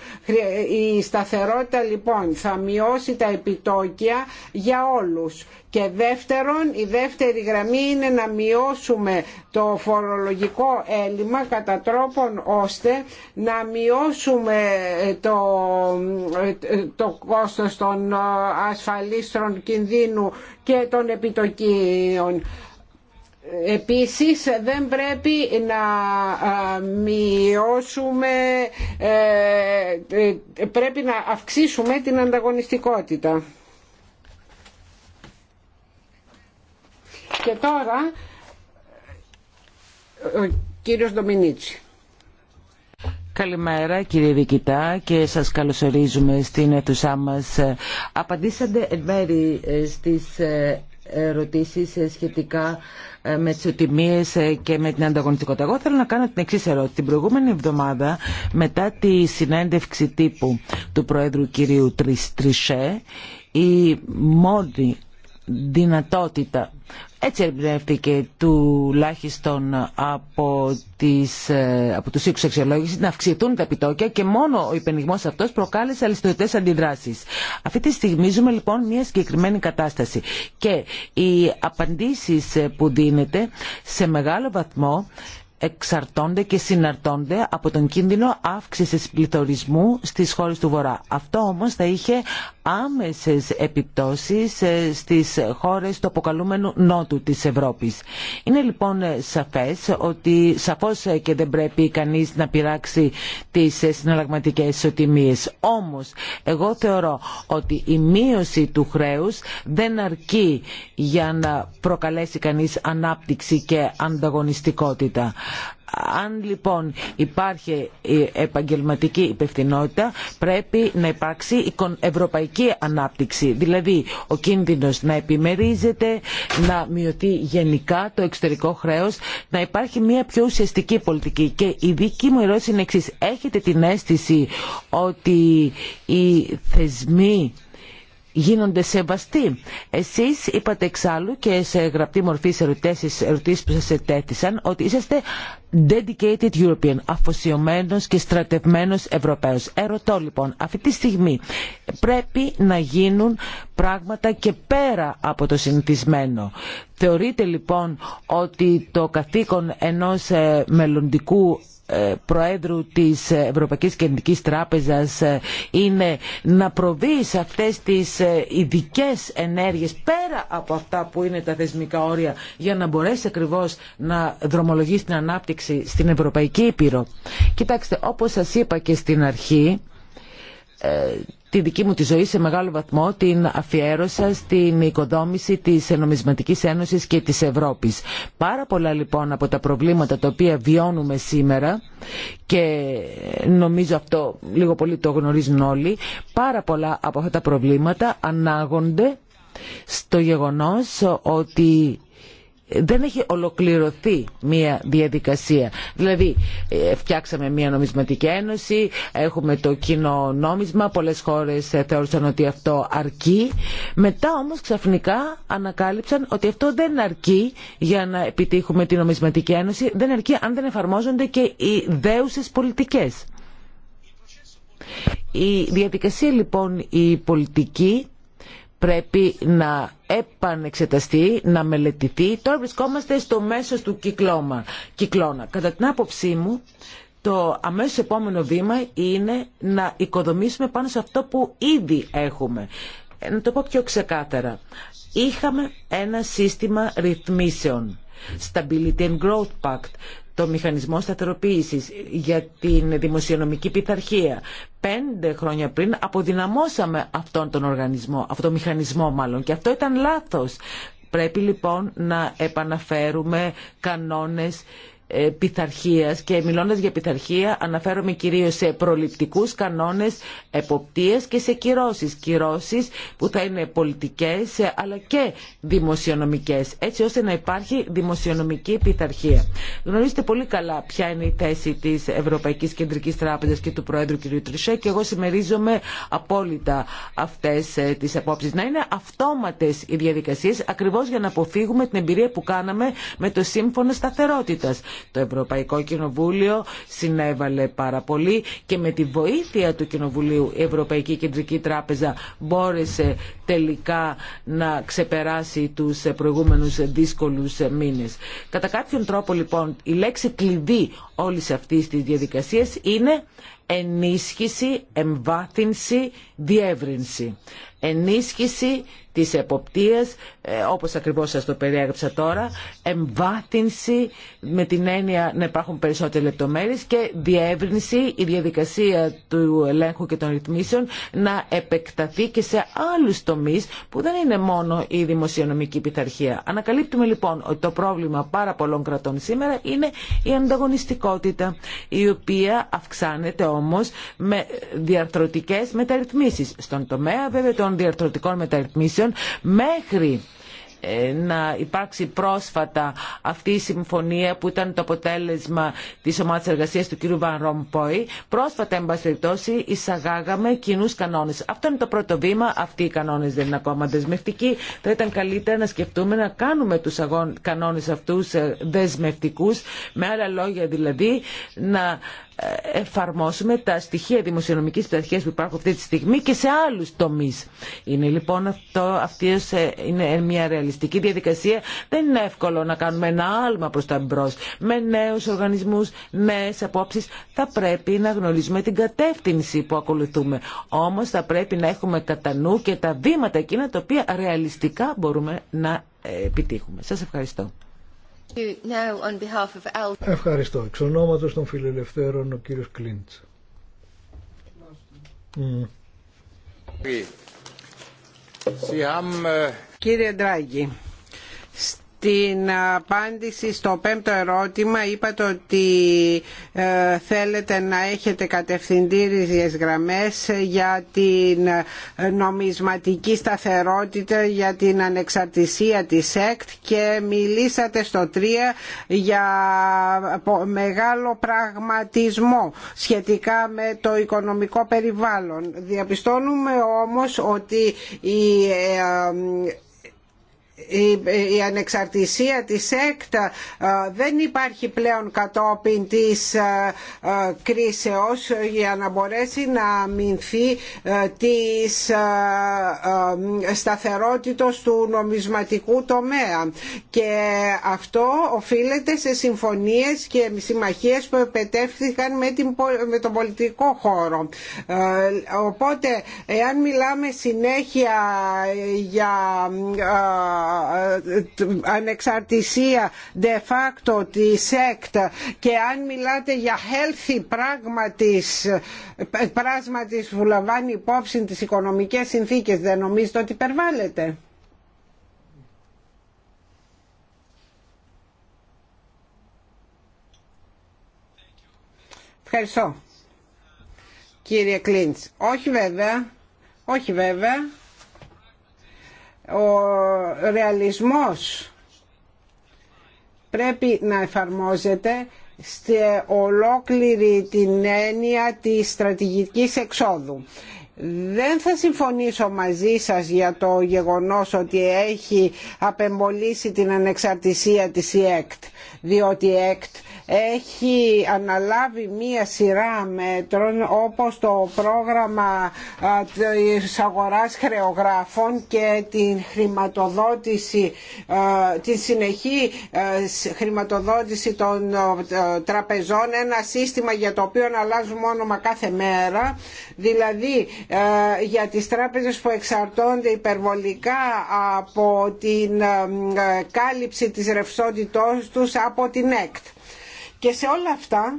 Η σταθερότητα λοιπόν θα μειώσει τα επιτόκια για όλους. Και δεύτερον, η δεύτερη γραμμή είναι να μειώσουμε το φορολογικό έλλειμμα κατά τρόπον ώστε να μειώσουμε ε, το, ε, το κόστος των ασφαλίστρων κινδύνου και των επιτοκίων. Επίσης δεν πρέπει να μειώσουμε, ε, ε, πρέπει να αυξήσουμε την ανταγωνιστικότητα. Και τώρα ο κύριος Ντομινίτσι. Καλημέρα κύριε Δικητά και σας καλωσορίζουμε στην αίθουσά μας. Απαντήσατε εν μέρη ε, στις ερωτήσεις ε, σχετικά ε, με τις οτιμίες ε, και με την ανταγωνιστικότητα. Εγώ θέλω να κάνω την εξής ερώτηση. Την προηγούμενη εβδομάδα, μετά τη συνέντευξη τύπου του Προέδρου κυρίου Τρισέ, η μόνη δυνατότητα έτσι ερμηνεύτηκε τουλάχιστον από, τις, ε, από τους οίκους αξιολόγηση να αυξηθούν τα επιτόκια και μόνο ο υπενιγμός αυτός προκάλεσε αλυστοιτές αντιδράσεις. Αυτή τη στιγμή ζούμε λοιπόν μια συγκεκριμένη κατάσταση και οι απαντήσεις ε, που δίνεται σε μεγάλο βαθμό εξαρτώνται και συναρτώνται από τον κίνδυνο αύξησης πληθωρισμού στις χώρες του Βορρά. Αυτό όμως θα είχε άμεσες επιπτώσεις ε, στις χώρες του αποκαλούμενου νότου της Ευρώπης. Είναι λοιπόν ε, σαφές ότι σαφώς ε, και δεν πρέπει κανείς να πειράξει τι συναλλαγματικέ ισοτιμίε. Όμως εγώ θεωρώ ότι η μείωση του χρέους δεν αρκεί για να προκαλέσει κανεί ανάπτυξη και ανταγωνιστικότητα. Αν λοιπόν υπάρχει επαγγελματική υπευθυνότητα πρέπει να υπάρξει ευρωπαϊκή ανάπτυξη. Δηλαδή ο κίνδυνος να επιμερίζεται, να μειωθεί γενικά το εξωτερικό χρέος, να υπάρχει μια πιο ουσιαστική πολιτική. Και η δική μου ερώτηση είναι εξής. Έχετε την αίσθηση ότι οι θεσμοί γίνονται σεβαστοί. Εσείς είπατε εξάλλου και σε γραπτή μορφή σε ερωτήσεις, που σας ετέθησαν ότι είσαστε dedicated European, αφοσιωμένος και στρατευμένος Ευρωπαίος. Ερωτώ λοιπόν, αυτή τη στιγμή πρέπει να γίνουν πράγματα και πέρα από το συνηθισμένο. Θεωρείτε λοιπόν ότι το καθήκον ενός ε, μελλοντικού Προέδρου της Ευρωπαϊκής Κεντρικής Τράπεζας ε, είναι να προβεί σε αυτές τις ε, ειδικέ ενέργειες πέρα από αυτά που είναι τα θεσμικά όρια για να μπορέσει ακριβώς να δρομολογήσει την ανάπτυξη στην Ευρωπαϊκή Ήπειρο. Κοιτάξτε, όπως σας είπα και στην αρχή, ε, τη δική μου τη ζωή σε μεγάλο βαθμό την αφιέρωσα στην οικοδόμηση της Νομισματικής Ένωσης και της Ευρώπης. Πάρα πολλά λοιπόν από τα προβλήματα τα οποία βιώνουμε σήμερα και νομίζω αυτό λίγο πολύ το γνωρίζουν όλοι, πάρα πολλά από αυτά τα προβλήματα ανάγονται στο γεγονός ότι δεν έχει ολοκληρωθεί μια διαδικασία. Δηλαδή, ε, φτιάξαμε μια νομισματική ένωση, έχουμε το κοινό νόμισμα, πολλές χώρες ε, θεώρησαν ότι αυτό αρκεί. Μετά όμως ξαφνικά ανακάλυψαν ότι αυτό δεν αρκεί για να επιτύχουμε την νομισματική ένωση, δεν αρκεί αν δεν εφαρμόζονται και οι δέουσες πολιτικές. Η διαδικασία λοιπόν η πολιτική πρέπει να επανεξεταστεί, να μελετηθεί. Τώρα βρισκόμαστε στο μέσο του κυκλώμα, κυκλώνα. Κατά την άποψή μου, το αμέσως επόμενο βήμα είναι να οικοδομήσουμε πάνω σε αυτό που ήδη έχουμε. Ε, να το πω πιο ξεκάθαρα. Είχαμε ένα σύστημα ρυθμίσεων. Stability and Growth Pact το μηχανισμό σταθεροποίηση για την δημοσιονομική πειθαρχία. Πέντε χρόνια πριν αποδυναμώσαμε αυτόν τον οργανισμό, αυτόν τον μηχανισμό μάλλον, και αυτό ήταν λάθος. Πρέπει λοιπόν να επαναφέρουμε κανόνες ε, πειθαρχία και μιλώντας για πειθαρχία αναφέρομαι κυρίως σε προληπτικούς κανόνες εποπτείας και σε κυρώσεις. Κυρώσεις που θα είναι πολιτικές ε, αλλά και δημοσιονομικές έτσι ώστε να υπάρχει δημοσιονομική πειθαρχία. Γνωρίζετε πολύ καλά ποια είναι η θέση της Ευρωπαϊκής Κεντρικής Τράπεζας και του Προέδρου κ. Τρισέ και εγώ συμμερίζομαι απόλυτα αυτές ε, τις απόψεις. Να είναι αυτόματες οι διαδικασίες ακριβώς για να αποφύγουμε την εμπειρία που κάναμε με το σύμφωνο σταθερότητα. Το Ευρωπαϊκό Κοινοβούλιο συνέβαλε πάρα πολύ και με τη βοήθεια του Κοινοβουλίου η Ευρωπαϊκή Κεντρική Τράπεζα μπόρεσε τελικά να ξεπεράσει τους προηγούμενους δύσκολους μήνες. Κατά κάποιον τρόπο λοιπόν η λέξη κλειδί όλης αυτής της διαδικασίας είναι ενίσχυση, εμβάθυνση, διεύρυνση. Ενίσχυση της εποπτείας, ε, όπως ακριβώς σας το περιέγραψα τώρα, εμβάθυνση με την έννοια να υπάρχουν περισσότερες λεπτομέρειες και διεύρυνση, η διαδικασία του ελέγχου και των ρυθμίσεων να επεκταθεί και σε άλλους τομείς που δεν είναι μόνο η δημοσιονομική πειθαρχία. Ανακαλύπτουμε λοιπόν ότι το πρόβλημα πάρα πολλών κρατών σήμερα είναι η ανταγωνιστικότητα, η οποία αυξάνεται όμω με διαρθρωτικές μεταρρυθμίσεις. Στον τομέα βέβαια των διαρθρωτικών μεταρρυθμίσεων μέχρι ε, να υπάρξει πρόσφατα αυτή η συμφωνία που ήταν το αποτέλεσμα της ομάδας εργασίας του κ. Βαν Ρομπόη. Πρόσφατα, εν πάση περιπτώσει, εισαγάγαμε κοινού κανόνε. Αυτό είναι το πρώτο βήμα. Αυτοί οι κανόνε δεν είναι ακόμα δεσμευτικοί. Θα ήταν καλύτερα να σκεφτούμε να κάνουμε του κανόνε αυτού ε, δεσμευτικού, Με άλλα λόγια δηλαδή, να εφαρμόσουμε τα στοιχεία δημοσιονομικής πειθαρχίας που υπάρχουν αυτή τη στιγμή και σε άλλους τομείς. Είναι λοιπόν αυτό, αυτή ε, είναι μια ρεαλιστική διαδικασία. Δεν είναι εύκολο να κάνουμε ένα άλμα προς τα μπρος. Με νέους οργανισμούς, νέες απόψεις θα πρέπει να γνωρίζουμε την κατεύθυνση που ακολουθούμε. Όμως θα πρέπει να έχουμε κατά νου και τα βήματα εκείνα τα οποία ρεαλιστικά μπορούμε να ε, επιτύχουμε. Σας ευχαριστώ. Ευχαριστώ. Εξ ονόματος των φιλελευθέρων ο κύριος Κλίντς. Mm. Κύριε Ντράγκη, την απάντηση στο πέμπτο ερώτημα είπατε ότι ε, θέλετε να έχετε κατευθυντήριες γραμμές για την ε, νομισματική σταθερότητα, για την ανεξαρτησία της ΕΚΤ και μιλήσατε στο 3 για μεγάλο πραγματισμό σχετικά με το οικονομικό περιβάλλον. Διαπιστώνουμε όμως ότι η ε, η ανεξαρτησία της ΕΚΤ ε, δεν υπάρχει πλέον κατόπιν της ε, ε, κρίσεως για να μπορέσει να αμυνθεί της σταθερότητος του νομισματικού τομέα και αυτό οφείλεται σε συμφωνίες και συμμαχίες που επετεύθηκαν με, την, με τον πολιτικό χώρο. Οπότε εάν μιλάμε συνέχεια για ανεξαρτησία de facto της ΕΚΤ και αν μιλάτε για healthy πράγμα της που λαμβάνει υπόψη τις οικονομικές συνθήκες δεν νομίζετε ότι υπερβάλλεται. Ευχαριστώ. Κύριε Κλίντς. Όχι βέβαια. Όχι βέβαια ο ρεαλισμός πρέπει να εφαρμόζεται σε ολόκληρη την έννοια της στρατηγικής εξόδου δεν θα συμφωνήσω μαζί σας για το γεγονός ότι έχει απεμπολίσει την ανεξαρτησία της η ΕΚΤ, διότι η ΕΚΤ έχει αναλάβει μία σειρά μέτρων όπως το πρόγραμμα της αγοράς χρεογράφων και την χρηματοδότηση, την συνεχή χρηματοδότηση των τραπεζών, ένα σύστημα για το οποίο αλλάζουμε όνομα κάθε μέρα, δηλαδή ε, για τις τράπεζες που εξαρτώνται υπερβολικά από την ε, ε, κάλυψη της ρευστότητός τους από την ΕΚΤ. Και σε όλα αυτά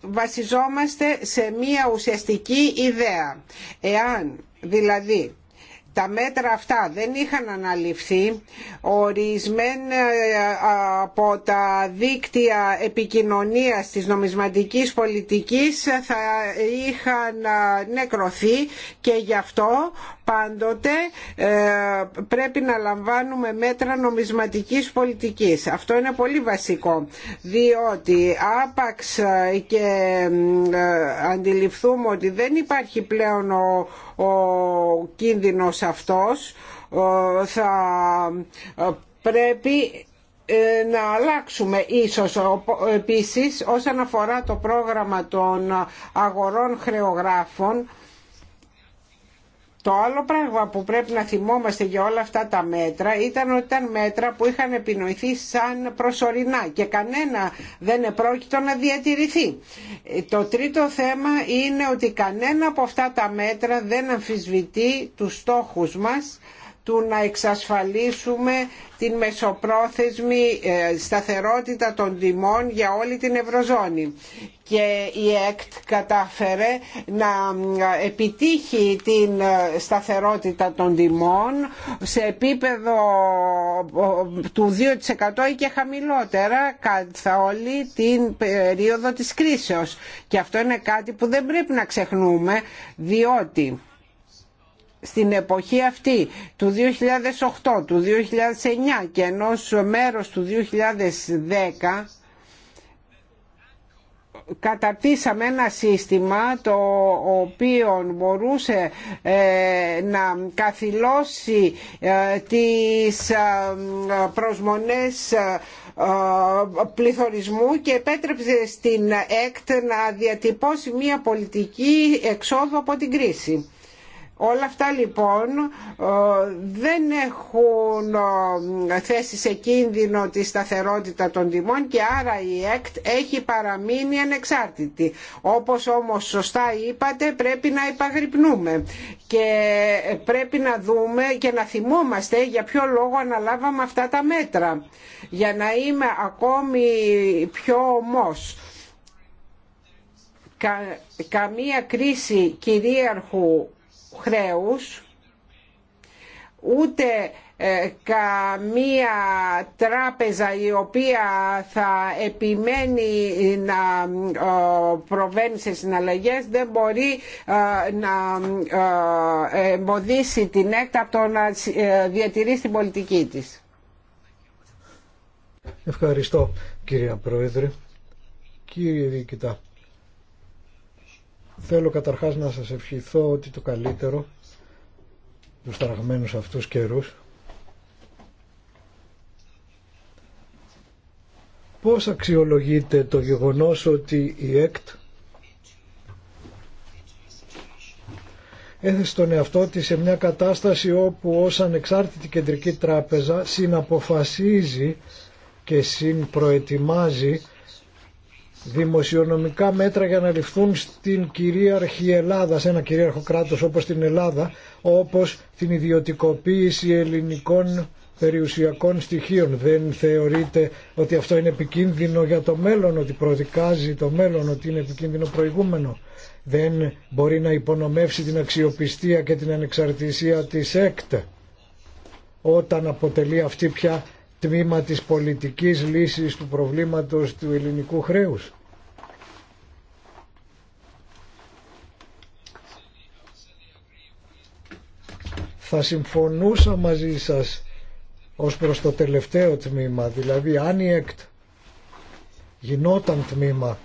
βασιζόμαστε σε μία ουσιαστική ιδέα. Εάν δηλαδή τα μέτρα αυτά δεν είχαν αναλυφθεί ορισμένα ε, από τα δίκτυα επικοινωνίας της νομισματικής πολιτικής θα είχαν ε, νεκρωθεί και γι' αυτό πάντοτε ε, πρέπει να λαμβάνουμε μέτρα νομισματικής πολιτικής. Αυτό είναι πολύ βασικό, διότι άπαξ ε, και ε, αντιληφθούμε ότι δεν υπάρχει πλέον ο, κίνδυνος αυτός, θα πρέπει να αλλάξουμε ίσως επίσης όσον αφορά το πρόγραμμα των αγορών χρεογράφων το άλλο πράγμα που πρέπει να θυμόμαστε για όλα αυτά τα μέτρα ήταν ότι ήταν μέτρα που είχαν επινοηθεί σαν προσωρινά και κανένα δεν επρόκειτο να διατηρηθεί. Το τρίτο θέμα είναι ότι κανένα από αυτά τα μέτρα δεν αμφισβητεί τους στόχους μας του να εξασφαλίσουμε την μεσοπρόθεσμη ε, σταθερότητα των τιμών για όλη την Ευρωζώνη. Και η ΕΚΤ κατάφερε να ε, επιτύχει την ε, σταθερότητα των τιμών σε επίπεδο του 2% και χαμηλότερα κατά όλη την περίοδο της κρίσεως. Και αυτό είναι κάτι που δεν πρέπει να ξεχνούμε διότι στην εποχή αυτή του 2008, του 2009 και ενός μέρος του 2010 καταρτήσαμε ένα σύστημα το οποίο μπορούσε ε, να καθυλώσει ε, τις ε, προσμονές πληθωρισμού και επέτρεψε στην ΕΚΤ να διατυπώσει μια πολιτική εξόδου από την κρίση. Όλα αυτά λοιπόν δεν έχουν θέσει σε κίνδυνο τη σταθερότητα των τιμών και άρα η ΕΚΤ έχει παραμείνει ανεξάρτητη. Όπως όμως σωστά είπατε πρέπει να υπαγρυπνούμε και πρέπει να δούμε και να θυμόμαστε για ποιο λόγο αναλάβαμε αυτά τα μέτρα. Για να είμαι ακόμη πιο ομός. καμία κρίση κυρίαρχου χρέους ούτε ε, καμία τράπεζα η οποία θα επιμένει να ε, προβαίνει σε συναλλαγές δεν μπορεί ε, να εμποδίσει την έκτα από το να διατηρήσει την πολιτική της. Ευχαριστώ κύριε Πρόεδρε. Κύριε Δίκητά. Θέλω καταρχάς να σας ευχηθώ ότι το καλύτερο τους τραγμένους αυτούς καιρούς Πώς αξιολογείτε το γεγονός ότι η ΕΚΤ έθεσε τον εαυτό της σε μια κατάσταση όπου ως ανεξάρτητη κεντρική τράπεζα συναποφασίζει και συμπροετοιμάζει δημοσιονομικά μέτρα για να ληφθούν στην κυρίαρχη Ελλάδα, σε ένα κυρίαρχο κράτος όπως την Ελλάδα, όπως την ιδιωτικοποίηση ελληνικών περιουσιακών στοιχείων. Δεν θεωρείτε ότι αυτό είναι επικίνδυνο για το μέλλον, ότι προδικάζει το μέλλον, ότι είναι επικίνδυνο προηγούμενο. Δεν μπορεί να υπονομεύσει την αξιοπιστία και την ανεξαρτησία της ΕΚΤ όταν αποτελεί αυτή πια τμήμα της πολιτικής λύσης του προβλήματος του ελληνικού χρέους. Θα συμφωνούσα μαζί σας ως προς το τελευταίο τμήμα, δηλαδή αν η ΕΚΤ γινόταν τμήμα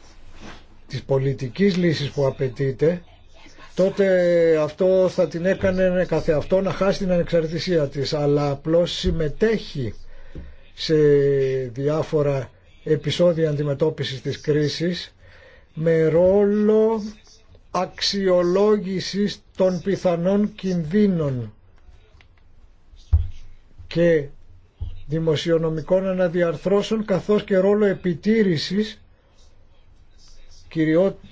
της πολιτικής λύσης που απαιτείται, τότε αυτό θα την έκανε καθεαυτό να χάσει την ανεξαρτησία της, αλλά απλώς συμμετέχει σε διάφορα επεισόδια αντιμετώπισης της κρίσης με ρόλο αξιολόγησης των πιθανών κινδύνων και δημοσιονομικών αναδιαρθρώσεων καθώς και ρόλο επιτήρησης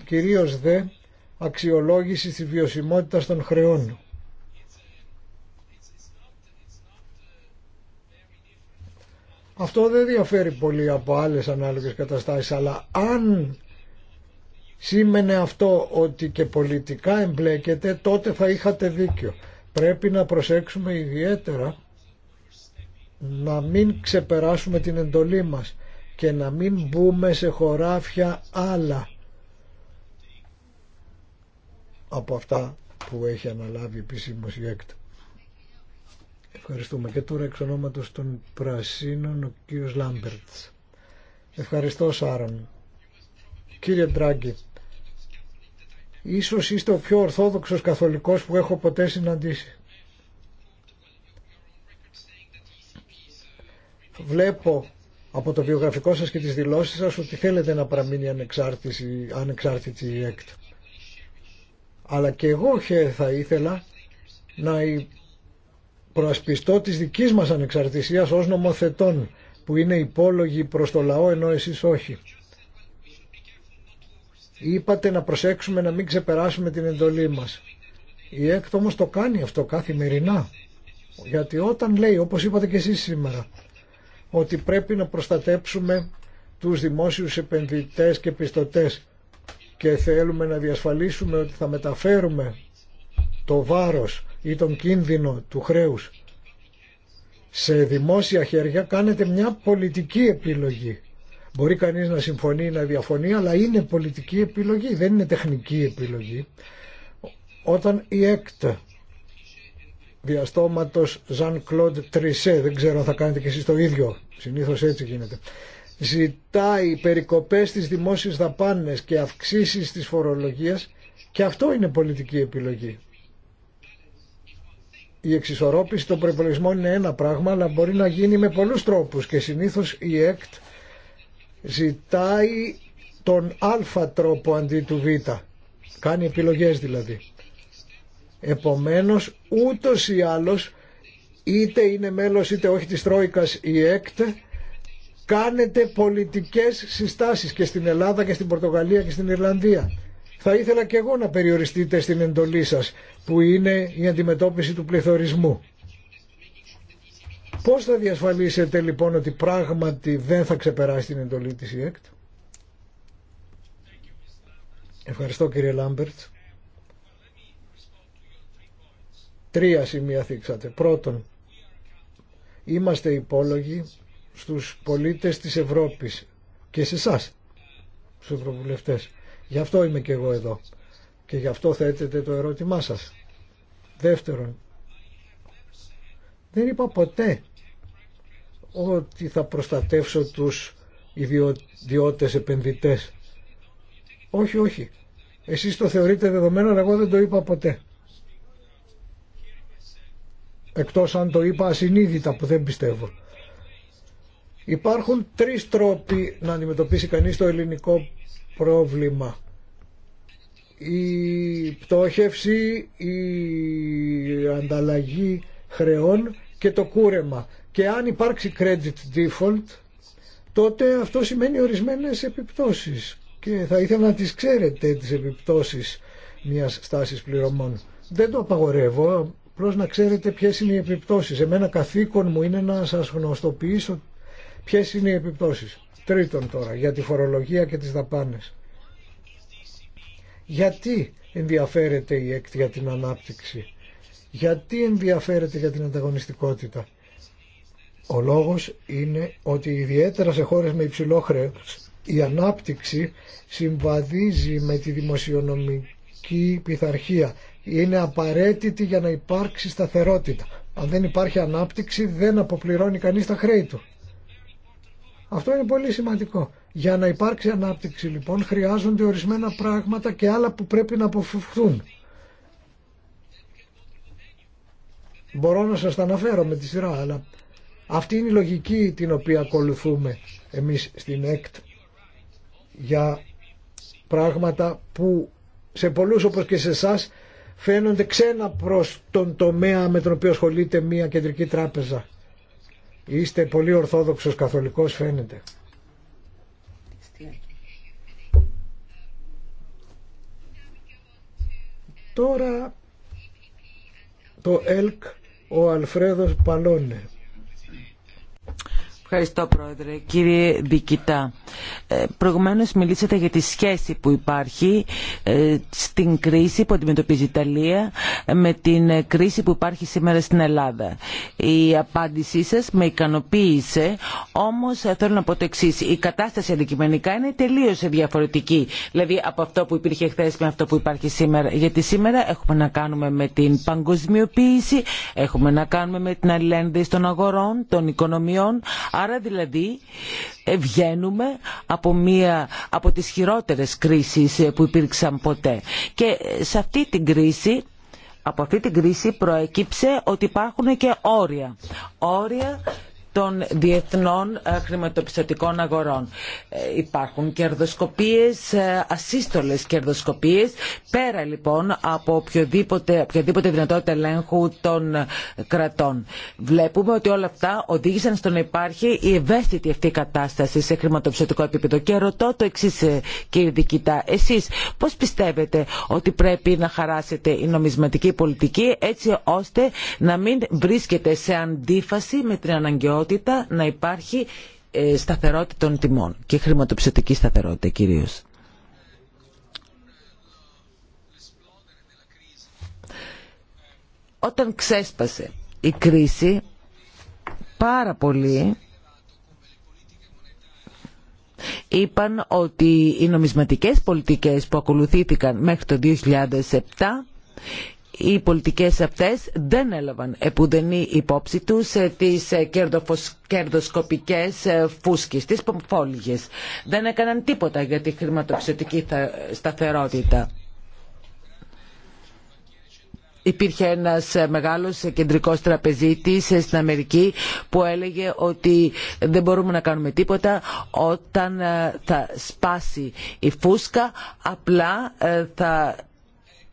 κυρίως δε αξιολόγησης της βιωσιμότητας των χρεών. Αυτό δεν διαφέρει πολύ από άλλες ανάλογες καταστάσεις, αλλά αν σήμαινε αυτό ότι και πολιτικά εμπλέκεται, τότε θα είχατε δίκιο. Πρέπει να προσέξουμε ιδιαίτερα να μην ξεπεράσουμε την εντολή μας και να μην μπούμε σε χωράφια άλλα από αυτά που έχει αναλάβει η επίσημος η Ευχαριστούμε. Και τώρα εξ ονόματος των Πρασίνων ο κύριος Λάμπερτς. Ευχαριστώ Σάρων. Κύριε Ντράγκη, ίσως είστε ο πιο ορθόδοξος καθολικός που έχω ποτέ συναντήσει. Βλέπω από το βιογραφικό σας και τις δηλώσεις σας ότι θέλετε να παραμείνει ανεξάρτητη, ανεξάρτητη η ΕΚΤ. Αλλά και εγώ θα ήθελα να προασπιστώ της δικής μας ανεξαρτησίας ως νομοθετών που είναι υπόλογοι προς το λαό ενώ εσείς όχι. Είπατε να προσέξουμε να μην ξεπεράσουμε την εντολή μας. Η ΕΚΤ όμως το κάνει αυτό καθημερινά. Γιατί όταν λέει, όπως είπατε και εσείς σήμερα, ότι πρέπει να προστατέψουμε τους δημόσιους επενδυτές και πιστωτές και θέλουμε να διασφαλίσουμε ότι θα μεταφέρουμε το βάρος ή τον κίνδυνο του χρέους σε δημόσια χέρια κάνετε μια πολιτική επιλογή. Μπορεί κανείς να συμφωνεί ή να διαφωνεί, αλλά είναι πολιτική επιλογή, δεν είναι τεχνική επιλογή. Όταν η ΕΚΤ διαστόματος Ζαν Κλοντ Τρισέ, δεν ξέρω αν θα κάνετε και εσείς το ίδιο, συνήθως έτσι γίνεται, ζητάει περικοπές στις δημόσιες δαπάνες και αυξήσεις της φορολογίας και αυτό είναι πολιτική επιλογή η εξισορρόπηση των προπολογισμών είναι ένα πράγμα, αλλά μπορεί να γίνει με πολλούς τρόπους και συνήθως η ΕΚΤ ζητάει τον α τρόπο αντί του β. Κάνει επιλογές δηλαδή. Επομένως, ούτως ή άλλως, είτε είναι μέλος είτε όχι της Τρόικας η ΕΚΤ, κάνετε πολιτικές συστάσεις και στην Ελλάδα και στην Πορτογαλία και στην Ιρλανδία. Θα ήθελα και εγώ να περιοριστείτε στην εντολή σας που είναι η αντιμετώπιση του πληθωρισμού. Πώς θα διασφαλίσετε λοιπόν ότι πράγματι δεν θα ξεπεράσει την εντολή της Ευχαριστώ κύριε Λάμπερτ. Τρία σημεία θίξατε. Πρώτον, είμαστε υπόλογοι στους πολίτες της Ευρώπης και σε εσά, στους ευρωβουλευτές. Γι' αυτό είμαι και εγώ εδώ. Και γι' αυτό θέτετε το ερώτημά σας. Δεύτερον, δεν είπα ποτέ ότι θα προστατεύσω τους ιδιώτες επενδυτές. Όχι, όχι. Εσείς το θεωρείτε δεδομένο, αλλά εγώ δεν το είπα ποτέ. Εκτός αν το είπα ασυνείδητα που δεν πιστεύω. Υπάρχουν τρεις τρόποι να αντιμετωπίσει κανείς το ελληνικό πρόβλημα. Η πτώχευση, η ανταλλαγή χρεών και το κούρεμα. Και αν υπάρξει credit default, τότε αυτό σημαίνει ορισμένες επιπτώσεις. Και θα ήθελα να τις ξέρετε τις επιπτώσεις μιας στάσης πληρωμών. Δεν το απαγορεύω, απλώς να ξέρετε ποιες είναι οι επιπτώσεις. Εμένα καθήκον μου είναι να σας γνωστοποιήσω ποιες είναι οι επιπτώσεις. Τρίτον τώρα, για τη φορολογία και τις δαπάνες. Γιατί ενδιαφέρεται η ΕΚΤ για την ανάπτυξη. Γιατί ενδιαφέρεται για την ανταγωνιστικότητα. Ο λόγος είναι ότι ιδιαίτερα σε χώρες με υψηλό χρέος η ανάπτυξη συμβαδίζει με τη δημοσιονομική πειθαρχία. Είναι απαραίτητη για να υπάρξει σταθερότητα. Αν δεν υπάρχει ανάπτυξη δεν αποπληρώνει κανείς τα χρέη του. Αυτό είναι πολύ σημαντικό. Για να υπάρξει ανάπτυξη λοιπόν χρειάζονται ορισμένα πράγματα και άλλα που πρέπει να αποφευχθούν. Μπορώ να σας τα αναφέρω με τη σειρά, αλλά αυτή είναι η λογική την οποία ακολουθούμε εμείς στην ΕΚΤ για πράγματα που σε πολλούς όπως και σε εσά φαίνονται ξένα προς τον τομέα με τον οποίο ασχολείται μια κεντρική τράπεζα. Είστε πολύ ορθόδοξος καθολικός φαίνεται. Τώρα το ΕΛΚ ο Αλφρέδος Παλώνε. Ευχαριστώ Πρόεδρε. Κύριε Δικητά, ε, προηγουμένως μιλήσατε για τη σχέση που υπάρχει ε, στην κρίση που αντιμετωπίζει η Ιταλία ε, με την κρίση που υπάρχει σήμερα στην Ελλάδα. Η απάντησή σας με ικανοποίησε, όμως θέλω να πω το εξή. Η κατάσταση αντικειμενικά είναι τελείως διαφορετική, δηλαδή από αυτό που υπήρχε χθε με αυτό που υπάρχει σήμερα. Γιατί σήμερα έχουμε να κάνουμε με την παγκοσμιοποίηση, έχουμε να κάνουμε με την αλληλένδεση των αγορών, των οικονομιών, Άρα δηλαδή ε, βγαίνουμε από, μία, από τις χειρότερες κρίσεις ε, που υπήρξαν ποτέ. Και ε, σε αυτή την κρίση από αυτή την κρίση προέκυψε ότι υπάρχουν και όρια. Όρια των διεθνών ε, χρηματοπιστωτικών αγορών. Ε, υπάρχουν κερδοσκοπίες, ε, ασύστολες κερδοσκοπίες, πέρα λοιπόν από οποιοδήποτε, οποιαδήποτε δυνατότητα ελέγχου των κρατών. Βλέπουμε ότι όλα αυτά οδήγησαν στο να υπάρχει η ευαίσθητη αυτή κατάσταση σε χρηματοπιστωτικό επίπεδο. Και ρωτώ το εξή, κύριε Δικητά, εσεί πώ πιστεύετε ότι πρέπει να χαράσετε η νομισματική πολιτική έτσι ώστε να μην βρίσκεται σε αντίφαση με την αναγκαιότητα πιθανότητα να υπάρχει ε, σταθερότητα των τιμών και χρηματοπιστωτική σταθερότητα κυρίως. Όταν ξέσπασε η κρίση, πάρα πολλοί είπαν ότι οι νομισματικές πολιτικές που ακολουθήθηκαν μέχρι το 2007 οι πολιτικές αυτές δεν έλαβαν επουδενή υπόψη τους ε, τις ε, κερδοσκοπικές ε, φούσκες, τις πομφόλιγες. Δεν έκαναν τίποτα για τη χρηματοπιστωτική σταθερότητα. Υπήρχε ένας μεγάλος κεντρικός τραπεζίτης στην Αμερική που έλεγε ότι δεν μπορούμε να κάνουμε τίποτα όταν θα σπάσει η φούσκα, απλά θα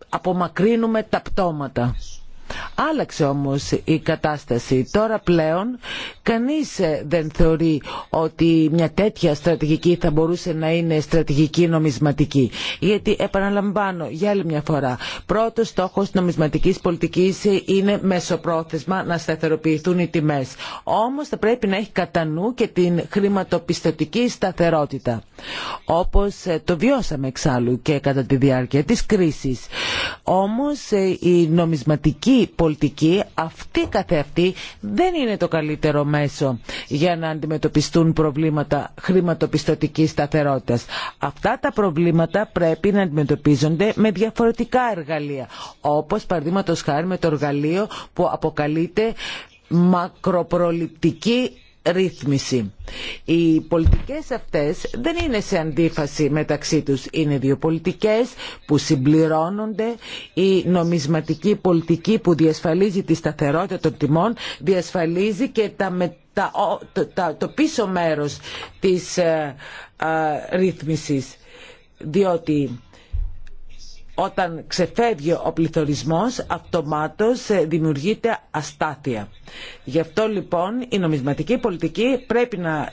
απομακρύνουμε τα πτώματα. Άλλαξε όμως η κατάσταση. Τώρα πλέον κανείς ε, δεν θεωρεί ότι μια τέτοια στρατηγική θα μπορούσε να είναι στρατηγική νομισματική. Γιατί επαναλαμβάνω για άλλη μια φορά, πρώτος στόχος νομισματικής πολιτικής είναι μεσοπρόθεσμα να σταθεροποιηθούν οι τιμές. Όμως θα πρέπει να έχει κατά νου και την χρηματοπιστωτική σταθερότητα. Όπως ε, το βιώσαμε εξάλλου και κατά τη διάρκεια της κρίσης. Όμως ε, η νομισματική πολιτική αυτή καθεαυτή δεν είναι το καλύτερο μέσο για να αντιμετωπιστούν προβλήματα χρηματοπιστωτικής σταθερότητας. Αυτά τα προβλήματα πρέπει να αντιμετωπίζονται με διαφορετικά εργαλεία, όπως παραδείγματος χάρη με το εργαλείο που αποκαλείται μακροπροληπτική ρύθμιση. Οι πολιτικές αυτές δεν είναι σε αντίφαση μεταξύ τους. Είναι δύο πολιτικές που συμπληρώνονται. Η νομισματική πολιτική που διασφαλίζει τη σταθερότητα των τιμών διασφαλίζει και τα το πίσω μέρος της ε, ε, ρύθμισης. Διότι όταν ξεφεύγει ο πληθωρισμός, αυτομάτως ε, δημιουργείται αστάθεια. Γι' αυτό λοιπόν η νομισματική πολιτική πρέπει να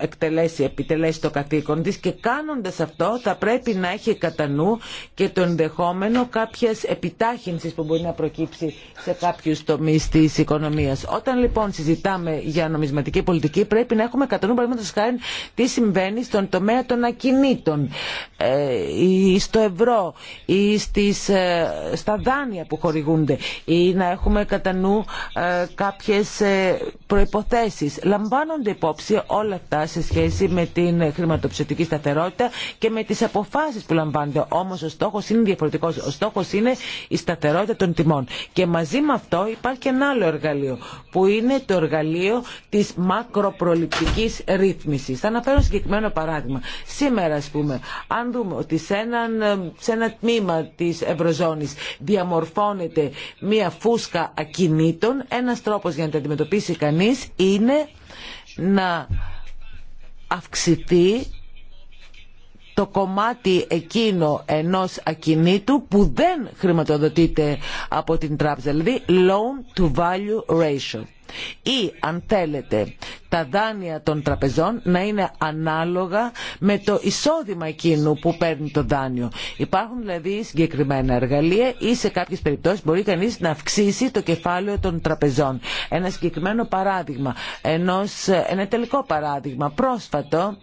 εκτελέσει, επιτελέσει το καθήκον της και κάνοντας αυτό θα πρέπει να έχει κατά νου και το ενδεχόμενο κάποιες επιτάχυνσεις που μπορεί να προκύψει σε κάποιους τομείς της οικονομίας. Όταν λοιπόν συζητάμε για νομισματική πολιτική πρέπει να έχουμε κατά νου παραδείγματος χάρη τι συμβαίνει στον τομέα των ακινήτων ε, ή στο ευρώ ή στις, ε, στα δάνεια που χορηγούνται ή να έχουμε κατά νου ε, κάποιες προϋποθέσεις. Λαμβάνονται υπόψη όλα αυτά σε σχέση με την χρηματοπιστωτική σταθερότητα και με τις αποφάσεις που λαμβάνονται. Όμως ο στόχος είναι διαφορετικός. Ο στόχος είναι η σταθερότητα των τιμών. Και μαζί με αυτό υπάρχει και ένα άλλο εργαλείο που είναι το εργαλείο της μακροπροληπτικής ρύθμισης. Θα αναφέρω συγκεκριμένο παράδειγμα. Σήμερα ας πούμε, αν δούμε ότι σε, έναν, σε ένα τμήμα της Ευρωζώνης διαμορφώνεται μία φούσκα ακινήτων, ένας τρόπος για να τα αντιμετωπίσει κανείς είναι να αυξηθεί το κομμάτι εκείνο ενός ακινήτου που δεν χρηματοδοτείται από την τράπεζα, δηλαδή loan to value ratio ή αν θέλετε τα δάνεια των τραπεζών να είναι ανάλογα με το εισόδημα εκείνου που παίρνει το δάνειο. Υπάρχουν δηλαδή συγκεκριμένα εργαλεία ή σε κάποιες περιπτώσεις μπορεί κανείς να αυξήσει το κεφάλαιο των τραπεζών. Ένα συγκεκριμένο παράδειγμα, ενός, ένα τελικό παράδειγμα πρόσφατο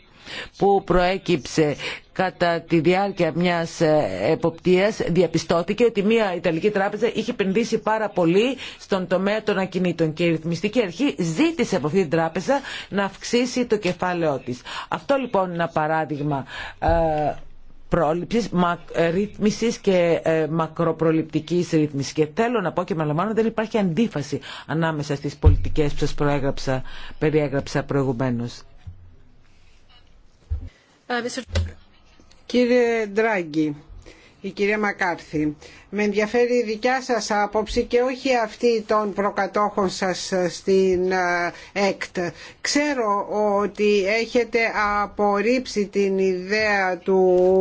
που προέκυψε κατά τη διάρκεια μιας ε, εποπτείας διαπιστώθηκε ότι μια Ιταλική τράπεζα είχε επενδύσει πάρα πολύ στον τομέα των ακινήτων και η ρυθμιστική αρχή ζήτησε από αυτή την τράπεζα να αυξήσει το κεφάλαιό της. Αυτό λοιπόν είναι ένα παράδειγμα ε, πρόληψης, ε, ρύθμισης και μακροπροληπτικής ρύθμισης. Και θέλω να πω και μελαμβάνω δεν υπάρχει αντίφαση ανάμεσα στις πολιτικές που σας προέγραψα, περιέγραψα προηγουμένως. Κύριε Ντράγκη, η κυρία Μακάρθη, με ενδιαφέρει η δικιά σας άποψη και όχι αυτή των προκατόχων σας στην ε, ΕΚΤ. Ξέρω ότι έχετε απορρίψει την ιδέα του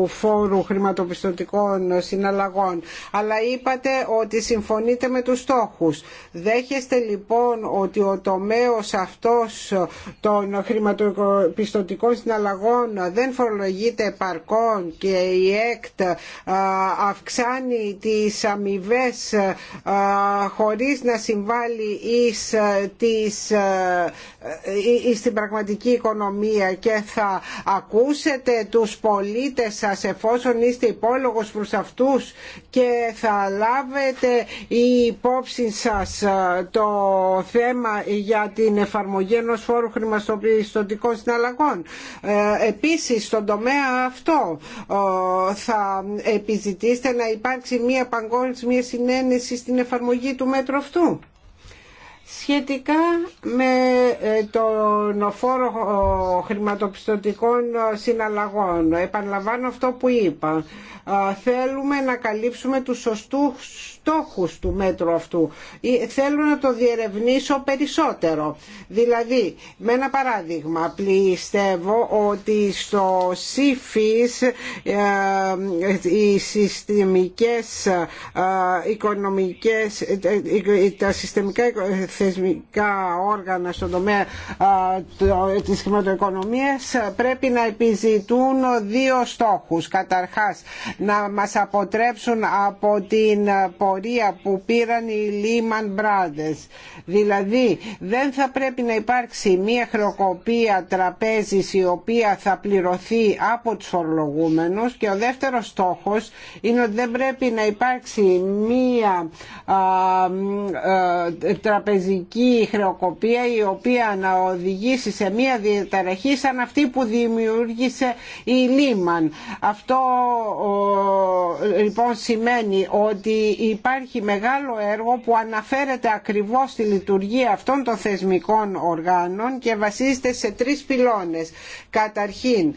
φόρου χρηματοπιστωτικών συναλλαγών, αλλά είπατε ότι συμφωνείτε με τους στόχους. Δέχεστε λοιπόν ότι ο τομέας αυτός των χρηματοπιστωτικών συναλλαγών δεν φορολογείται παρκών και η ΕΚΤ ε, αυξάνει τη τις αμοιβέ ε, χωρίς να συμβάλλει εις, ε, τις, εις ε, την πραγματική οικονομία και θα ακούσετε τους πολίτες σας εφόσον είστε υπόλογος προς αυτούς και θα λάβετε η υπόψη σας το θέμα για την εφαρμογή ενός φόρου χρηματοπιστωτικών συναλλαγών. Επίσης στον τομέα αυτό θα επιζητήσετε να υπάρξει μια παγκόσμια συνένεση στην εφαρμογή του μέτρου αυτού. Σχετικά με ε, τον φόρο ε, χρηματοπιστωτικών ε, συναλλαγών, επαναλαμβάνω αυτό που είπα, θέλουμε να καλύψουμε τους σωστούς στόχους του μέτρου αυτού. Θέλω να το διερευνήσω περισσότερο. Δηλαδή, με ένα παράδειγμα, πιστεύω ότι στο ΣΥΦΙΣ ε, οι συστημικές ε, οικονομικές, ε, τα συστημικά θεσμικά όργανα στον τομέα της χρηματοοικονομίας πρέπει να επιζητούν δύο στόχους. Καταρχάς, να μας αποτρέψουν από την που πήραν οι Lehman Brothers. Δηλαδή δεν θα πρέπει να υπάρξει μια χρεοκοπία τραπέζης η οποία θα πληρωθεί από τους φορολογούμενους και ο δεύτερος στόχος είναι ότι δεν πρέπει να υπάρξει μια τραπεζική χρεοκοπία η οποία να οδηγήσει σε μια διαταραχή σαν αυτή που δημιούργησε η Lehman. Αυτό ο, λοιπόν σημαίνει ότι υπάρχει μεγάλο έργο που αναφέρεται ακριβώς στη λειτουργία αυτών των θεσμικών οργάνων και βασίζεται σε τρεις πυλώνες. Καταρχήν,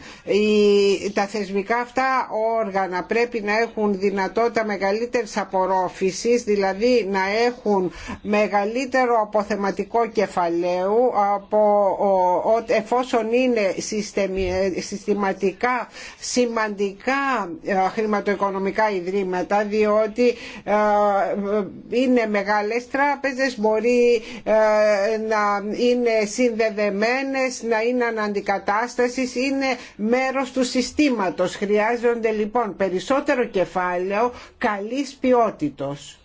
τα θεσμικά αυτά όργανα πρέπει να έχουν δυνατότητα μεγαλύτερης απορρόφησης, δηλαδή να έχουν μεγαλύτερο αποθεματικό κεφαλαίου από, εφόσον είναι συστηματικά σημαντικά ε, χρηματοοικονομικά ιδρύματα, διότι ε, είναι μεγάλες τράπεζες, μπορεί ε, να είναι συνδεδεμένες, να είναι αναντικατάσταση είναι μέρος του συστήματος. Χρειάζονται λοιπόν περισσότερο κεφάλαιο καλής ποιότητος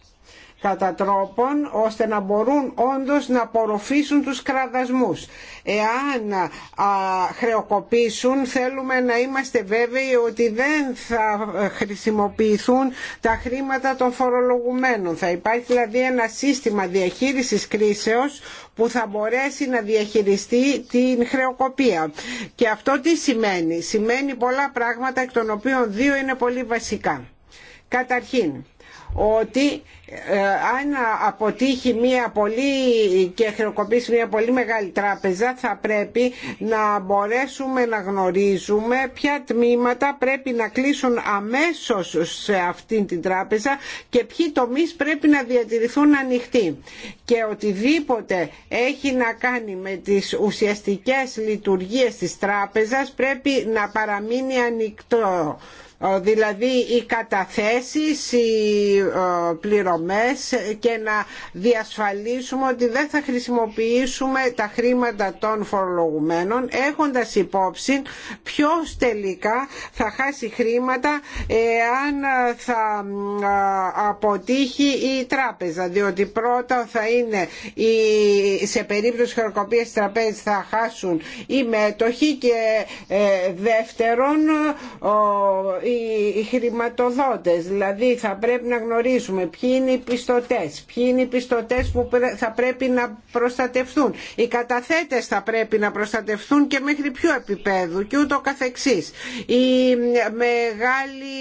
κατά τρόπον ώστε να μπορούν όντως να απορροφήσουν τους κραδασμούς. Εάν α, χρεοκοπήσουν θέλουμε να είμαστε βέβαιοι ότι δεν θα ε, χρησιμοποιηθούν τα χρήματα των φορολογουμένων. Θα υπάρχει δηλαδή ένα σύστημα διαχείρισης κρίσεως που θα μπορέσει να διαχειριστεί την χρεοκοπία. Και αυτό τι σημαίνει. Σημαίνει πολλά πράγματα εκ των οποίων δύο είναι πολύ βασικά. Καταρχήν, ότι ε, αν αποτύχει μια πολύ και χρεοκοπήσει μια πολύ μεγάλη τράπεζα θα πρέπει να μπορέσουμε να γνωρίζουμε ποια τμήματα πρέπει να κλείσουν αμέσως σε αυτήν την τράπεζα και ποιοι τομείς πρέπει να διατηρηθούν ανοιχτοί και οτιδήποτε έχει να κάνει με τις ουσιαστικές λειτουργίες της τράπεζας πρέπει να παραμείνει ανοιχτό ε, δηλαδή οι καταθέσεις, οι ε, πληρωμές και να διασφαλίσουμε ότι δεν θα χρησιμοποιήσουμε τα χρήματα των φορολογουμένων έχοντας υπόψη ποιος τελικά θα χάσει χρήματα εάν θα ε, αποτύχει η τράπεζα διότι πρώτα θα είναι σε περίπτωση χρεοκοπίας τραπέζι θα χάσουν οι μέτοχοι και δεύτερον οι χρηματοδότες, δηλαδή θα πρέπει να γνωρίζουμε ποιοι είναι οι πιστωτές, ποιοι είναι οι πιστωτές που θα πρέπει να προστατευτούν, οι καταθέτες θα πρέπει να προστατευτούν και μέχρι ποιο επίπεδου και ούτω καθεξής. Οι μεγάλοι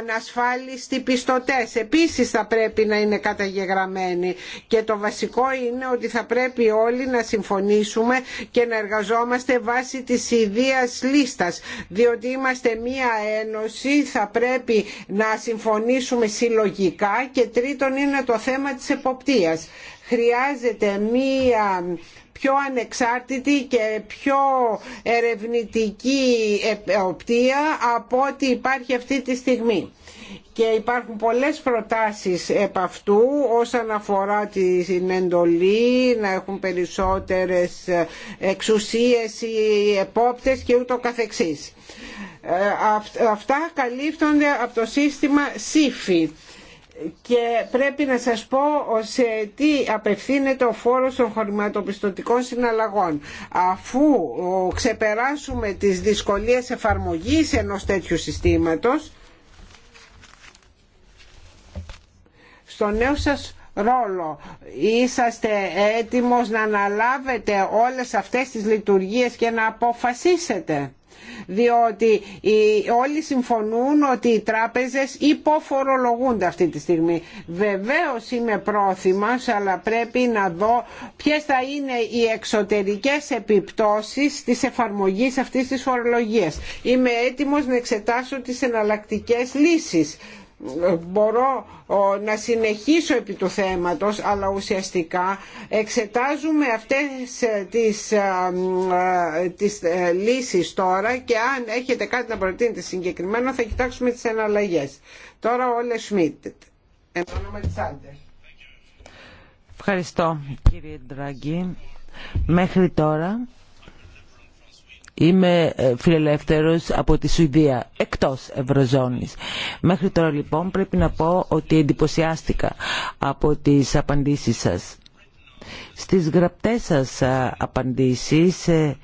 ανασφάλιστοι πιστωτές επίσης θα πρέπει να είναι καταγεγραμμένοι και το βασικό είναι ότι θα πρέπει όλοι να συμφωνήσουμε και να εργαζόμαστε βάσει της ιδίας λίστας, διότι είμαστε μία ένωση θα πρέπει να συμφωνήσουμε συλλογικά και τρίτον είναι το θέμα της εποπτείας. Χρειάζεται μία πιο ανεξάρτητη και πιο ερευνητική εποπτεία από ό,τι υπάρχει αυτή τη στιγμή και υπάρχουν πολλές προτάσεις επ' αυτού όσον αφορά την εντολή να έχουν περισσότερες εξουσίες οι επόπτες και ούτω καθεξής. Ε, αυτά καλύπτονται από το σύστημα ΣΥΦΗ και πρέπει να σας πω σε τι απευθύνεται ο φόρος των χρηματοπιστωτικών συναλλαγών. Αφού ξεπεράσουμε τις δυσκολίες εφαρμογής ενός τέτοιου συστήματος, στο νέο σας ρόλο. Είσαστε έτοιμος να αναλάβετε όλες αυτές τις λειτουργίες και να αποφασίσετε διότι όλοι συμφωνούν ότι οι τράπεζες υποφορολογούνται αυτή τη στιγμή. Βεβαίως είμαι πρόθυμα, αλλά πρέπει να δω ποιες θα είναι οι εξωτερικές επιπτώσεις της εφαρμογής αυτής της φορολογίας. Είμαι έτοιμος να εξετάσω τις εναλλακτικές λύσεις μπορώ να συνεχίσω επί του θέματος αλλά ουσιαστικά εξετάζουμε αυτές ε, τις, ε, ε, τις λύσεις τώρα και αν έχετε κάτι να προτείνετε συγκεκριμένα θα κοιτάξουμε τις εναλλαγές. Τώρα όλε Σμίτ. Ευχαριστώ κύριε Ντράγκη. Μέχρι τώρα Είμαι ε, φιλελεύθερος από τη Σουηδία, εκτός Ευρωζώνης. Μέχρι τώρα λοιπόν πρέπει να πω ότι εντυπωσιάστηκα από τις απαντήσεις σας. Στις γραπτές σας ε, απαντήσεις ε,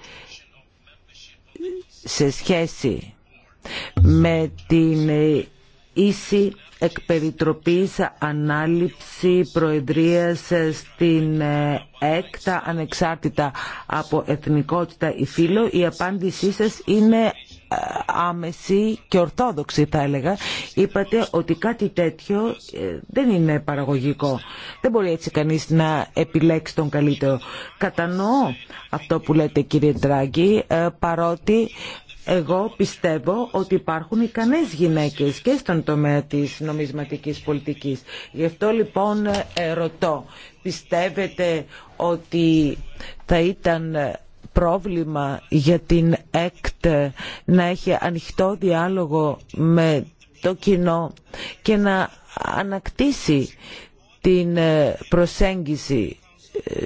σε σχέση με την ίση εκ περιτροπής ανάληψη προεδρίας στην ε, ΕΚΤΑ ανεξάρτητα από εθνικότητα ή φύλλο. Η απάντησή σας είναι ε, άμεση και ορθόδοξη θα έλεγα είπατε ότι κάτι τέτοιο ε, δεν είναι παραγωγικό δεν μπορεί έτσι κανείς να επιλέξει τον καλύτερο κατανοώ αυτό που λέτε κύριε Τράγκη παρότι εγώ πιστεύω ότι υπάρχουν ικανές γυναίκες και στον τομέα της νομισματικής πολιτικής. Γι' αυτό λοιπόν ε, ρωτώ, πιστεύετε ότι θα ήταν πρόβλημα για την ΕΚΤ να έχει ανοιχτό διάλογο με το κοινό και να ανακτήσει την ε, προσέγγιση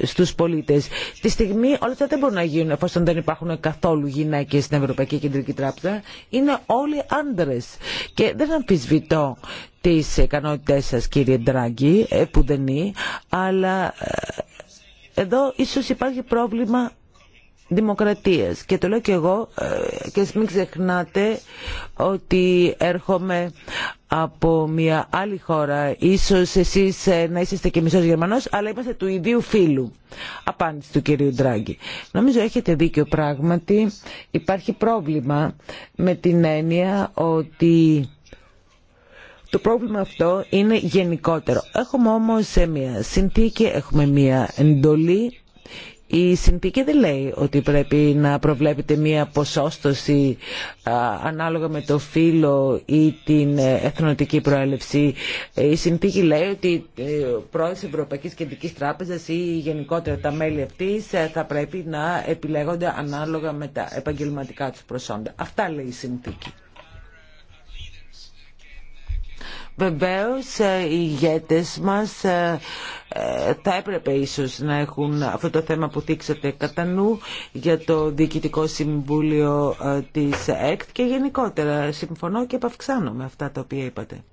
στους πολίτες. Τη στιγμή όλα αυτά δεν μπορούν να γίνουν εφόσον δεν υπάρχουν καθόλου γυναίκες στην Ευρωπαϊκή Κεντρική Τράπεζα. Είναι όλοι άντρες και δεν αμφισβητώ τις ικανότητές σας κύριε Ντράγκη, ε, που δεν είναι, αλλά ε, εδώ ίσως υπάρχει πρόβλημα δημοκρατίας. Και το λέω και εγώ ε, και μην ξεχνάτε ότι έρχομαι από μια άλλη χώρα. Ίσως εσείς ε, να είσαστε και μισός Γερμανός, αλλά είμαστε του ιδίου φίλου. Απάντηση του κυρίου Ντράγκη. Νομίζω έχετε δίκιο πράγματι. Υπάρχει πρόβλημα με την έννοια ότι... Το πρόβλημα αυτό είναι γενικότερο. Έχουμε όμως ε, μια συνθήκη, έχουμε μια εντολή η συνθήκη δεν λέει ότι πρέπει να προβλέπεται μία ποσόστοση ανάλογα με το φύλλο ή την ε, εθνοτική προέλευση. Ε, η συνθήκη λέει ότι ε, ο πρόεδρος Ευρωπαϊκής Κεντρικής Τράπεζας ή γενικότερα τα μέλη αυτής θα πρέπει να επιλέγονται ανάλογα με τα επαγγελματικά τους προσόντα. Αυτά λέει η συνθήκη. Βεβαίως ε, οι ηγέτες μας ε, ε, θα έπρεπε ίσως να έχουν αυτό το θέμα που θίξατε κατά νου για το Διοικητικό Συμβούλιο της ΕΚΤ και γενικότερα συμφωνώ και επαυξάνω με αυτά τα οποία είπατε.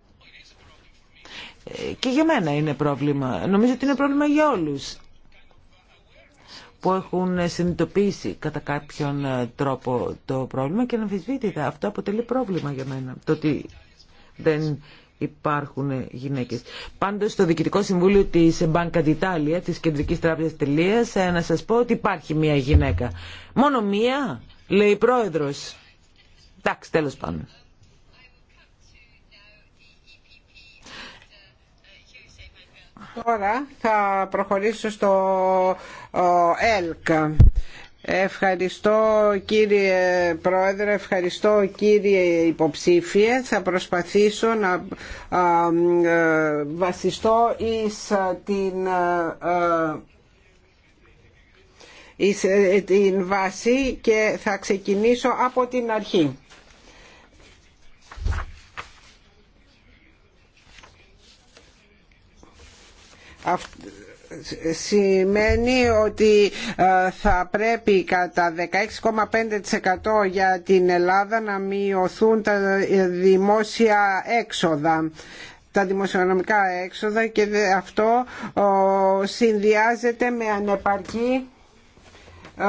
Και για μένα είναι πρόβλημα. Νομίζω ότι είναι πρόβλημα για όλους που έχουν συνειδητοποιήσει κατά κάποιον τρόπο το πρόβλημα και αναμφισβήτητα αυτό αποτελεί πρόβλημα για μένα. Το ότι δεν υπάρχουν γυναίκες. Πάντως στο Διοικητικό Συμβούλιο της Banca d'Italia, της Κεντρικής Τράπεζας Τελεία, ε, να σας πω ότι υπάρχει μία γυναίκα. Μόνο μία, λέει η πρόεδρος. Εντάξει, τέλος πάντων. Τώρα θα προχωρήσω στο ε, ΕΛΚ. Ευχαριστώ κύριε Πρόεδρε, ευχαριστώ κύριε Υποψήφιε. Θα προσπαθήσω να ε, βασιστώ εις την ε, την βάση και θα ξεκινήσω από την αρχή σημαίνει ότι ε, θα πρέπει κατά 16,5% για την Ελλάδα να μειωθούν τα δημόσια έξοδα τα δημοσιονομικά έξοδα και αυτό συνδυάζεται με ανεπαρκή ε,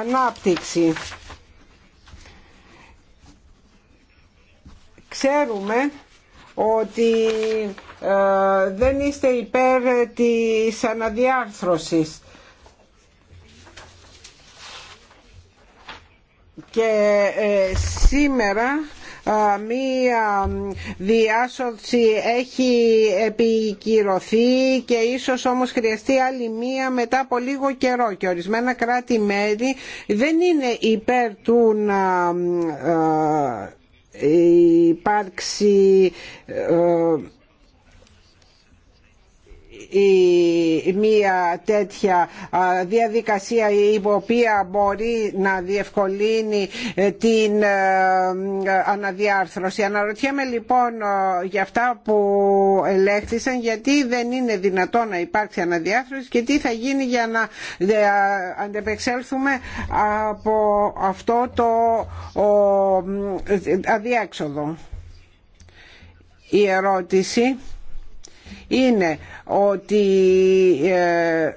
ανάπτυξη. Ξέρουμε ότι ε, δεν είστε υπέρ της αναδιάρθρωσης. Και ε, σήμερα ε, μία διάσωση έχει επικυρωθεί και ίσως όμως χρειαστεί άλλη μία μετά από λίγο καιρό και ορισμένα κράτη-μέρη δεν είναι υπέρ του να υπάρξει μία τέτοια διαδικασία η οποία μπορεί να διευκολύνει ε, την ε, αναδιάρθρωση. Αναρωτιέμαι λοιπόν ε, για αυτά που ελέγχθησαν γιατί δεν είναι δυνατό να υπάρξει αναδιάρθρωση και τι θα γίνει για να αντεπεξέλθουμε από αυτό το αδιέξοδο. Η ερώτηση είναι ότι ε,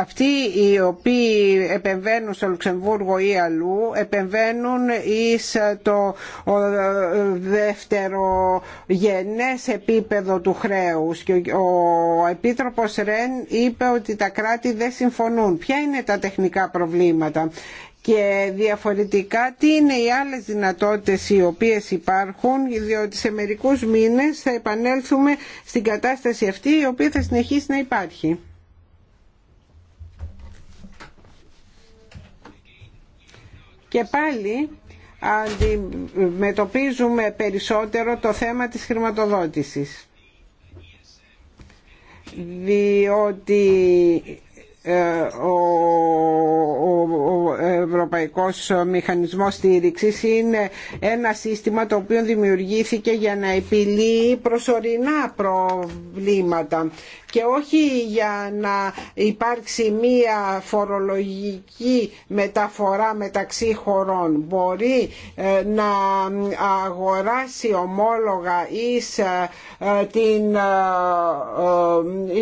αυτοί οι οποίοι επεμβαίνουν στο Λουξεμβούργο ή αλλού επεμβαίνουν εις ε, το δεύτερο γενές επίπεδο του χρέους και ο Επίτροπος Ρεν είπε ότι τα κράτη δεν συμφωνούν. Ποια είναι τα τεχνικά προβλήματα και διαφορετικά τι είναι οι άλλες δυνατότητες οι οποίες υπάρχουν διότι σε μερικούς μήνες θα επανέλθουμε στην κατάσταση αυτή η οποία θα συνεχίσει να υπάρχει. Και πάλι αντιμετωπίζουμε περισσότερο το θέμα της χρηματοδότησης. Διότι ε, ο Ευρωπαϊκός Μηχανισμός Στήριξης είναι ένα σύστημα το οποίο δημιουργήθηκε για να επιλύει προσωρινά προβλήματα και όχι για να υπάρξει μία φορολογική μεταφορά μεταξύ χωρών. Μπορεί ε, να αγοράσει ομόλογα ή ε, την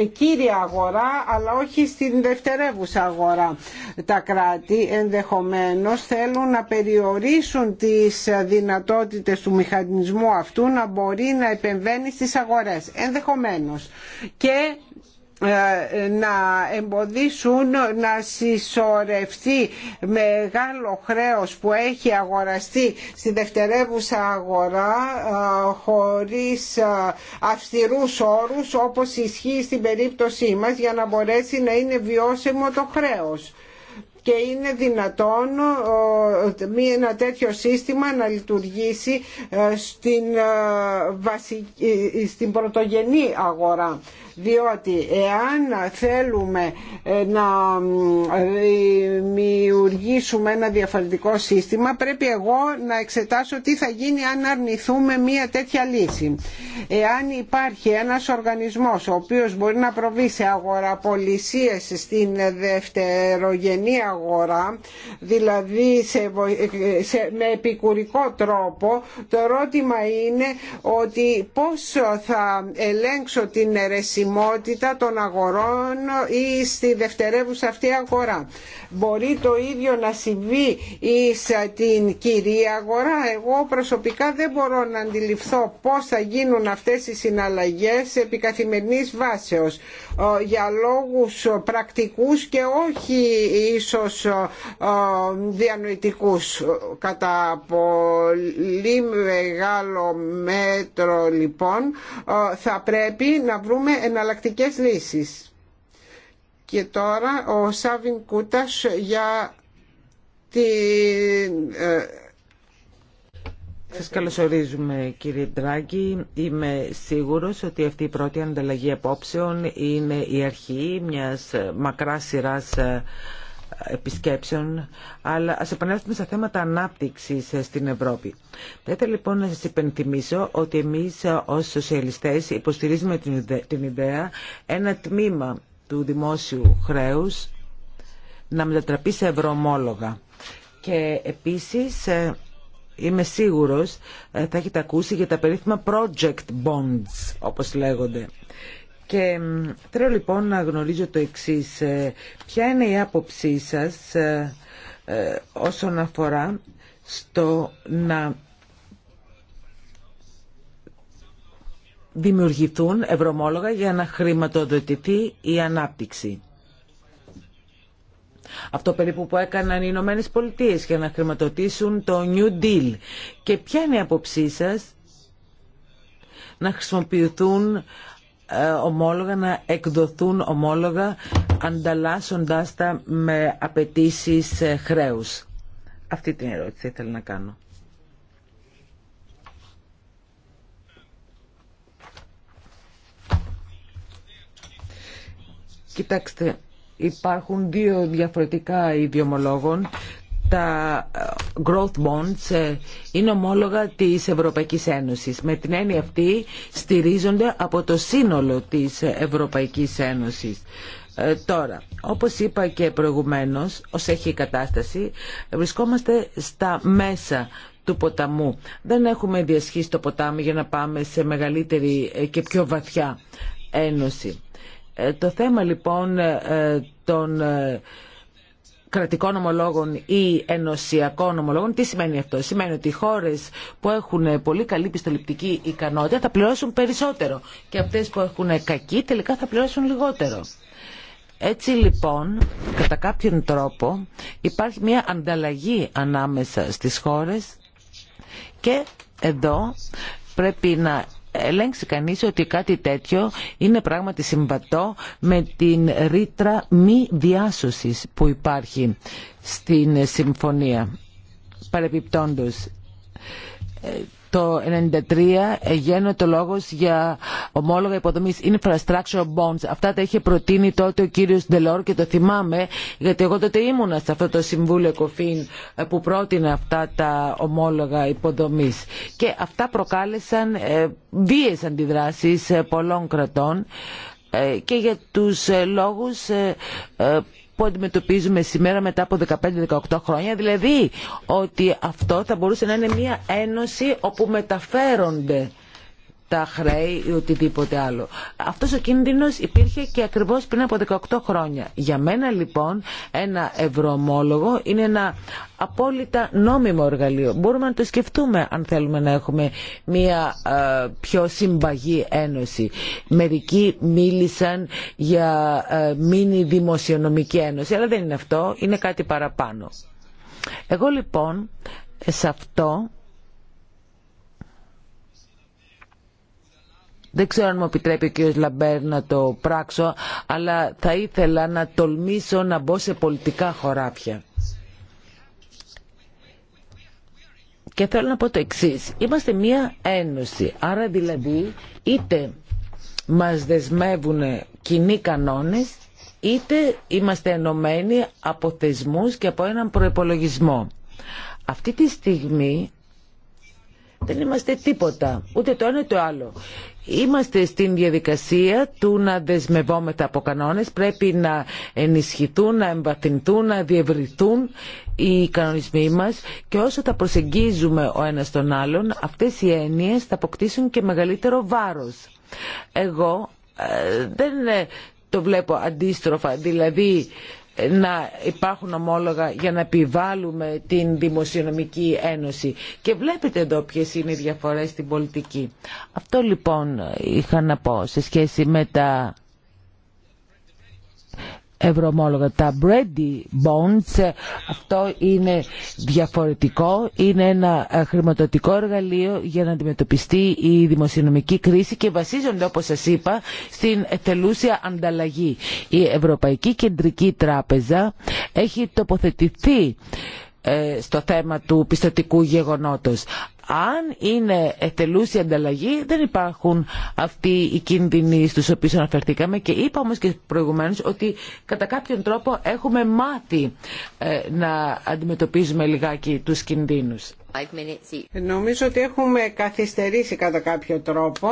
ε, κύρια αγορά αλλά όχι στην δευτερεύουσα αγορά τα κράτη ενδεχομένως θέλουν να περιορίσουν τις δυνατότητες του μηχανισμού αυτού να μπορεί να επεμβαίνει στις αγορές ενδεχομένως και ε, να εμποδίσουν να συσσωρευτεί μεγάλο χρέος που έχει αγοραστεί στη δευτερεύουσα αγορά ε, χωρίς ε, αυστηρούς όρους όπως ισχύει στην περίπτωσή μας για να μπορέσει να είναι βιώσιμο το χρέος και είναι δυνατόν ένα τέτοιο σύστημα να λειτουργήσει στην, βασική, στην πρωτογενή αγορά διότι εάν θέλουμε ε, να δημιουργήσουμε ένα διαφορετικό σύστημα πρέπει εγώ να εξετάσω τι θα γίνει αν αρνηθούμε μια τέτοια λύση. Εάν υπάρχει ένας οργανισμός ο οποίος μπορεί να προβεί σε αγοραπολισίες στην δευτερογενή αγορά δηλαδή σε, ε, με επικουρικό τρόπο το ερώτημα είναι ότι πώς θα ελέγξω την αιρεσία των αγορών ή στη δευτερεύουσα αυτή αγορά. Μπορεί το ίδιο να συμβεί σε την κυρία αγορά. Εγώ προσωπικά δεν μπορώ να αντιληφθώ πώς θα γίνουν αυτές οι συναλλαγές επί καθημερινής βάσεως ε, για λόγους πρακτικούς και όχι ίσως ε, ε, διανοητικούς. Κατά πολύ μεγάλο μέτρο λοιπόν θα πρέπει να βρούμε εναλλακτικές λύσεις. Και τώρα ο Σάβιν Κούτας για την... Ε, Σας καλωσορίζουμε κύριε Ντράγκη. Είμαι σίγουρος ότι αυτή η πρώτη ανταλλαγή απόψεων είναι η αρχή μιας μακράς σειράς ε, επισκέψεων, αλλά ας επανέλθουμε στα θέματα ανάπτυξης ε, στην Ευρώπη. Θα ήθελα λοιπόν να σας υπενθυμίσω ότι εμείς ε, ως σοσιαλιστές υποστηρίζουμε την ιδέα ένα τμήμα του δημόσιου χρέους να μετατραπεί σε ευρωομόλογα. Και επίσης ε, είμαι σίγουρος θα έχετε ακούσει για τα περίφημα project bonds όπως λέγονται. Και θέλω λοιπόν να γνωρίζω το εξής. Ε, ποια είναι η άποψή σας ε, ε, όσον αφορά στο να δημιουργηθούν ευρωμόλογα για να χρηματοδοτηθεί η ανάπτυξη. Αυτό περίπου που έκαναν οι Ηνωμένε Πολιτείε για να χρηματοδοτήσουν το New Deal. Και ποια είναι η άποψή σα να χρησιμοποιηθούν ε, ομόλογα να εκδοθούν ομόλογα ανταλλάσσοντάς τα με απαιτήσει ε, χρέους. Αυτή την ερώτηση ήθελα να κάνω. Κοιτάξτε, υπάρχουν δύο διαφορετικά ιδιομολόγων τα ε, growth bonds ε, είναι ομόλογα της Ευρωπαϊκής Ένωσης. Με την έννοια αυτή στηρίζονται από το σύνολο της Ευρωπαϊκής Ένωσης. Ε, τώρα, όπως είπα και προηγουμένως, ως έχει η κατάσταση, βρισκόμαστε στα μέσα του ποταμού. Δεν έχουμε διασχίσει το ποτάμι για να πάμε σε μεγαλύτερη και πιο βαθιά ένωση. το θέμα λοιπόν ε, των κρατικών ομολόγων ή ενωσιακών ομολόγων, τι σημαίνει αυτό. Σημαίνει ότι οι χώρες που έχουν πολύ καλή πιστοληπτική ικανότητα θα πληρώσουν περισσότερο και αυτές που έχουν κακή τελικά θα πληρώσουν λιγότερο. Έτσι λοιπόν, κατά κάποιον τρόπο, υπάρχει μια ανταλλαγή ανάμεσα στις χώρες και εδώ πρέπει να ελέγξει κανείς ότι κάτι τέτοιο είναι πράγματι συμβατό με την ρήτρα μη διάσωσης που υπάρχει στην συμφωνία. Παρεπιπτόντως, ε, το 1993 έγινε το λόγος για ομόλογα υποδομή infrastructure bonds. Αυτά τα είχε προτείνει τότε ο κύριος Ντελόρ και το θυμάμαι γιατί εγώ τότε ήμουνα σε αυτό το Συμβούλιο Κοφίν ε, που πρότεινε αυτά τα ομόλογα υποδομή. Και αυτά προκάλεσαν ε, βίε αντιδράσεις ε, πολλών κρατών και για τους λόγους που αντιμετωπίζουμε σήμερα μετά από 15-18 χρόνια, δηλαδή ότι αυτό θα μπορούσε να είναι μια ένωση όπου μεταφέρονται τα χρέη ή οτιδήποτε άλλο. Αυτό ο κίνδυνο υπήρχε και ακριβώς πριν από 18 χρόνια. Για μένα λοιπόν ένα ευρωομόλογο είναι ένα απόλυτα νόμιμο εργαλείο. Μπορούμε να το σκεφτούμε αν θέλουμε να έχουμε μια ε, πιο συμπαγή ένωση. Μερικοί μίλησαν για ε, μίνι δημοσιονομική ένωση, αλλά δεν είναι αυτό, είναι κάτι παραπάνω. Εγώ λοιπόν σε αυτό Δεν ξέρω αν μου επιτρέπει ο κ. Λαμπέρ να το πράξω, αλλά θα ήθελα να τολμήσω να μπω σε πολιτικά χωράφια. Και θέλω να πω το εξή. Είμαστε μία ένωση. Άρα δηλαδή είτε μας δεσμεύουν κοινοί κανόνες, είτε είμαστε ενωμένοι από θεσμούς και από έναν προπολογισμό. Αυτή τη στιγμή δεν είμαστε τίποτα, ούτε το ένα ούτε το άλλο. Είμαστε στην διαδικασία του να δεσμευόμεθα από κανόνες. Πρέπει να ενισχυθούν, να εμβαθυνθούν, να διευρυθούν οι κανονισμοί μας και όσο τα προσεγγίζουμε ο ένας τον άλλον, αυτές οι έννοιες θα αποκτήσουν και μεγαλύτερο βάρος. Εγώ ε, δεν ε, το βλέπω αντίστροφα, δηλαδή να υπάρχουν ομόλογα για να επιβάλλουμε την Δημοσιονομική Ένωση. Και βλέπετε εδώ ποιε είναι οι διαφορές στην πολιτική. Αυτό λοιπόν είχα να πω σε σχέση με τα τα Brady Bonds, αυτό είναι διαφορετικό, είναι ένα ε, χρηματοδοτικό εργαλείο για να αντιμετωπιστεί η δημοσιονομική κρίση και βασίζονται, όπως σας είπα, στην θελούσια ανταλλαγή. Η Ευρωπαϊκή Κεντρική Τράπεζα έχει τοποθετηθεί ε, στο θέμα του πιστοτικού γεγονότος αν είναι ετελούς η ανταλλαγή δεν υπάρχουν αυτοί οι κίνδυνοι στους οποίους αναφερθήκαμε και είπα όμως και προηγουμένως ότι κατά κάποιον τρόπο έχουμε μάθει ε, να αντιμετωπίζουμε λιγάκι τους κινδύνους. Νομίζω ότι έχουμε καθυστερήσει κατά κάποιο τρόπο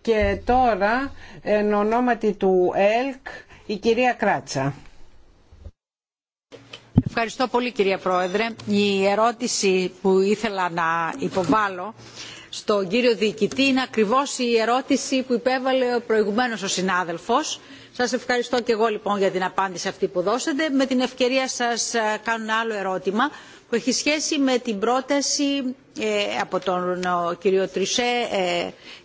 και τώρα εν ονόματι του ΕΛΚ η κυρία Κράτσα. Ευχαριστώ πολύ κυρία Πρόεδρε. Η ερώτηση που ήθελα να υποβάλω στον κύριο Διοικητή είναι ακριβώς η ερώτηση που υπέβαλε ο προηγουμένος ο συνάδελφος. Σας ευχαριστώ και εγώ λοιπόν για την απάντηση αυτή που δώσατε. Με την ευκαιρία σας ε, κάνω ένα άλλο ερώτημα που έχει σχέση με την πρόταση ε, από τον κύριο Τρισέ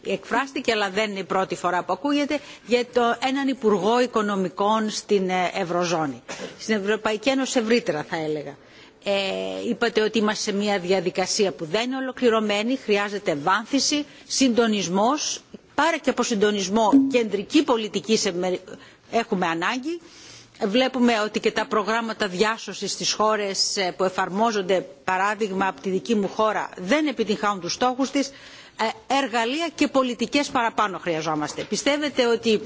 ε, εκφράστηκε αλλά δεν είναι η πρώτη φορά που ακούγεται για το, έναν Υπουργό Οικονομικών στην ε, Ευρωζώνη. Στην Ευρωπαϊκή Ένωση ευρύτερα θα έλεγα. Ε, είπατε ότι είμαστε σε μια διαδικασία που δεν είναι ολοκληρωμένη, χρειάζεται βάνθηση, συντονισμός, πάρα και από συντονισμό κεντρική πολιτική έχουμε ανάγκη βλέπουμε ότι και τα προγράμματα διάσωσης στις χώρες ε, που εφαρμόζονται παράδειγμα από τη δική μου χώρα δεν επιτυγχάνουν τους στόχους της ε, εργαλεία και πολιτικές παραπάνω χρειαζόμαστε. πιστεύετε ότι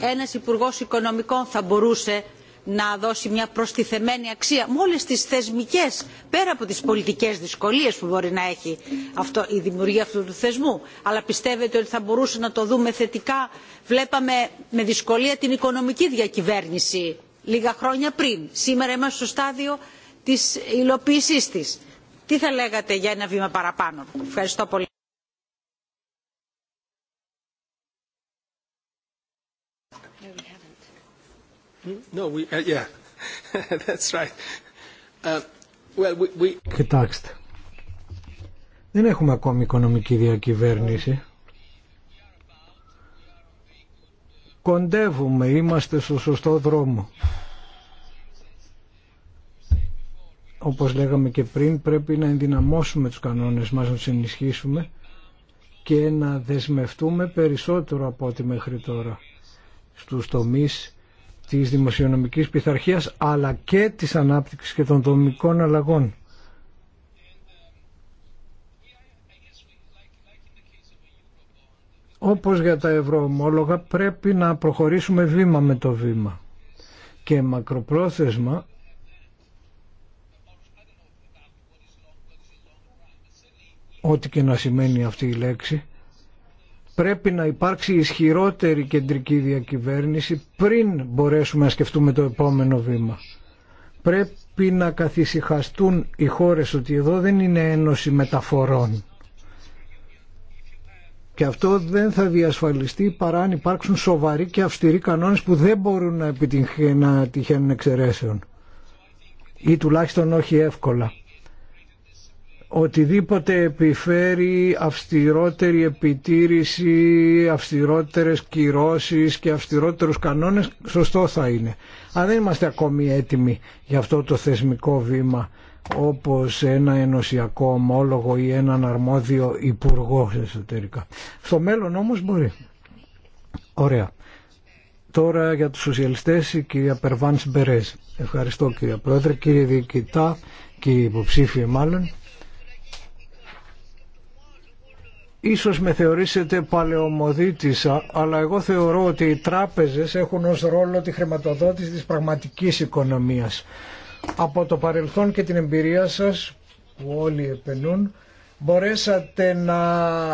ένας υπουργός οικονομικών θα μπορούσε να δώσει μια προστιθεμένη αξία με όλες τις θεσμικές πέρα από τις πολιτικές δυσκολίες που μπορεί να έχει η δημιουργία αυτού του θεσμού αλλά πιστεύετε ότι θα μπορούσε να το δούμε θετικά βλέπαμε με δυσκολία την οικονομική διακυβέρνηση λίγα χρόνια πριν. Σήμερα είμαστε στο στάδιο της υλοποίησής της. Τι θα λέγατε για ένα βήμα παραπάνω. Ευχαριστώ πολύ. Κοιτάξτε, δεν έχουμε ακόμη οικονομική διακυβέρνηση. Κοντεύουμε, είμαστε στο σωστό δρόμο. όπως λέγαμε και πριν, πρέπει να ενδυναμώσουμε τους κανόνες μας, να τους ενισχύσουμε και να δεσμευτούμε περισσότερο από ό,τι μέχρι τώρα στους τομείς της δημοσιονομικής πειθαρχία, αλλά και της ανάπτυξης και των δομικών αλλαγών. Όπως για τα ευρωομόλογα πρέπει να προχωρήσουμε βήμα με το βήμα και μακροπρόθεσμα ό,τι και να σημαίνει αυτή η λέξη, πρέπει να υπάρξει ισχυρότερη κεντρική διακυβέρνηση πριν μπορέσουμε να σκεφτούμε το επόμενο βήμα. Πρέπει να καθησυχαστούν οι χώρες ότι εδώ δεν είναι ένωση μεταφορών. Και αυτό δεν θα διασφαλιστεί παρά αν υπάρξουν σοβαροί και αυστηροί κανόνες που δεν μπορούν να, να τυχαίνουν εξαιρέσεων. Ή τουλάχιστον όχι εύκολα οτιδήποτε επιφέρει αυστηρότερη επιτήρηση, αυστηρότερες κυρώσεις και αυστηρότερους κανόνες, σωστό θα είναι. Αλλά δεν είμαστε ακόμη έτοιμοι για αυτό το θεσμικό βήμα όπως ένα ενωσιακό ομόλογο ή έναν αρμόδιο υπουργό εσωτερικά. Στο μέλλον όμως μπορεί. Ωραία. Τώρα για τους σοσιαλιστές η κυρία Περβάνς Μπερέζ. Ευχαριστώ κυρία Πρόεδρε, κύριε Διοικητά, και υποψήφιε μάλλον. Ίσως με θεωρήσετε παλαιομοδίτησα, αλλά εγώ θεωρώ ότι οι τράπεζες έχουν ως ρόλο τη χρηματοδότηση της πραγματικής οικονομίας. Από το παρελθόν και την εμπειρία σας, που όλοι επενούν, μπορέσατε να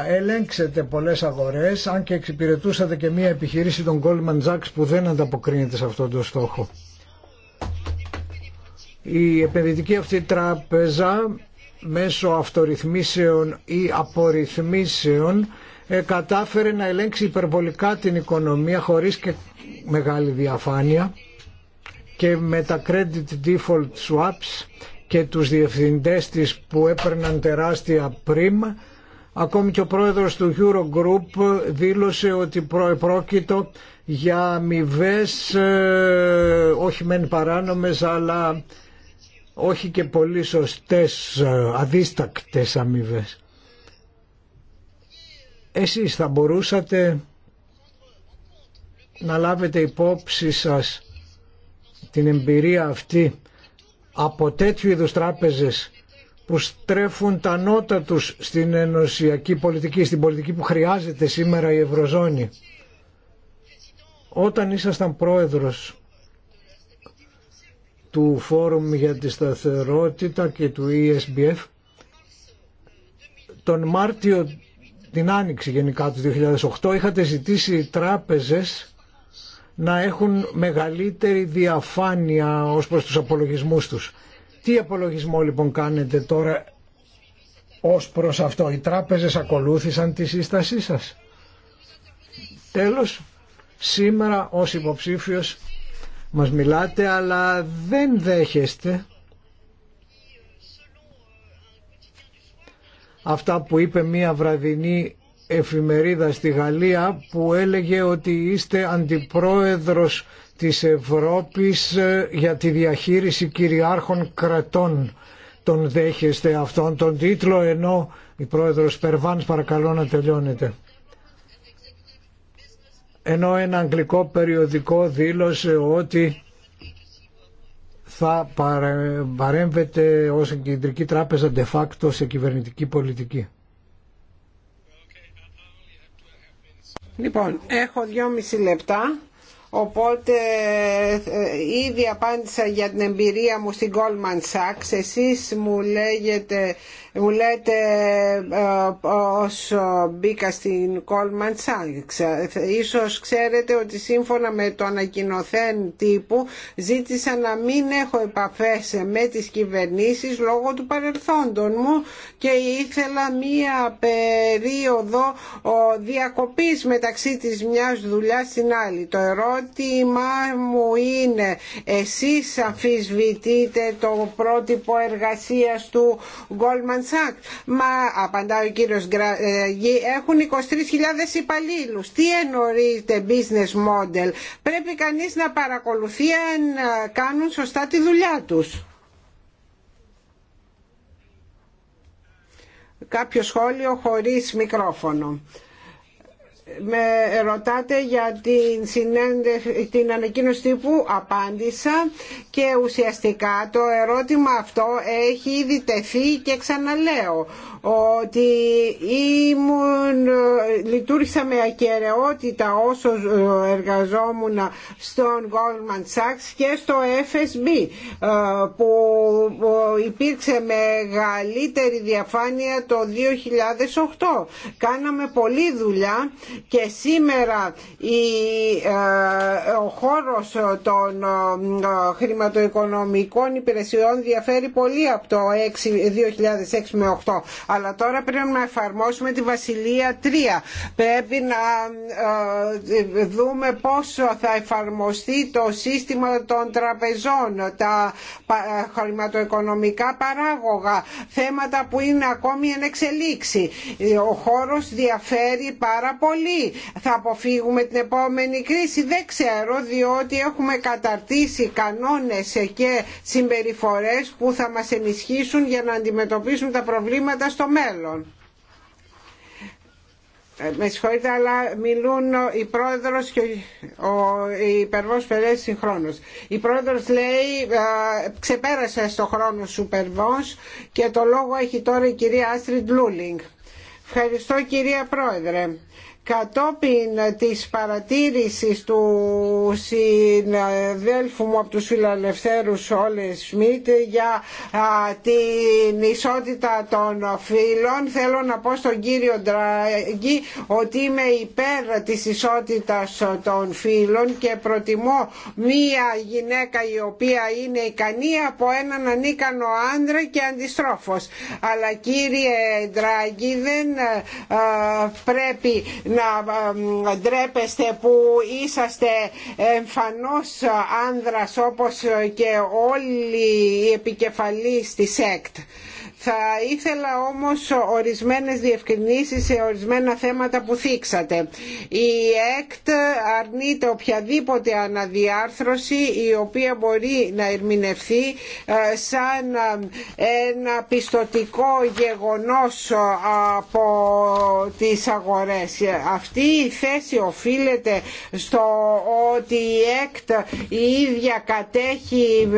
ελέγξετε πολλές αγορές, αν και εξυπηρετούσατε και μία επιχειρήση των Goldman Sachs που δεν ανταποκρίνεται σε αυτόν τον στόχο. Η επενδυτική αυτή τράπεζα μέσω αυτορυθμίσεων ή απορυθμίσεων ε, κατάφερε να ελέγξει υπερβολικά την οικονομία χωρίς και μεγάλη διαφάνεια και με τα credit default swaps και τους διευθυντές της που έπαιρναν τεράστια πριμ ακόμη και ο πρόεδρος του Eurogroup δήλωσε ότι πρόκειτο για αμοιβέ ε, όχι μεν παράνομες αλλά όχι και πολύ σωστές ε, αδίστακτες αμοιβέ. Εσείς θα μπορούσατε να λάβετε υπόψη σας την εμπειρία αυτή από τέτοιου είδους τράπεζες που στρέφουν τα νότα τους στην ενωσιακή πολιτική, στην πολιτική που χρειάζεται σήμερα η Ευρωζώνη. Όταν ήσασταν πρόεδρος του Φόρουμ για τη Σταθερότητα και του ESBF τον Μάρτιο την Άνοιξη γενικά του 2008 είχατε ζητήσει οι τράπεζες να έχουν μεγαλύτερη διαφάνεια ως προς τους απολογισμούς τους. Τι απολογισμό λοιπόν κάνετε τώρα ως προς αυτό. Οι τράπεζες ακολούθησαν τη σύστασή σας. Τέλος, σήμερα ως υποψήφιος μας μιλάτε αλλά δεν δέχεστε αυτά που είπε μία βραδινή εφημερίδα στη Γαλλία που έλεγε ότι είστε αντιπρόεδρος της Ευρώπης ε, για τη διαχείριση κυριάρχων κρατών. Τον δέχεστε αυτόν τον τίτλο ενώ η πρόεδρος Περβάνς παρακαλώ να τελειώνετε ενώ ένα αγγλικό περιοδικό δήλωσε ότι θα παρέμβεται ως κεντρική τράπεζα de facto σε κυβερνητική πολιτική. Λοιπόν, έχω δυόμιση λεπτά, οπότε ε, ήδη απάντησα για την εμπειρία μου στην Goldman Sachs. Εσείς μου λέγετε μου λέτε ε, όσο μπήκα στην Goldman Sachs. Ε, ίσως ξέρετε ότι σύμφωνα με το ανακοινωθέν τύπου ζήτησα να μην έχω επαφές με τις κυβερνήσεις λόγω του παρελθόντων μου και ήθελα μία περίοδο διακοπής μεταξύ της μιας δουλειάς στην άλλη. Το ερώτημα μου είναι εσείς αφισβητείτε το πρότυπο εργασίας του Goldman Μα, απαντάει ο κύριο Γκραγή, ε, έχουν 23.000 υπαλλήλου. Τι εννοείται business model. Πρέπει κανείς να παρακολουθεί αν ε, κάνουν σωστά τη δουλειά τους. Κάποιο σχόλιο χωρίς μικρόφωνο με ρωτάτε για την, συνέντε, την ανακοίνωση που απάντησα και ουσιαστικά το ερώτημα αυτό έχει ήδη τεθεί και ξαναλέω ότι ήμουν, λειτουργήσα με ακαιρεότητα όσο εργαζόμουν στον Goldman Sachs και στο FSB ε, που υπήρξε μεγαλύτερη διαφάνεια το 2008. Κάναμε πολλή δουλειά και σήμερα ε, ο χώρος των ε, χρηματοοικονομικών υπηρεσιών διαφέρει πολύ από το 2006 με 8 αλλά τώρα πρέπει να εφαρμόσουμε τη Βασιλεία 3. Πρέπει να ε, δούμε πόσο θα εφαρμοστεί το σύστημα των τραπεζών, τα χρηματοοικονομικά παράγωγα, θέματα που είναι ακόμη εν εξελίξη. Ο χώρος διαφέρει πάρα πολύ. Θα αποφύγουμε την επόμενη κρίση, δεν ξέρω, διότι έχουμε καταρτήσει κανόνες και συμπεριφορές που θα μας ενισχύσουν για να αντιμετωπίσουν τα προβλήματα στο μέλλον. Ε, με συγχωρείτε, αλλά μιλούν η πρόεδρος και ο υπερβός Περές συγχρόνως. Η πρόεδρος λέει, ε, ξεπέρασε στο χρόνο σου περβός και το λόγο έχει τώρα η κυρία Άστριντ Λούλινγκ. Ευχαριστώ κυρία πρόεδρε κατόπιν της παρατήρησης του συναδέλφου μου από τους φιλελευθέρους όλες Σμιτ για την ισότητα των φίλων θέλω να πω στον κύριο Ντράγκη ότι είμαι υπέρ της ισότητας των φίλων και προτιμώ μία γυναίκα η οποία είναι ικανή από έναν ανίκανο άντρα και αντιστρόφος. αλλά κύριε Ντράγκη δεν πρέπει να ντρέπεστε που είσαστε εμφανώς άνδρας όπως και όλοι οι επικεφαλής της ΕΚΤ. Θα ήθελα όμως ορισμένες διευκρινήσεις σε ορισμένα θέματα που θίξατε. Η ΕΚΤ αρνείται οποιαδήποτε αναδιάρθρωση η οποία μπορεί να ερμηνευθεί ε, σαν ε, ένα πιστοτικό γεγονός ε, από τις αγορές. Αυτή η θέση οφείλεται στο ότι η ΕΚΤ η ίδια κατέχει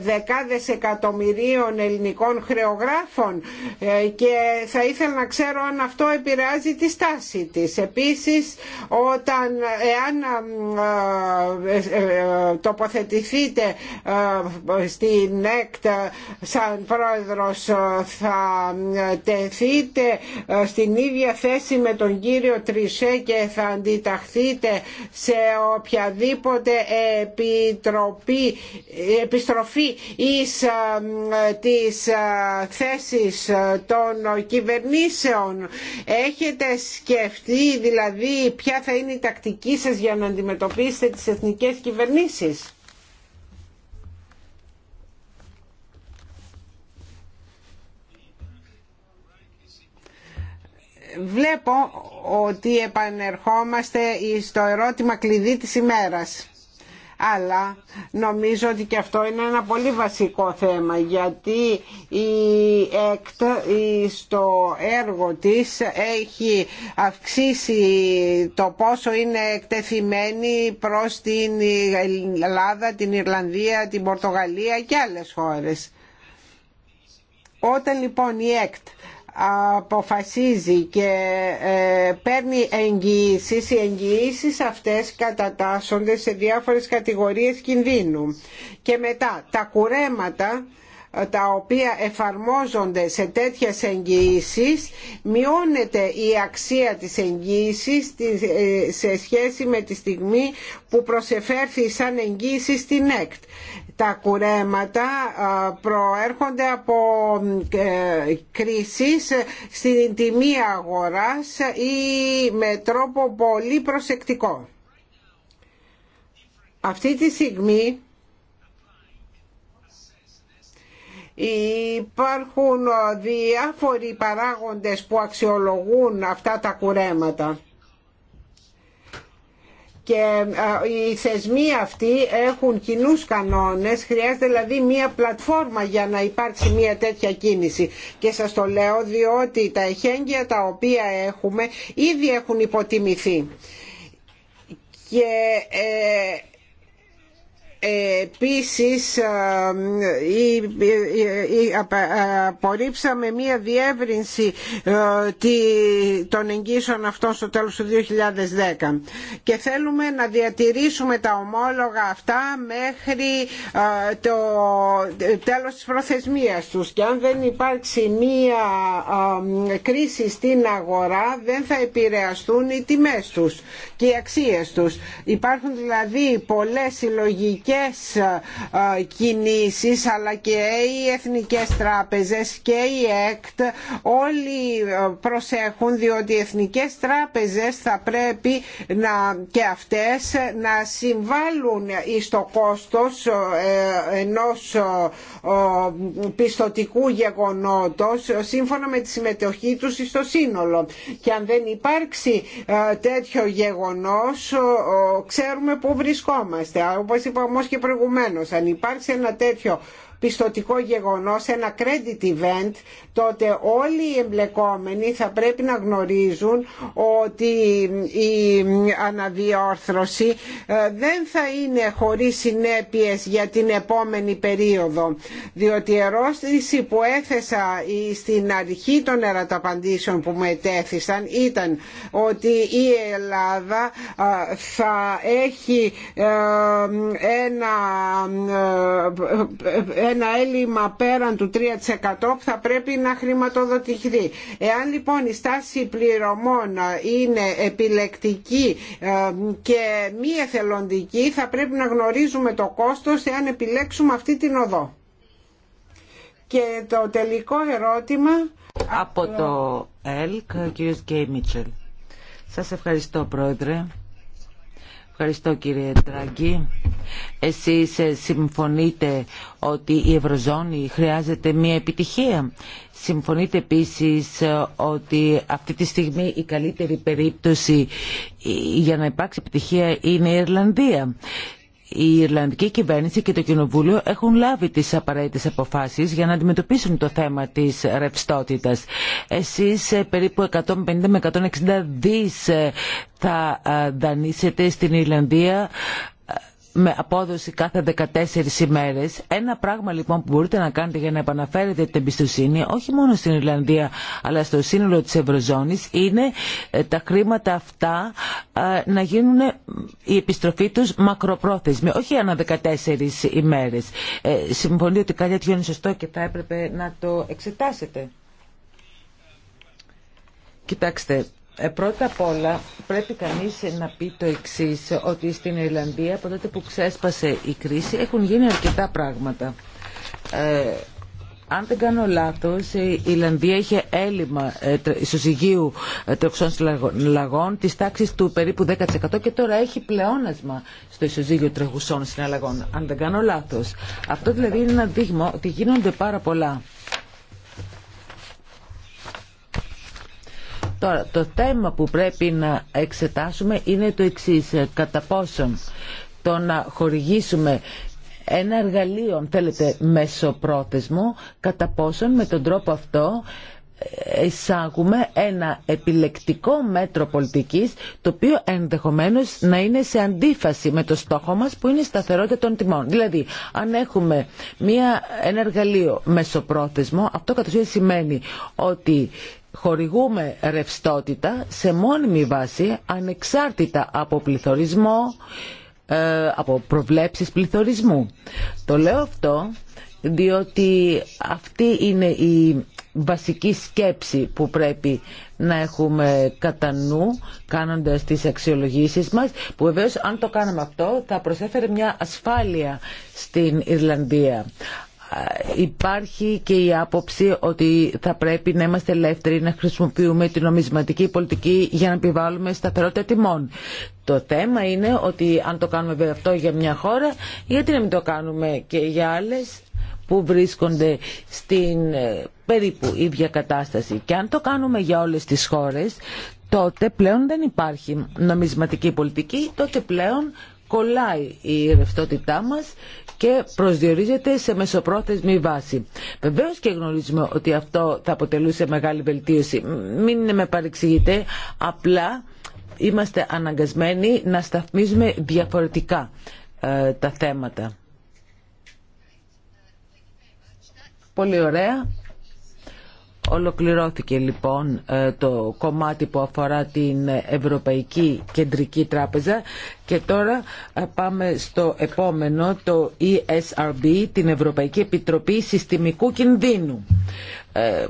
δεκάδες εκατομμυρίων ελληνικών χρεογράφων δημοσιογράφων ε, και θα ήθελα να ξέρω αν αυτό επηρεάζει τη στάση της. Επίσης, όταν εάν ε, ε, τοποθετηθείτε στην ΕΚΤ σαν πρόεδρος θα τεθείτε στην ίδια θέση με τον κύριο Τρισέ και θα αντιταχθείτε σε οποιαδήποτε επιτροπή, επιστροφή εις της θέσεις ε, των κυβερνήσεων. Έχετε σκεφτεί δηλαδή ποια θα είναι η τακτική σας για να αντιμετωπίσετε τις εθνικές κυβερνήσεις. Βλέπω ότι επανερχόμαστε στο ερώτημα κλειδί της ημέρας αλλά νομίζω ότι και αυτό είναι ένα πολύ βασικό θέμα γιατί η ΕΚΤ στο έργο της έχει αυξήσει το πόσο είναι εκτεθειμένη προς την Ελλάδα, την Ιρλανδία, την Πορτογαλία και άλλες χώρες. Όταν λοιπόν η ΕΚΤ αποφασίζει και ε, παίρνει εγγυήσεις, οι εγγυήσεις αυτές κατατάσσονται σε διάφορες κατηγορίες κινδύνου. Και μετά τα κουρέματα τα οποία εφαρμόζονται σε τέτοιες εγγυήσεις μειώνεται η αξία της εγγύησης ε, σε σχέση με τη στιγμή που προσεφέρθησαν σαν εγγύηση στην ΕΚΤ. Τα κουρέματα ε, προέρχονται από ε, κρίσεις στην τιμή αγοράς ή με τρόπο πολύ προσεκτικό. Αυτή τη στιγμή Υπάρχουν διάφοροι παράγοντες που αξιολογούν αυτά τα κουρέματα και οι θεσμοί αυτοί έχουν κοινούς κανόνες χρειάζεται δηλαδή μια πλατφόρμα για να υπάρξει μια τέτοια κίνηση και σας το λέω διότι τα εχέγγυα τα οποία έχουμε ήδη έχουν υποτιμηθεί και ε, Επίσης απορρίψαμε μία διεύρυνση των εγγύσεων αυτών στο τέλος του 2010 και θέλουμε να διατηρήσουμε τα ομόλογα αυτά μέχρι το τέλος της προθεσμίας τους και αν δεν υπάρξει μία κρίση στην αγορά δεν θα επηρεαστούν οι τιμές τους και οι αξίες τους. Υπάρχουν δηλαδή πολλές συλλογικές εθνικές ε, κινήσεις αλλά και οι εθνικές τράπεζες και η ΕΚΤ όλοι ε, προσέχουν διότι οι εθνικές τράπεζες θα πρέπει να, και αυτές να συμβάλλουν στο κόστος ε, ενός πιστοτικού γεγονότος σύμφωνα με τη συμμετοχή τους στο σύνολο και αν δεν υπάρξει τέτοιο γεγονός ξέρουμε πού βρισκόμαστε όπως είπα και προηγουμένως. Αν υπάρξει ένα τέτοιο πιστοτικό γεγονός, ένα credit event, τότε όλοι οι εμπλεκόμενοι θα πρέπει να γνωρίζουν ότι η αναδιόρθρωση ε, δεν θα είναι χωρίς συνέπειες για την επόμενη περίοδο. Διότι η ερώτηση που έθεσα στην αρχή των ερωταπαντήσεων που μου ετέθησαν ήταν ότι η Ελλάδα ε, θα έχει ε, ένα ένα έλλειμμα πέραν του 3% θα πρέπει να χρηματοδοτηθεί. Εάν λοιπόν η στάση πληρωμών είναι επιλεκτική ε, και μη εθελοντική θα πρέπει να γνωρίζουμε το κόστος εάν επιλέξουμε αυτή την οδό. Και το τελικό ερώτημα... Από το ΕΛΚ, ο Γκέι Μίτσελ. Σας ευχαριστώ, Πρόεδρε. Ευχαριστώ κύριε Τράγκη. Εσείς ε, συμφωνείτε ότι η Ευρωζώνη χρειάζεται μια επιτυχία. Συμφωνείτε επίσης ε, ότι αυτή τη στιγμή η καλύτερη περίπτωση ε, για να υπάρξει επιτυχία είναι η Ιρλανδία η Ιρλανδική κυβέρνηση και το Κοινοβούλιο έχουν λάβει τις απαραίτητες αποφάσεις για να αντιμετωπίσουν το θέμα της ρευστότητας. Εσείς ε, περίπου 150 με 160 δις ε, θα ε, δανείσετε στην Ιρλανδία με απόδοση κάθε 14 ημέρες. Ένα πράγμα λοιπόν που μπορείτε να κάνετε για να επαναφέρετε την εμπιστοσύνη όχι μόνο στην Ιρλανδία αλλά στο σύνολο της Ευρωζώνης είναι ε, τα χρήματα αυτά ε, να γίνουν ε, η επιστροφή τους μακροπρόθεσμη, όχι ανά 14 ημέρες. συμφωνεί ότι κάτι τέτοιο είναι σωστό και θα έπρεπε να το εξετάσετε. Κοιτάξτε, ε, πρώτα απ' όλα πρέπει κανείς να πει το εξής, ότι στην Ιρλανδία από τότε που ξέσπασε η κρίση έχουν γίνει αρκετά πράγματα. Ε, αν δεν κάνω λάθος, η Ιρλανδία είχε έλλειμμα ε, ισοζυγίου ε, τρεχουσών συναλλαγών της τάξης του περίπου 10% και τώρα έχει πλεόνασμα στο ισοζύγιο τρεχουσών συναλλαγών, αν δεν κάνω λάθος. Αυτό δηλαδή είναι ένα δείγμα ότι γίνονται πάρα πολλά. Τώρα, το θέμα που πρέπει να εξετάσουμε είναι το εξής. Κατά πόσον το να χορηγήσουμε ένα εργαλείο, αν θέλετε, μεσοπρόθεσμο, κατά πόσον με τον τρόπο αυτό εισάγουμε ένα επιλεκτικό μέτρο πολιτικής το οποίο ενδεχομένως να είναι σε αντίφαση με το στόχο μας που είναι η σταθερότητα των τιμών. Δηλαδή, αν έχουμε μια, ένα εργαλείο μεσοπρόθεσμο, αυτό κατ' σημαίνει ότι χορηγούμε ρευστότητα σε μόνιμη βάση ανεξάρτητα από πληθωρισμό, ε, από προβλέψεις πληθωρισμού. Το λέω αυτό διότι αυτή είναι η βασική σκέψη που πρέπει να έχουμε κατά νου κάνοντας τις αξιολογήσεις μας που βεβαίω αν το κάναμε αυτό θα προσέφερε μια ασφάλεια στην Ιρλανδία υπάρχει και η άποψη ότι θα πρέπει να είμαστε ελεύθεροι να χρησιμοποιούμε την νομισματική πολιτική για να επιβάλλουμε σταθερότητα τιμών. Το θέμα είναι ότι αν το κάνουμε βέβαια αυτό για μια χώρα, γιατί να μην το κάνουμε και για άλλες που βρίσκονται στην ε, περίπου ίδια κατάσταση. Και αν το κάνουμε για όλες τις χώρες, τότε πλέον δεν υπάρχει νομισματική πολιτική, τότε πλέον κολλάει η ρευστότητά μας και προσδιορίζεται σε μεσοπρόθεσμη βάση. Βεβαίω και γνωρίζουμε ότι αυτό θα αποτελούσε μεγάλη βελτίωση. Μην με παρεξηγείτε, απλά είμαστε αναγκασμένοι να σταθμίζουμε διαφορετικά ε, τα θέματα. Πολύ ωραία. Ολοκληρώθηκε λοιπόν ε, το κομμάτι που αφορά την Ευρωπαϊκή Κεντρική Τράπεζα και τώρα ε, πάμε στο επόμενο, το ESRB, την Ευρωπαϊκή Επιτροπή Συστημικού Κινδύνου. Ε,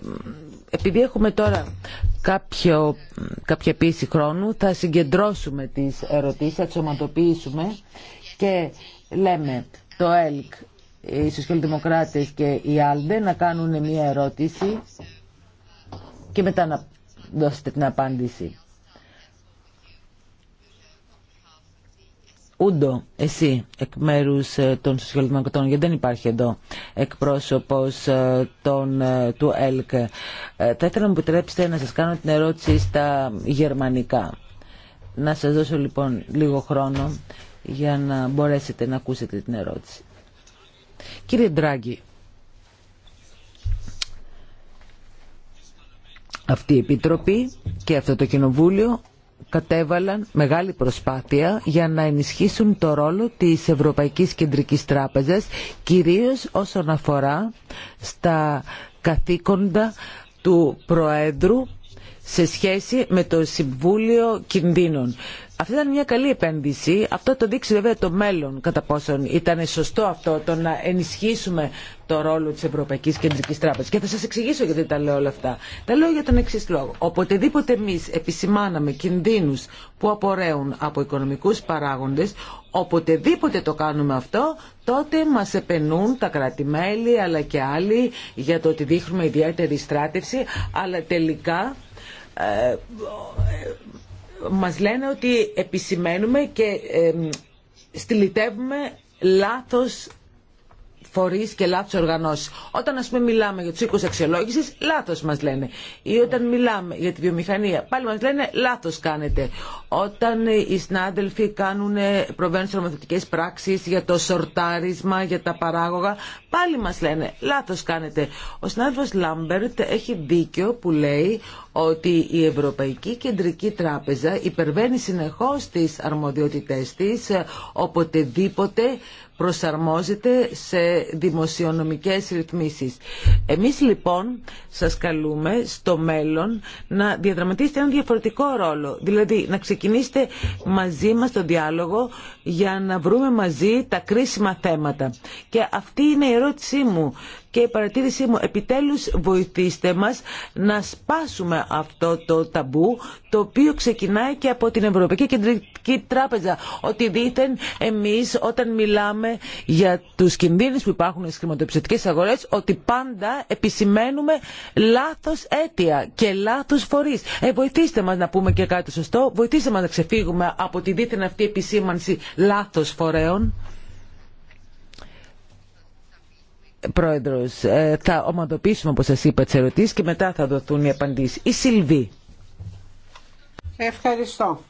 επειδή έχουμε τώρα κάποιο, κάποια πίεση χρόνου, θα συγκεντρώσουμε τις ερωτήσεις, θα τις οματοποιήσουμε και λέμε το ΕΛΚ, οι Σοσιαλδημοκράτες και οι ΆΛΔΕ να κάνουν μια ερώτηση και μετά να δώσετε την απάντηση. Ούντο, εσύ, εκ μέρου ε, των Σοσιαλδημοκρατών, γιατί δεν υπάρχει εδώ εκπρόσωπο ε, ε, του ΕΛΚ, θα ήθελα να μου επιτρέψετε να σα κάνω την ερώτηση στα γερμανικά. Να σα δώσω λοιπόν λίγο χρόνο για να μπορέσετε να ακούσετε την ερώτηση. Κύριε Ντράγκη, αυτή η Επιτροπή και αυτό το Κοινοβούλιο κατέβαλαν μεγάλη προσπάθεια για να ενισχύσουν το ρόλο της Ευρωπαϊκής Κεντρικής Τράπεζας κυρίως όσον αφορά στα καθήκοντα του Προέδρου σε σχέση με το Συμβούλιο Κινδύνων. Αυτή ήταν μια καλή επένδυση. Αυτό το δείξει βέβαια το μέλλον κατά πόσον ήταν σωστό αυτό το να ενισχύσουμε το ρόλο της Ευρωπαϊκής Κεντρικής Τράπεζας. Και θα σας εξηγήσω γιατί τα λέω όλα αυτά. Τα λέω για τον εξή λόγο. Οποτεδήποτε εμεί επισημάναμε κινδύνους που απορρέουν από οικονομικούς παράγοντες, οποτεδήποτε το κάνουμε αυτό, τότε μας επενούν τα κράτη-μέλη αλλά και άλλοι για το ότι δείχνουμε ιδιαίτερη στράτευση, αλλά τελικά... Ε, μας λένε ότι επισημαίνουμε και στυλιτεύουμε λάθος φορείς και λάθος οργανώσεις. Όταν ας πούμε μιλάμε για τους οίκους αξιολόγησης, λάθος μας λένε. Ή όταν μιλάμε για τη βιομηχανία, πάλι μας λένε λάθος κάνετε. Όταν ε, οι συνάδελφοι κάνουν, ε, προβαίνουν σε πράξεις για το σορτάρισμα, για τα παράγωγα, πάλι μας λένε λάθος κάνετε. Ο συνάδελφος Λάμπερτ έχει δίκιο που λέει ότι η Ευρωπαϊκή Κεντρική Τράπεζα υπερβαίνει συνεχώς τις αρμοδιότητές της ε, οποτεδήποτε προσαρμόζεται σε δημοσιονομικές ρυθμίσεις. Εμείς λοιπόν σας καλούμε στο μέλλον να διαδραματίσετε ένα διαφορετικό ρόλο, δηλαδή να ξεκινήσετε μαζί μας τον διάλογο για να βρούμε μαζί τα κρίσιμα θέματα. Και αυτή είναι η ερώτησή μου και η παρατήρησή μου επιτέλους βοηθήστε μας να σπάσουμε αυτό το ταμπού το οποίο ξεκινάει και από την Ευρωπαϊκή Κεντρική Τράπεζα ότι δήθεν εμείς όταν μιλάμε για τους κινδύνους που υπάρχουν στις χρηματοπιστωτικές αγορές ότι πάντα επισημαίνουμε λάθος αίτια και λάθος φορείς. Ε, βοηθήστε μας να πούμε και κάτι σωστό, βοηθήστε μας να ξεφύγουμε από τη δίθεν αυτή επισήμανση λάθος φορέων. Πρόεδρος, ε, θα ομαδοποιήσουμε όπως σας είπα τις ερωτήσεις και μετά θα δοθούν οι απαντήσεις. Η Σιλβί. Ευχαριστώ.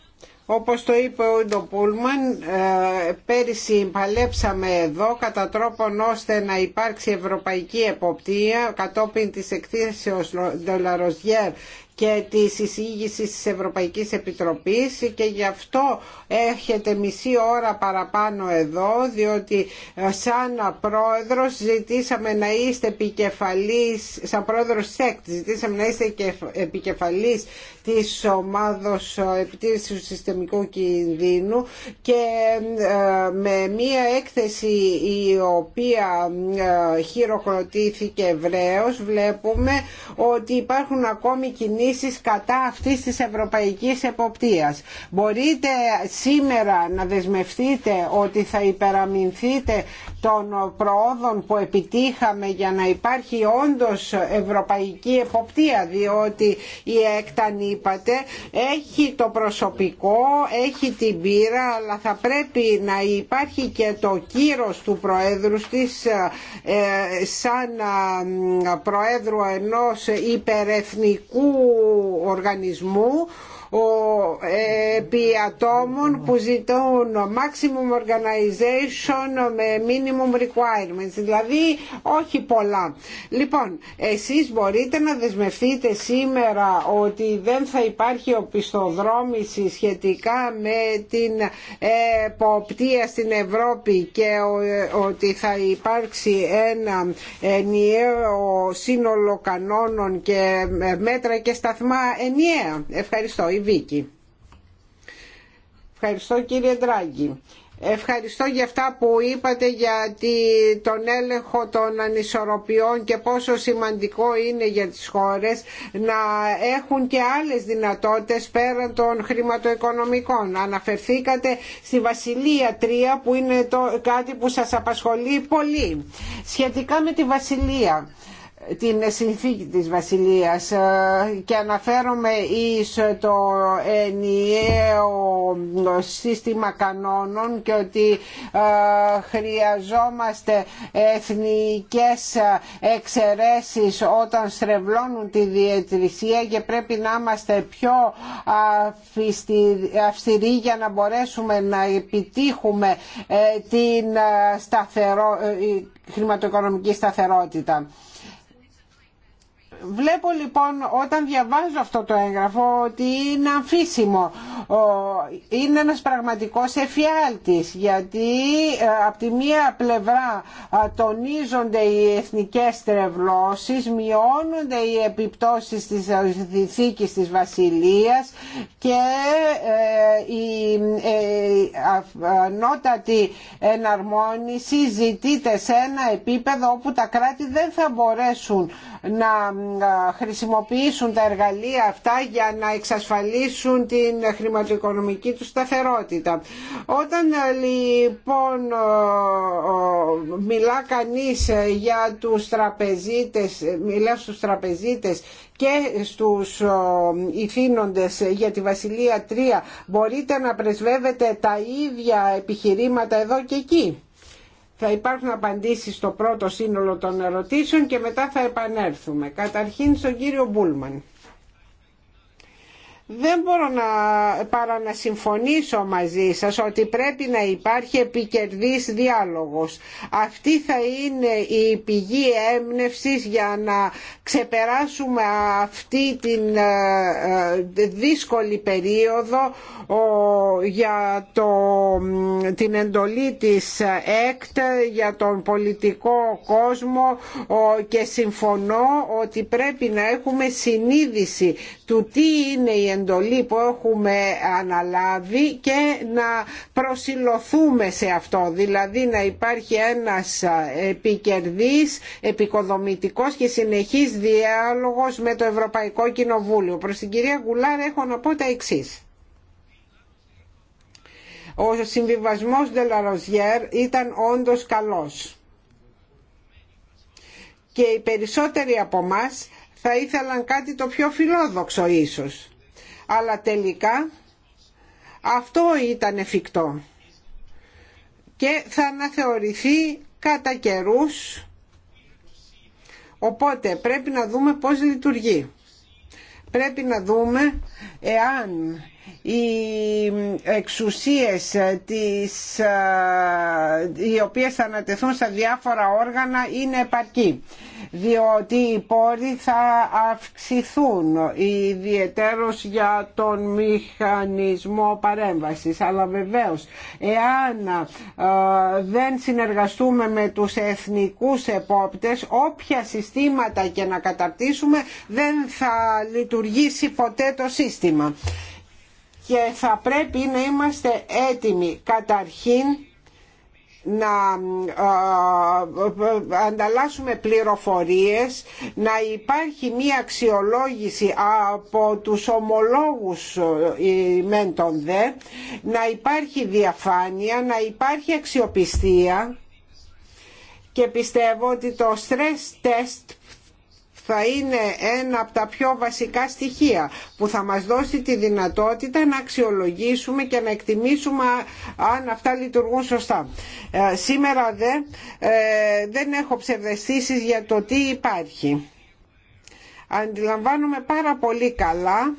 Όπως το είπε ο Ιντοπούλμαν, ε, πέρυσι παλέψαμε εδώ κατά τρόπον ώστε να υπάρξει ευρωπαϊκή εποπτεία κατόπιν της εκτίσεως Ντολαροζιέρ και τη εισήγησης της Ευρωπαϊκής Επιτροπής και γι' αυτό έχετε μισή ώρα παραπάνω εδώ διότι ε, σαν πρόεδρος ζητήσαμε να είστε επικεφαλής σαν πρόεδρος ΣΕΚΤ ζητήσαμε να είστε επικεφαλής της ομάδος ε, επιτήρησης του συστημικού κινδύνου και ε, με μία έκθεση η οποία χειροκροτήθηκε ευρέω, βλέπουμε ότι υπάρχουν ακόμη κινήσεις κατά αυτής της ευρωπαϊκής εποπτείας. Μπορείτε σήμερα να δεσμευτείτε ότι θα υπεραμεινθείτε των προόδων που επιτύχαμε για να υπάρχει όντως ευρωπαϊκή εποπτεία διότι η έκταν είπατε έχει το προσωπικό, έχει την πείρα αλλά θα πρέπει να υπάρχει και το κύρος του Προέδρου της ε, σαν ε, Προέδρου ενός υπερεθνικού οργανισμού ε, επί ατόμων που ζητούν maximum organization με minimum requirements, δηλαδή όχι πολλά. Λοιπόν, εσείς μπορείτε να δεσμευτείτε σήμερα ότι δεν θα υπάρχει οπισθοδρόμηση σχετικά με την ε, εποπτεία στην Ευρώπη και ε, ότι θα υπάρξει ένα ενιαίο σύνολο κανόνων και μέτρα και σταθμά ενιαία. Ευχαριστώ. Ευχαριστώ κύριε Ντράγκη. Ευχαριστώ για αυτά που είπατε για τον έλεγχο των ανισορροπιών και πόσο σημαντικό είναι για τις χώρες να έχουν και άλλες δυνατότητες πέραν των χρηματοοικονομικών. Αναφερθήκατε στη Βασιλεία 3 που είναι το, κάτι που σας απασχολεί πολύ. Σχετικά με τη Βασιλεία την συνθήκη της Βασιλείας ε, και αναφέρομαι εις το ενιαίο σύστημα κανόνων και ότι ε, χρειαζόμαστε εθνικές εξαιρέσεις όταν στρεβλώνουν τη διαιτησία και πρέπει να είμαστε πιο αυστηροί για να μπορέσουμε να επιτύχουμε ε, την σταθερό, χρηματοοικονομική σταθερότητα. Βλέπω λοιπόν όταν διαβάζω αυτό το έγγραφο ότι είναι αμφίσιμο. Είναι ένας πραγματικός εφιάλτης γιατί ε, από τη μία πλευρά ε, τονίζονται οι εθνικές τρευλώσεις, μειώνονται οι επιπτώσεις της θήκης της Βασιλείας και ε, η ανώτατη εναρμόνιση ζητείται σε ένα επίπεδο όπου τα κράτη δεν θα μπορέσουν να χρησιμοποιήσουν τα εργαλεία αυτά για να εξασφαλίσουν την χρηματοοικονομική του σταθερότητα. Όταν λοιπόν μιλά κανείς για τους τραπεζίτες, μιλά στους τραπεζίτες και στους ηθήνοντες για τη Βασιλεία 3 μπορείτε να πρεσβεύετε τα ίδια επιχειρήματα εδώ και εκεί θα υπάρχουν απαντήσεις στο πρώτο σύνολο των ερωτήσεων και μετά θα επανέλθουμε. Καταρχήν στον κύριο Μπούλμαν δεν μπορώ να παρά να συμφωνήσω μαζί σας ότι πρέπει να υπάρχει επικερδής διάλογος. Αυτή θα είναι η πηγή έμπνευσης για να ξεπεράσουμε αυτή την ε, ε, δύσκολη περίοδο για το, την εντολή της ΕΚΤ, για τον πολιτικό κόσμο και συμφωνώ ότι πρέπει να έχουμε συνείδηση του τι είναι η εντολή που έχουμε αναλάβει και να προσιλωθούμε σε αυτό. Δηλαδή να υπάρχει ένας επικερδής, επικοδομητικός και συνεχής διάλογος με το Ευρωπαϊκό Κοινοβούλιο. Προς την κυρία Γκουλάρ έχω να πω τα εξής. Ο συμβιβασμός Ντελαροζιέρ ήταν όντως καλός. Και οι περισσότεροι από μας θα ήθελαν κάτι το πιο φιλόδοξο ίσως αλλά τελικά αυτό ήταν εφικτό και θα αναθεωρηθεί κατά καιρού. Οπότε πρέπει να δούμε πώς λειτουργεί. Πρέπει να δούμε εάν οι εξουσίες τις, ε, οι οποίες θα ανατεθούν στα διάφορα όργανα είναι επαρκή διότι οι πόροι θα αυξηθούν ιδιαίτερο για τον μηχανισμό παρέμβασης αλλά βεβαίως εάν ε, δεν συνεργαστούμε με τους εθνικούς επόπτες όποια συστήματα και να καταρτήσουμε δεν θα λειτουργήσει ποτέ το σύστημα και θα πρέπει να είμαστε έτοιμοι καταρχήν να ανταλλάσσουμε πληροφορίες, να υπάρχει μία αξιολόγηση από τους ομολόγους ε, μεν των δε, να υπάρχει διαφάνεια, να υπάρχει αξιοπιστία και πιστεύω ότι το stress test θα είναι ένα από τα πιο βασικά στοιχεία που θα μας δώσει τη δυνατότητα να αξιολογήσουμε και να εκτιμήσουμε αν αυτά λειτουργούν σωστά. Ε, σήμερα δε, ε, δεν έχω ψευδεστήσεις για το τι υπάρχει. Αντιλαμβάνομαι πάρα πολύ καλά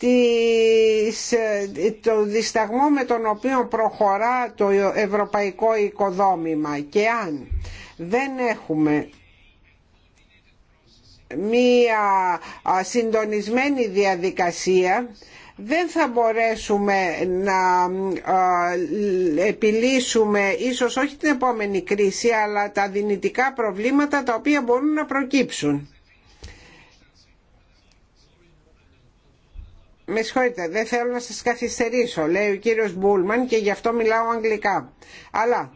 ε, το δισταγμό με τον οποίο προχωρά το ευρωπαϊκό οικοδόμημα και αν δεν έχουμε μία συντονισμένη διαδικασία δεν θα μπορέσουμε να επιλύσουμε ίσως όχι την επόμενη κρίση αλλά τα δυνητικά προβλήματα τα οποία μπορούν να προκύψουν. Με συγχωρείτε, δεν θέλω να σας καθυστερήσω, λέει ο κύριος Μπούλμαν και γι' αυτό μιλάω αγγλικά. Αλλά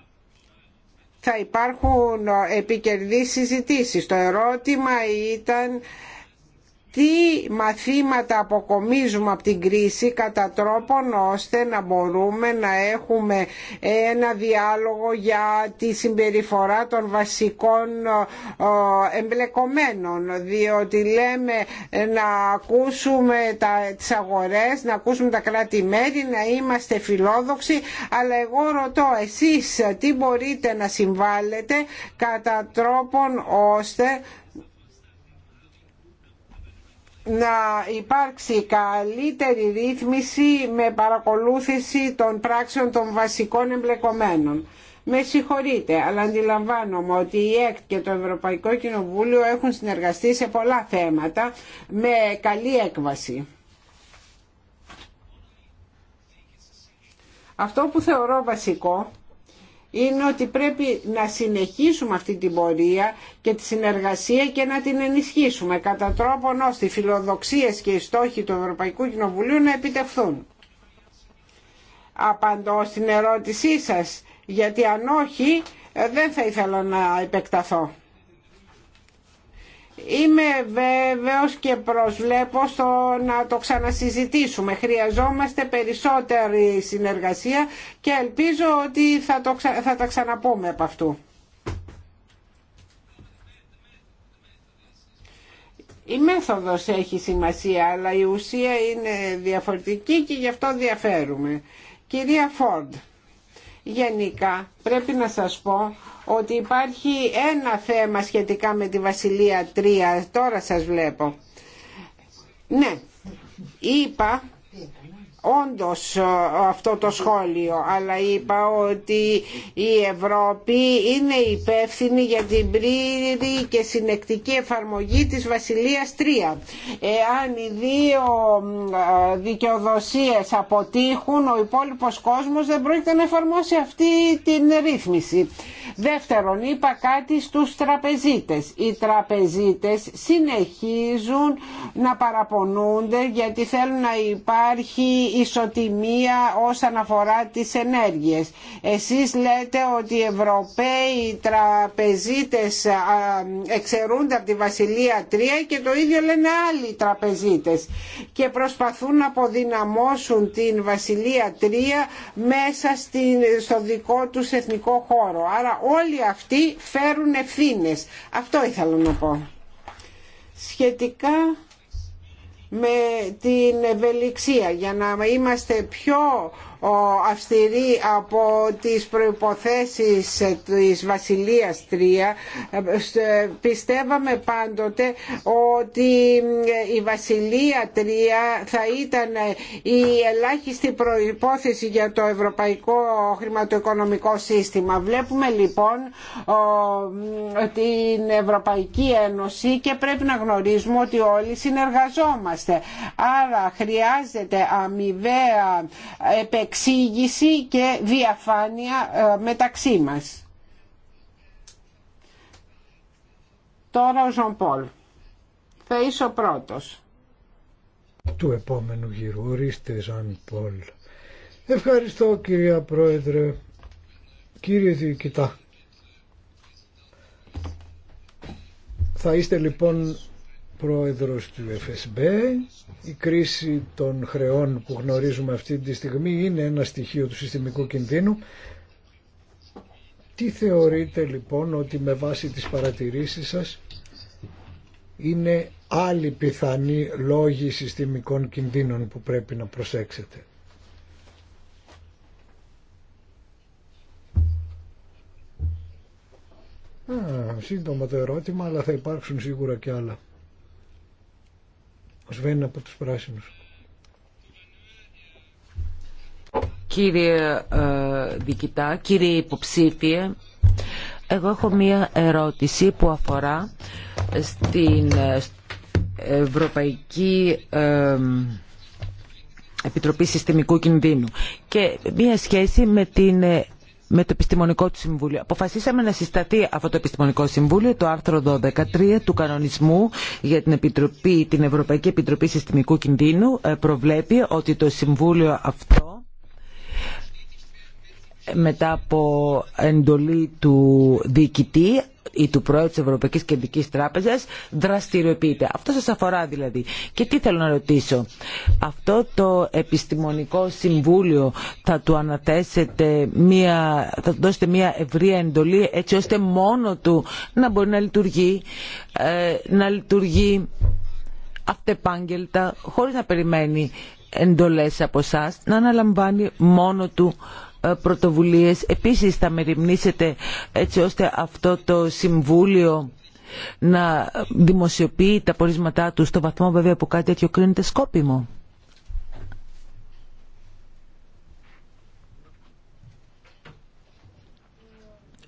θα υπάρχουν επικερδείς συζητήσεις. Το ερώτημα ήταν τι μαθήματα αποκομίζουμε από την κρίση κατά τρόπον ώστε να μπορούμε να έχουμε ένα διάλογο για τη συμπεριφορά των βασικών ε, εμπλεκομένων διότι λέμε να ακούσουμε τα, τις αγορές, να ακούσουμε τα κράτη-μέρη, να είμαστε φιλόδοξοι αλλά εγώ ρωτώ εσείς τι μπορείτε να συμβάλλετε κατά τρόπον ώστε να υπάρξει καλύτερη ρύθμιση με παρακολούθηση των πράξεων των βασικών εμπλεκομένων. Με συγχωρείτε, αλλά αντιλαμβάνομαι ότι η ΕΚΤ και το Ευρωπαϊκό Κοινοβούλιο έχουν συνεργαστεί σε πολλά θέματα με καλή έκβαση. Αυτό που θεωρώ βασικό είναι ότι πρέπει να συνεχίσουμε αυτή την πορεία και τη συνεργασία και να την ενισχύσουμε κατά τρόπον ώστε οι φιλοδοξίες και οι στόχοι του Ευρωπαϊκού Κοινοβουλίου να επιτευχθούν. Απαντώ στην ερώτησή σας, γιατί αν όχι ε, δεν θα ήθελα να επεκταθώ. Είμαι βέβαιος και προσβλέπω στο να το ξανασυζητήσουμε. Χρειαζόμαστε περισσότερη συνεργασία και ελπίζω ότι θα, το, θα τα ξαναπούμε από αυτού. Η μέθοδος έχει σημασία, αλλά η ουσία είναι διαφορετική και γι' αυτό διαφέρουμε. Κυρία Φόρντ, γενικά πρέπει να σας πω ότι υπάρχει ένα θέμα σχετικά με τη Βασιλεία 3. Τώρα σας βλέπω. Ναι, είπα όντως ε, αυτό το σχόλιο αλλά είπα ότι η Ευρώπη είναι υπεύθυνη για την πλήρη και συνεκτική εφαρμογή της Βασιλείας 3. Εάν οι δύο ε, δικαιοδοσίες αποτύχουν ο υπόλοιπος κόσμος δεν πρόκειται να εφαρμόσει αυτή την ρύθμιση. Δεύτερον, είπα κάτι στους τραπεζίτες. Οι τραπεζίτες συνεχίζουν να παραπονούνται γιατί θέλουν να υπάρχει ισοτιμία όσον αφορά τις ενέργειες. Εσείς λέτε ότι οι Ευρωπαίοι τραπεζίτες εξαιρούνται από τη Βασιλεία 3 και το ίδιο λένε άλλοι τραπεζίτες και προσπαθούν να αποδυναμώσουν την Βασιλεία 3 μέσα στο δικό τους εθνικό χώρο. Άρα όλοι αυτοί φέρουν ευθύνε. Αυτό ήθελα να πω. Σχετικά με την ευελιξία για να είμαστε πιο αυστηρή από τις προϋποθέσεις της Βασιλείας 3 πιστεύαμε πάντοτε ότι η Βασιλεία 3 θα ήταν η ελάχιστη προϋπόθεση για το ευρωπαϊκό χρηματοοικονομικό σύστημα. Βλέπουμε λοιπόν την Ευρωπαϊκή Ένωση και πρέπει να γνωρίζουμε ότι όλοι συνεργαζόμαστε. Άρα χρειάζεται αμοιβαία εξήγηση και διαφάνεια ε, μεταξύ μας. Τώρα ο Ζων Πολ. Θα είσαι ο πρώτος. Του επόμενου γύρου. Ορίστε Ζων Πολ. Ευχαριστώ κυρία Πρόεδρε. Κύριε Διοικητά. Θα είστε λοιπόν πρόεδρος του FSB. Η κρίση των χρεών που γνωρίζουμε αυτή τη στιγμή είναι ένα στοιχείο του συστημικού κινδύνου. Τι θεωρείτε λοιπόν ότι με βάση τις παρατηρήσεις σας είναι άλλοι πιθανοί λόγοι συστημικών κινδύνων που πρέπει να προσέξετε. Α, σύντομα το ερώτημα, αλλά θα υπάρξουν σίγουρα και άλλα. Κύριε ε, Δικητά, κύριε υποψήφιε, εγώ έχω μία ερώτηση που αφορά στην Ευρωπαϊκή ε, Επιτροπή Συστημικού Κινδύνου και μία σχέση με την με το Επιστημονικό του Συμβούλιο. Αποφασίσαμε να συσταθεί αυτό το Επιστημονικό Συμβούλιο, το άρθρο 12.3 του κανονισμού για την, Επιτροπή, την Ευρωπαϊκή Επιτροπή Συστημικού Κινδύνου ε, προβλέπει ότι το Συμβούλιο αυτό μετά από εντολή του διοικητή ή του Πρόεδρου της Ευρωπαϊκής Κεντρικής Τράπεζας δραστηριοποιείται. Αυτό σας αφορά δηλαδή. Και τι θέλω να ρωτήσω. Αυτό το επιστημονικό συμβούλιο θα του αναθέσετε μία, θα μία ευρεία εντολή έτσι ώστε μόνο του να μπορεί να λειτουργεί, ε, να λειτουργεί αυτεπάγγελτα χωρίς να περιμένει εντολές από εσά να αναλαμβάνει μόνο του ε, πρωτοβουλίες. Επίσης θα μεριμνήσετε έτσι ώστε αυτό το Συμβούλιο να δημοσιοποιεί τα πορίσματά του στο βαθμό βέβαια που κάτι τέτοιο κρίνεται σκόπιμο.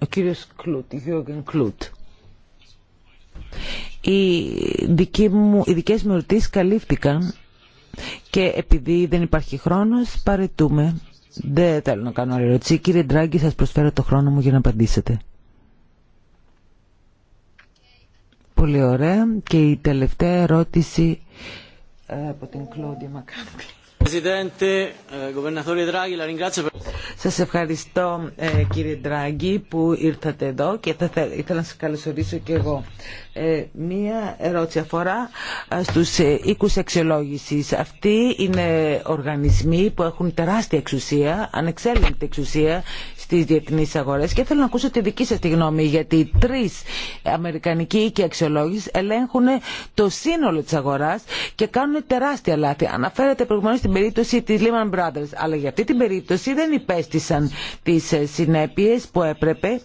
Ο κύριος Κλούτ, Γιώργεν Κλούτ. Οι, δική μου, οι δικές μου ερωτήσεις καλύφθηκαν και επειδή δεν υπάρχει χρόνος παρετούμε. Δεν θέλω να κάνω άλλη ερώτηση. Κύριε Ντράγκη, σας προσφέρω το χρόνο μου για να απαντήσετε. Πολύ ωραία. Και η τελευταία ερώτηση ε, από την Κλόντια Μακάμπλη. Eh, σας ευχαριστώ ε, κύριε Ντράγκη που ήρθατε εδώ και θα ήθελα να σας καλωσορίσω και εγώ. Ε, μία ερώτηση αφορά ε, στους οίκους αξιολόγησης. Αυτοί είναι οργανισμοί που έχουν τεράστια εξουσία, ανεξέλεγκτη εξουσία στις διεθνείς αγορές και θέλω να ακούσω τη δική σας τη γνώμη γιατί τρεις αμερικανικοί οίκοι αξιολόγηση ελέγχουν το σύνολο της αγοράς και κάνουν τεράστια λάθη. Αναφέρεται προηγουμένω στην περίπτωση της Lehman Brothers αλλά για αυτή την περίπτωση δεν υπέστησαν τις συνέπειες που έπρεπε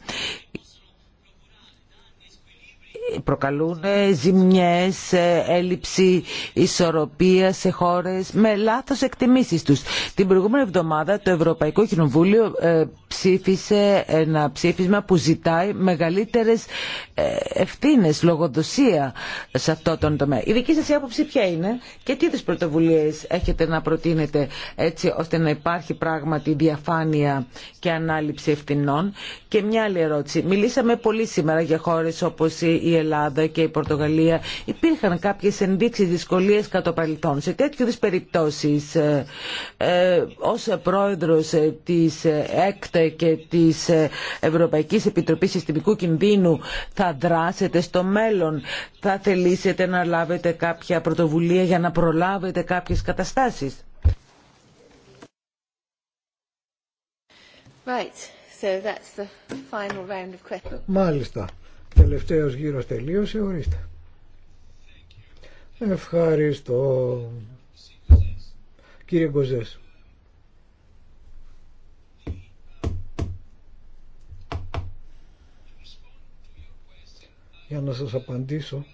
προκαλούν ζημιές, ε, έλλειψη ισορροπίας σε χώρες με λάθος εκτιμήσεις τους. Την προηγούμενη εβδομάδα το Ευρωπαϊκό Κοινοβούλιο ε, ψήφισε ένα ψήφισμα που ζητάει μεγαλύτερες ε, ευθύνες, λογοδοσία σε αυτό τον τομέα. Η δική σας άποψη ποια είναι και τι είδους πρωτοβουλίες έχετε να προτείνετε έτσι ώστε να υπάρχει πράγματι διαφάνεια και ανάληψη ευθυνών. Και μια άλλη ερώτηση. Μιλήσαμε πολύ σήμερα για χώρες όπως η Ελλάδα και η Πορτογαλία υπήρχαν κάποιες ενδείξεις δυσκολίες κατά παρελθόν. Σε τέτοιου είδους περιπτώσεις ε, ε, ως πρόεδρος ε, της ΕΚΤΕ και της Ευρωπαϊκής Επιτροπής Συστημικού Κινδύνου θα δράσετε στο μέλλον, θα θελήσετε να λάβετε κάποια πρωτοβουλία για να προλάβετε κάποιες καταστάσεις. Right. So that's the final round of questions. Μάλιστα. Τελευταίος γύρος τελείωσε, ορίστε. Ευχαριστώ. Κύριε Κοζές Για να σας απαντήσω.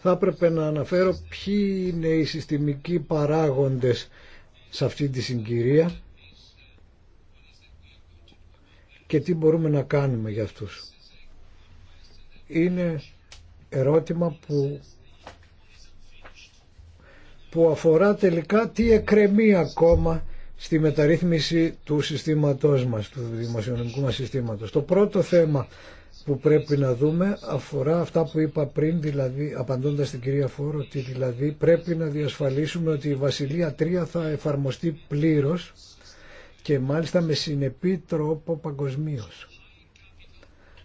Θα έπρεπε να αναφέρω ποιοι είναι οι συστημικοί παράγοντες σε αυτή τη συγκυρία και τι μπορούμε να κάνουμε για αυτούς. Είναι ερώτημα που, που αφορά τελικά τι εκκρεμεί ακόμα στη μεταρρύθμιση του συστήματός μας, του δημοσιονομικού μας συστήματος. Το πρώτο θέμα που πρέπει να δούμε αφορά αυτά που είπα πριν, δηλαδή απαντώντας στην κυρία Φόρο, ότι δηλαδή πρέπει να διασφαλίσουμε ότι η Βασιλεία 3 θα εφαρμοστεί πλήρως και μάλιστα με συνεπή τρόπο παγκοσμίω.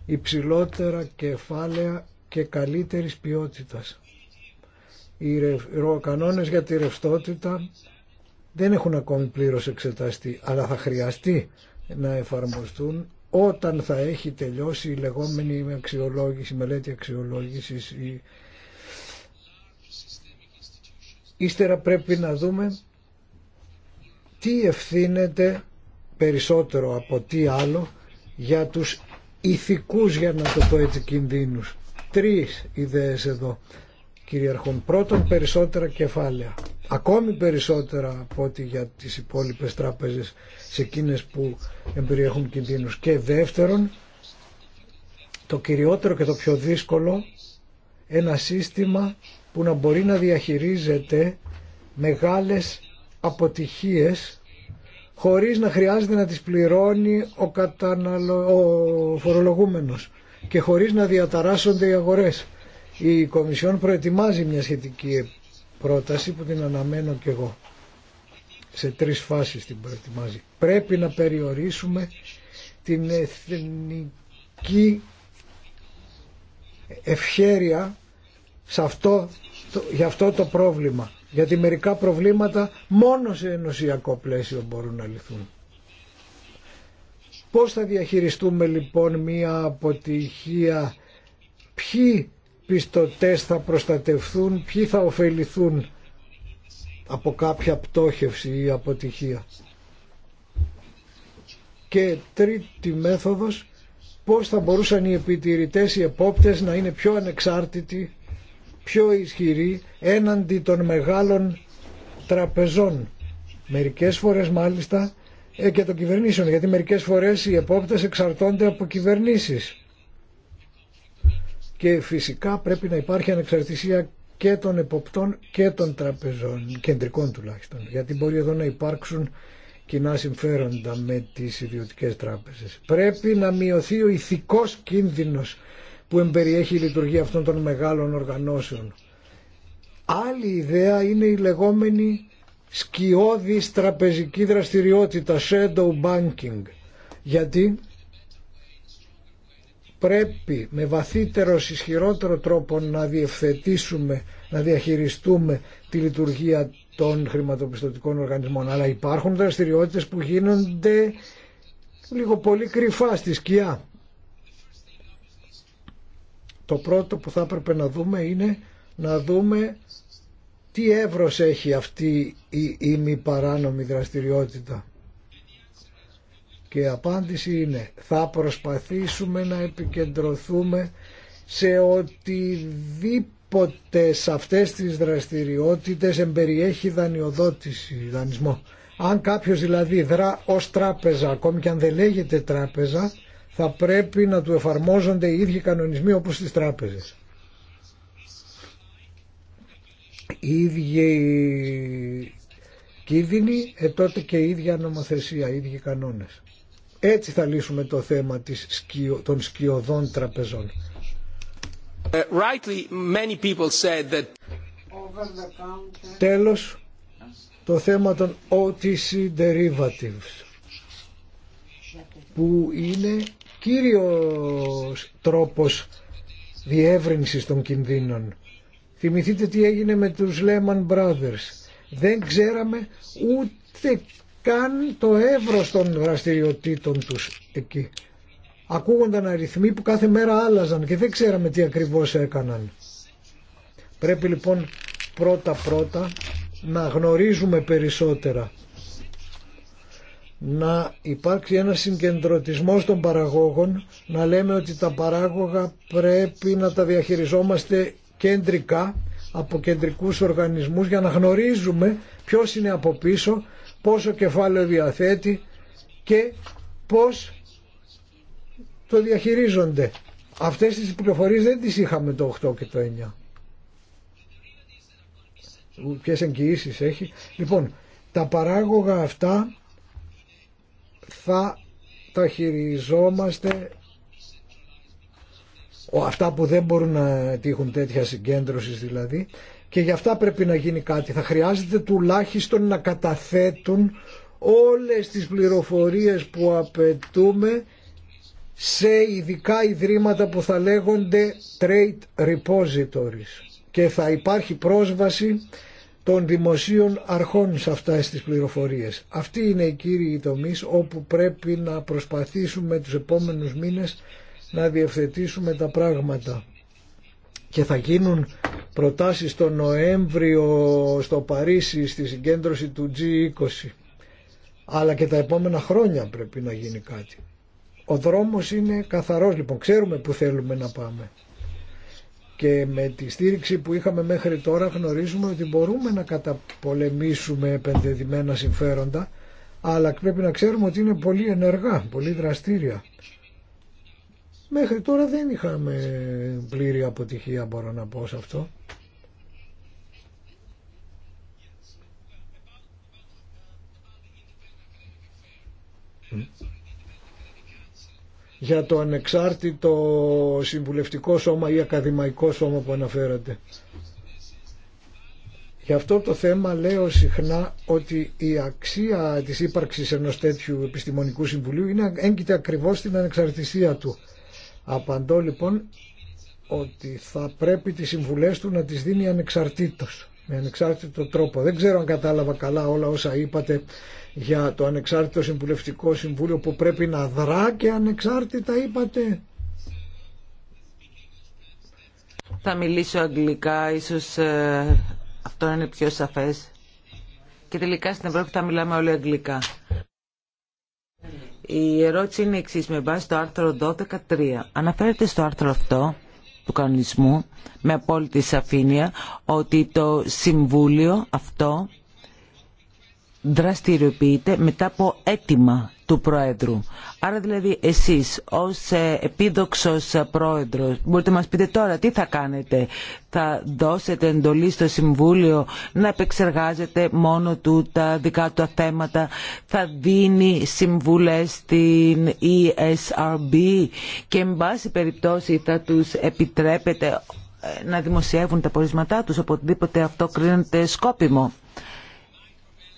Υψηλότερα κεφάλαια και καλύτερης ποιότητας. Οι κανόνες για τη ρευστότητα δεν έχουν ακόμη πλήρως εξεταστεί, αλλά θα χρειαστεί να εφαρμοστούν όταν θα έχει τελειώσει η λεγόμενη αξιολόγηση, μελέτη αξιολόγησης. Η... Ύστερα πρέπει να δούμε τι ευθύνεται περισσότερο από τι άλλο για τους ηθικούς για να το πω έτσι κινδύνους. Τρεις ιδέες εδώ κυριαρχούν. Πρώτον περισσότερα κεφάλαια. Ακόμη περισσότερα από ό,τι για τις υπόλοιπες τράπεζες σε εκείνες που εμπεριέχουν κινδύνους. Και δεύτερον το κυριότερο και το πιο δύσκολο ένα σύστημα που να μπορεί να διαχειρίζεται μεγάλες αποτυχίες χωρίς να χρειάζεται να τις πληρώνει ο, καταναλω... φορολογούμενος και χωρίς να διαταράσσονται οι αγορές. Η Κομισιόν προετοιμάζει μια σχετική πρόταση που την αναμένω και εγώ. Σε τρεις φάσεις την προετοιμάζει. Πρέπει να περιορίσουμε την εθνική ευχέρεια σε αυτό, για αυτό το πρόβλημα γιατί μερικά προβλήματα μόνο σε ενωσιακό πλαίσιο μπορούν να λυθούν. Πώς θα διαχειριστούμε λοιπόν μία αποτυχία, ποιοι πιστωτές θα προστατευθούν, ποιοι θα ωφεληθούν από κάποια πτώχευση ή αποτυχία. Και τρίτη μέθοδος, πώς θα μπορούσαν οι επιτηρητές, οι επόπτες να είναι πιο ανεξάρτητοι πιο ισχυρή έναντι των μεγάλων τραπεζών. Μερικές φορές μάλιστα ε, και των κυβερνήσεων, γιατί μερικές φορές οι επόπτες εξαρτώνται από κυβερνήσεις. Και φυσικά πρέπει να υπάρχει ανεξαρτησία και των εποπτών και των τραπεζών, κεντρικών τουλάχιστον, γιατί μπορεί εδώ να υπάρξουν κοινά συμφέροντα με τις ιδιωτικές τράπεζες. Πρέπει να μειωθεί ο ηθικός κίνδυνος που εμπεριέχει η λειτουργία αυτών των μεγάλων οργανώσεων. Άλλη ιδέα είναι η λεγόμενη σκιώδης τραπεζική δραστηριότητα, shadow banking, γιατί πρέπει με βαθύτερο, ισχυρότερο τρόπο να διευθετήσουμε, να διαχειριστούμε τη λειτουργία των χρηματοπιστωτικών οργανισμών. Αλλά υπάρχουν δραστηριότητες που γίνονται λίγο πολύ κρυφά στη σκιά το πρώτο που θα έπρεπε να δούμε είναι να δούμε τι εύρος έχει αυτή η μη παράνομη δραστηριότητα. Και η απάντηση είναι θα προσπαθήσουμε να επικεντρωθούμε σε οτιδήποτε σε αυτές τις δραστηριότητες εμπεριέχει δανειοδότηση, δανεισμό. Αν κάποιος δηλαδή δρά ως τράπεζα, ακόμη και αν δεν λέγεται τράπεζα, θα πρέπει να του εφαρμόζονται οι ίδιοι κανονισμοί όπως στις τράπεζες. Οι ίδιοι κίνδυνοι, ε, τότε και η ίδια νομοθεσία, οι ίδιοι κανόνες. Έτσι θα λύσουμε το θέμα της των σκιωδών τραπεζών. Ε, rightly, many people said that... Τέλος, το θέμα των OTC derivatives που είναι κύριος τρόπος διεύρυνσης των κινδύνων. Θυμηθείτε τι έγινε με τους Lehman Brothers. Δεν ξέραμε ούτε καν το εύρος των δραστηριοτήτων τους εκεί. Ακούγονταν αριθμοί που κάθε μέρα άλλαζαν και δεν ξέραμε τι ακριβώς έκαναν. Πρέπει λοιπόν πρώτα πρώτα να γνωρίζουμε περισσότερα να υπάρξει ένας συγκεντρωτισμός των παραγόγων, να λέμε ότι τα παράγωγα πρέπει να τα διαχειριζόμαστε κεντρικά από κεντρικούς οργανισμούς για να γνωρίζουμε ποιος είναι από πίσω, πόσο κεφάλαιο διαθέτει και πώς το διαχειρίζονται. Αυτές τις πληροφορίες δεν τις είχαμε το 8 και το 9. Ποιες εγγυήσεις έχει. Λοιπόν, τα παράγωγα αυτά θα τα χειριζόμαστε αυτά που δεν μπορούν να τύχουν τέτοια συγκέντρωση δηλαδή και γι' αυτά πρέπει να γίνει κάτι. Θα χρειάζεται τουλάχιστον να καταθέτουν όλες τις πληροφορίες που απαιτούμε σε ειδικά ιδρύματα που θα λέγονται trade repositories και θα υπάρχει πρόσβαση των δημοσίων αρχών σε αυτές τις πληροφορίες. Αυτή είναι η κύριοι τομείς όπου πρέπει να προσπαθήσουμε τους επόμενους μήνες να διευθετήσουμε τα πράγματα. Και θα γίνουν προτάσεις τον Νοέμβριο στο Παρίσι στη συγκέντρωση του G20. Αλλά και τα επόμενα χρόνια πρέπει να γίνει κάτι. Ο δρόμος είναι καθαρός λοιπόν. Ξέρουμε που θέλουμε να πάμε και με τη στήριξη που είχαμε μέχρι τώρα γνωρίζουμε ότι μπορούμε να καταπολεμήσουμε επενδεδημένα συμφέροντα αλλά πρέπει να ξέρουμε ότι είναι πολύ ενεργά, πολύ δραστήρια. Μέχρι τώρα δεν είχαμε πλήρη αποτυχία μπορώ να πω σε αυτό. για το ανεξάρτητο συμβουλευτικό σώμα ή ακαδημαϊκό σώμα που αναφέρατε. Γι' αυτό το θέμα λέω συχνά ότι η αξία της ύπαρξης ενός τέτοιου επιστημονικού συμβουλίου είναι, έγκυται ακριβώς στην ανεξαρτησία του. Απαντώ λοιπόν ότι θα πρέπει τις συμβουλές του να τις δίνει ανεξαρτήτως, με ανεξάρτητο τρόπο. Δεν ξέρω αν κατάλαβα καλά όλα όσα είπατε για το ανεξάρτητο συμβουλευτικό συμβούλιο που πρέπει να δρά και ανεξάρτητα είπατε. Θα μιλήσω αγγλικά, ίσως ε, αυτό είναι πιο σαφές. Και τελικά στην Ευρώπη θα μιλάμε όλοι αγγλικά. Η ερώτηση είναι εξής με βάση το άρθρο 12.3. Αναφέρεται στο άρθρο αυτό του κανονισμού με απόλυτη σαφήνεια ότι το Συμβούλιο αυτό δραστηριοποιείται μετά από αίτημα του Πρόεδρου. Άρα δηλαδή εσείς ως ε, επίδοξος Πρόεδρος μπορείτε να μας πείτε τώρα τι θα κάνετε. Θα δώσετε εντολή στο Συμβούλιο να επεξεργάζεται μόνο του τα δικά του θέματα. Θα δίνει συμβουλές στην ESRB και εν πάση περιπτώσει θα τους επιτρέπετε ε, να δημοσιεύουν τα πορίσματά τους, οποτεδήποτε αυτό κρίνεται σκόπιμο.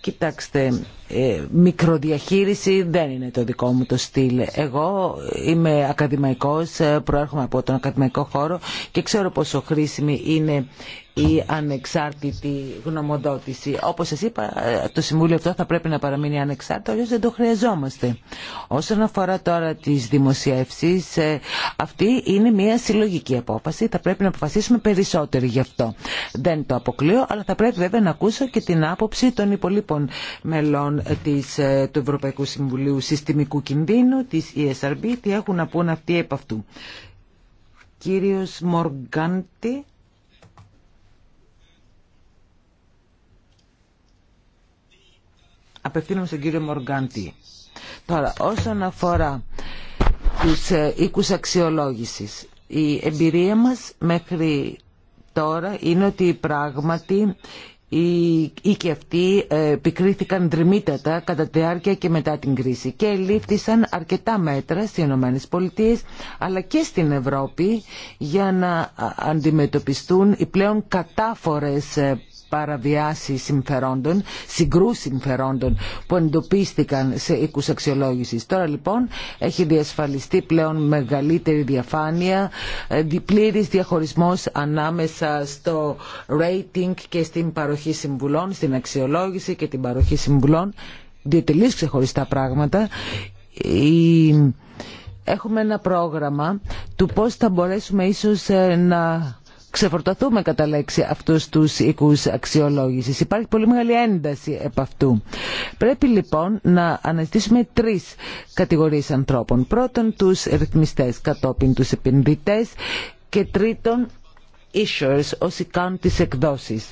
Κοιτάξτε, ε, μικροδιαχείριση δεν είναι το δικό μου το στυλ. Εγώ είμαι ακαδημαϊκός, ε, προέρχομαι από τον ακαδημαϊκό χώρο και ξέρω πόσο χρήσιμη είναι η ανεξάρτητη γνωμοδότηση. Όπως σας είπα, ε, το Συμβούλιο αυτό θα πρέπει να παραμείνει ανεξάρτητο, αλλιώς δεν το χρειαζόμαστε. Όσον αφορά τώρα τις δημοσιεύσεις, αυτή είναι μια συλλογική απόφαση. Θα πρέπει να αποφασίσουμε περισσότερο γι' αυτό. Δεν το αποκλείω, αλλά θα πρέπει βέβαια να ακούσω και την άποψη των υπολείπων μελών ε, του Ευρωπαϊκού Συμβουλίου Συστημικού Κινδύνου, της ESRB, τι έχουν να πούν αυτοί επ' αυτού. Κύριος μοργκάντη. Απευθύνομαι στον κύριο μοργκάντη. Τώρα, όσον αφορά τους ε, οίκους αξιολόγησης, η εμπειρία μας μέχρι τώρα είναι ότι πράγματι οι και αυτοί ε, επικρίθηκαν δρυμύτατα κατά τη διάρκεια και μετά την κρίση και λήφθησαν αρκετά μέτρα στις ΗΠΑ αλλά και στην Ευρώπη για να αντιμετωπιστούν οι πλέον κατάφορες ε, παραβιάσεις συμφερόντων, συγκρού συμφερόντων που εντοπίστηκαν σε οικου αξιολόγηση. Τώρα λοιπόν έχει διασφαλιστεί πλέον μεγαλύτερη διαφάνεια, ε, πλήρη διαχωρισμό ανάμεσα στο rating και στην παροχή συμβουλών, στην αξιολόγηση και την παροχή συμβουλών, δύο ξεχωριστά πράγματα. Έχουμε ένα πρόγραμμα του πώς θα μπορέσουμε ίσως ε, να ξεφορτωθούμε κατά λέξη αυτούς τους οίκους αξιολόγησης. Υπάρχει πολύ μεγάλη ένταση επ' αυτού. Πρέπει λοιπόν να αναζητήσουμε τρεις κατηγορίες ανθρώπων. Πρώτον τους ρυθμιστές, κατόπιν τους επενδυτές και τρίτον issuers, όσοι κάνουν τις εκδόσεις.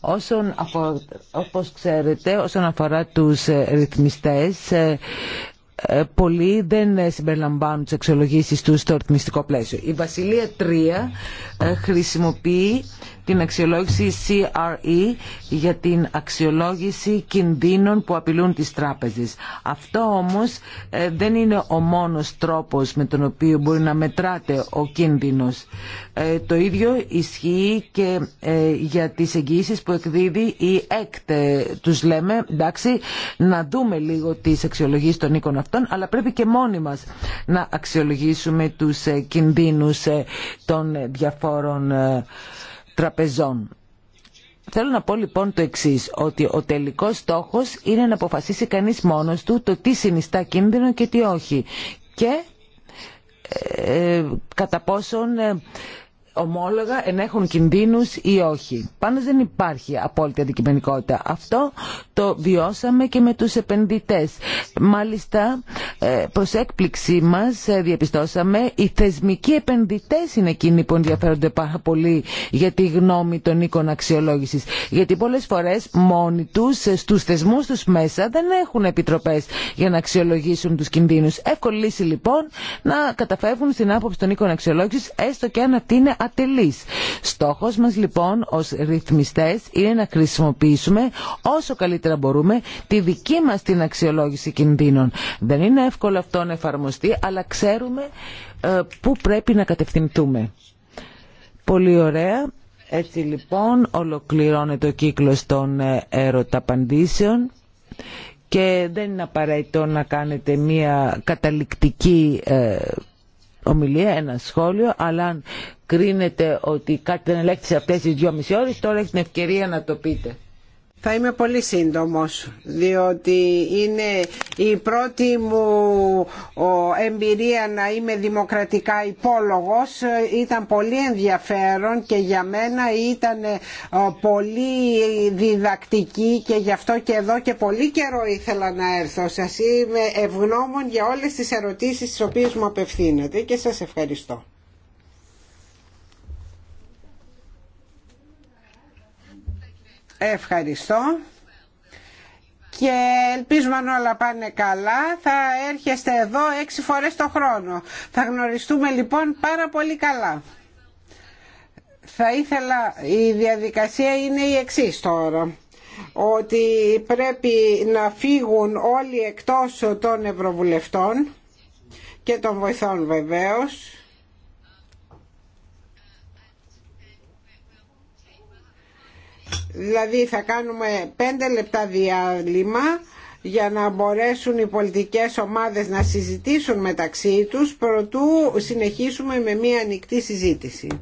Όσον όπως ξέρετε, όσον αφορά τους ρυθμιστές, ε, ε, πολλοί δεν ε, συμπεριλαμβάνουν τις αξιολογήσεις του στο ρυθμιστικό πλαίσιο. Η Βασιλεία 3 ε, χρησιμοποιεί την αξιολόγηση CRE για την αξιολόγηση κινδύνων που απειλούν τις τράπεζες. Αυτό όμως δεν είναι ο μόνος τρόπος με τον οποίο μπορεί να μετράτε ο κίνδυνος. Το ίδιο ισχύει και για τις εγγύησεις που εκδίδει η ΕΚΤ. Τους λέμε, εντάξει, να δούμε λίγο τις αξιολογήσεις των οίκων αυτών αλλά πρέπει και μόνοι μας να αξιολογήσουμε τους ε, κινδύνους ε, των ε, διαφόρων τραπεζών. Θέλω να πω λοιπόν το εξή, ότι ο τελικός στόχος είναι να αποφασίσει κανείς μόνος του το τι συνιστά κίνδυνο και τι όχι. Και κατά πόσον ομόλογα ενέχουν κινδύνου ή όχι. Πάνω δεν υπάρχει απόλυτη αντικειμενικότητα. Αυτό το βιώσαμε και με τους επενδυτές. Μάλιστα, ε, προς έκπληξή μας ε, διαπιστώσαμε, οι θεσμικοί επενδυτές είναι εκείνοι που ενδιαφέρονται πάρα πολύ για τη γνώμη των οίκων αξιολόγησης. Γιατί πολλές φορές μόνοι τους, ε, στους θεσμούς τους μέσα, δεν έχουν επιτροπές για να αξιολογήσουν τους κινδύνους. Εύκολη λύση λοιπόν να καταφεύγουν στην άποψη των οίκων αξιολόγησης, έστω και αν αυτή είναι ατελής. Στόχος μας λοιπόν ως ρυθμιστές είναι να χρησιμοποιήσουμε όσο καλύτερα μπορούμε τη δική μας την αξιολόγηση κινδύνων. Δεν είναι εύκολο αυτό να εφαρμοστεί, αλλά ξέρουμε ε, πού πρέπει να κατευθυνθούμε. Πολύ ωραία. Έτσι λοιπόν ολοκληρώνεται ο κύκλος των ε, ερωταπαντήσεων και δεν είναι απαραίτητο να κάνετε μια καταληκτική ε, ομιλία, ένα σχόλιο, αλλά αν κρίνετε ότι κάτι δεν ελέγχθησε αυτές τις μισή ώρες, τώρα έχει την ευκαιρία να το πείτε. Θα είμαι πολύ σύντομος, διότι είναι η πρώτη μου εμπειρία να είμαι δημοκρατικά υπόλογος. Ήταν πολύ ενδιαφέρον και για μένα ήταν ε, πολύ διδακτική και γι' αυτό και εδώ και πολύ καιρό ήθελα να έρθω. Σας είμαι ευγνώμων για όλες τις ερωτήσεις τις οποίες μου απευθύνεται και σας ευχαριστώ. Ευχαριστώ και ελπίζουμε αν όλα πάνε καλά θα έρχεστε εδώ έξι φορές το χρόνο. Θα γνωριστούμε λοιπόν πάρα πολύ καλά. Θα ήθελα, η διαδικασία είναι η εξής τώρα ότι πρέπει να φύγουν όλοι εκτός των Ευρωβουλευτών και των βοηθών βεβαίως Δηλαδή θα κάνουμε πέντε λεπτά διάλειμμα για να μπορέσουν οι πολιτικές ομάδες να συζητήσουν μεταξύ τους προτού συνεχίσουμε με μια ανοιχτή συζήτηση.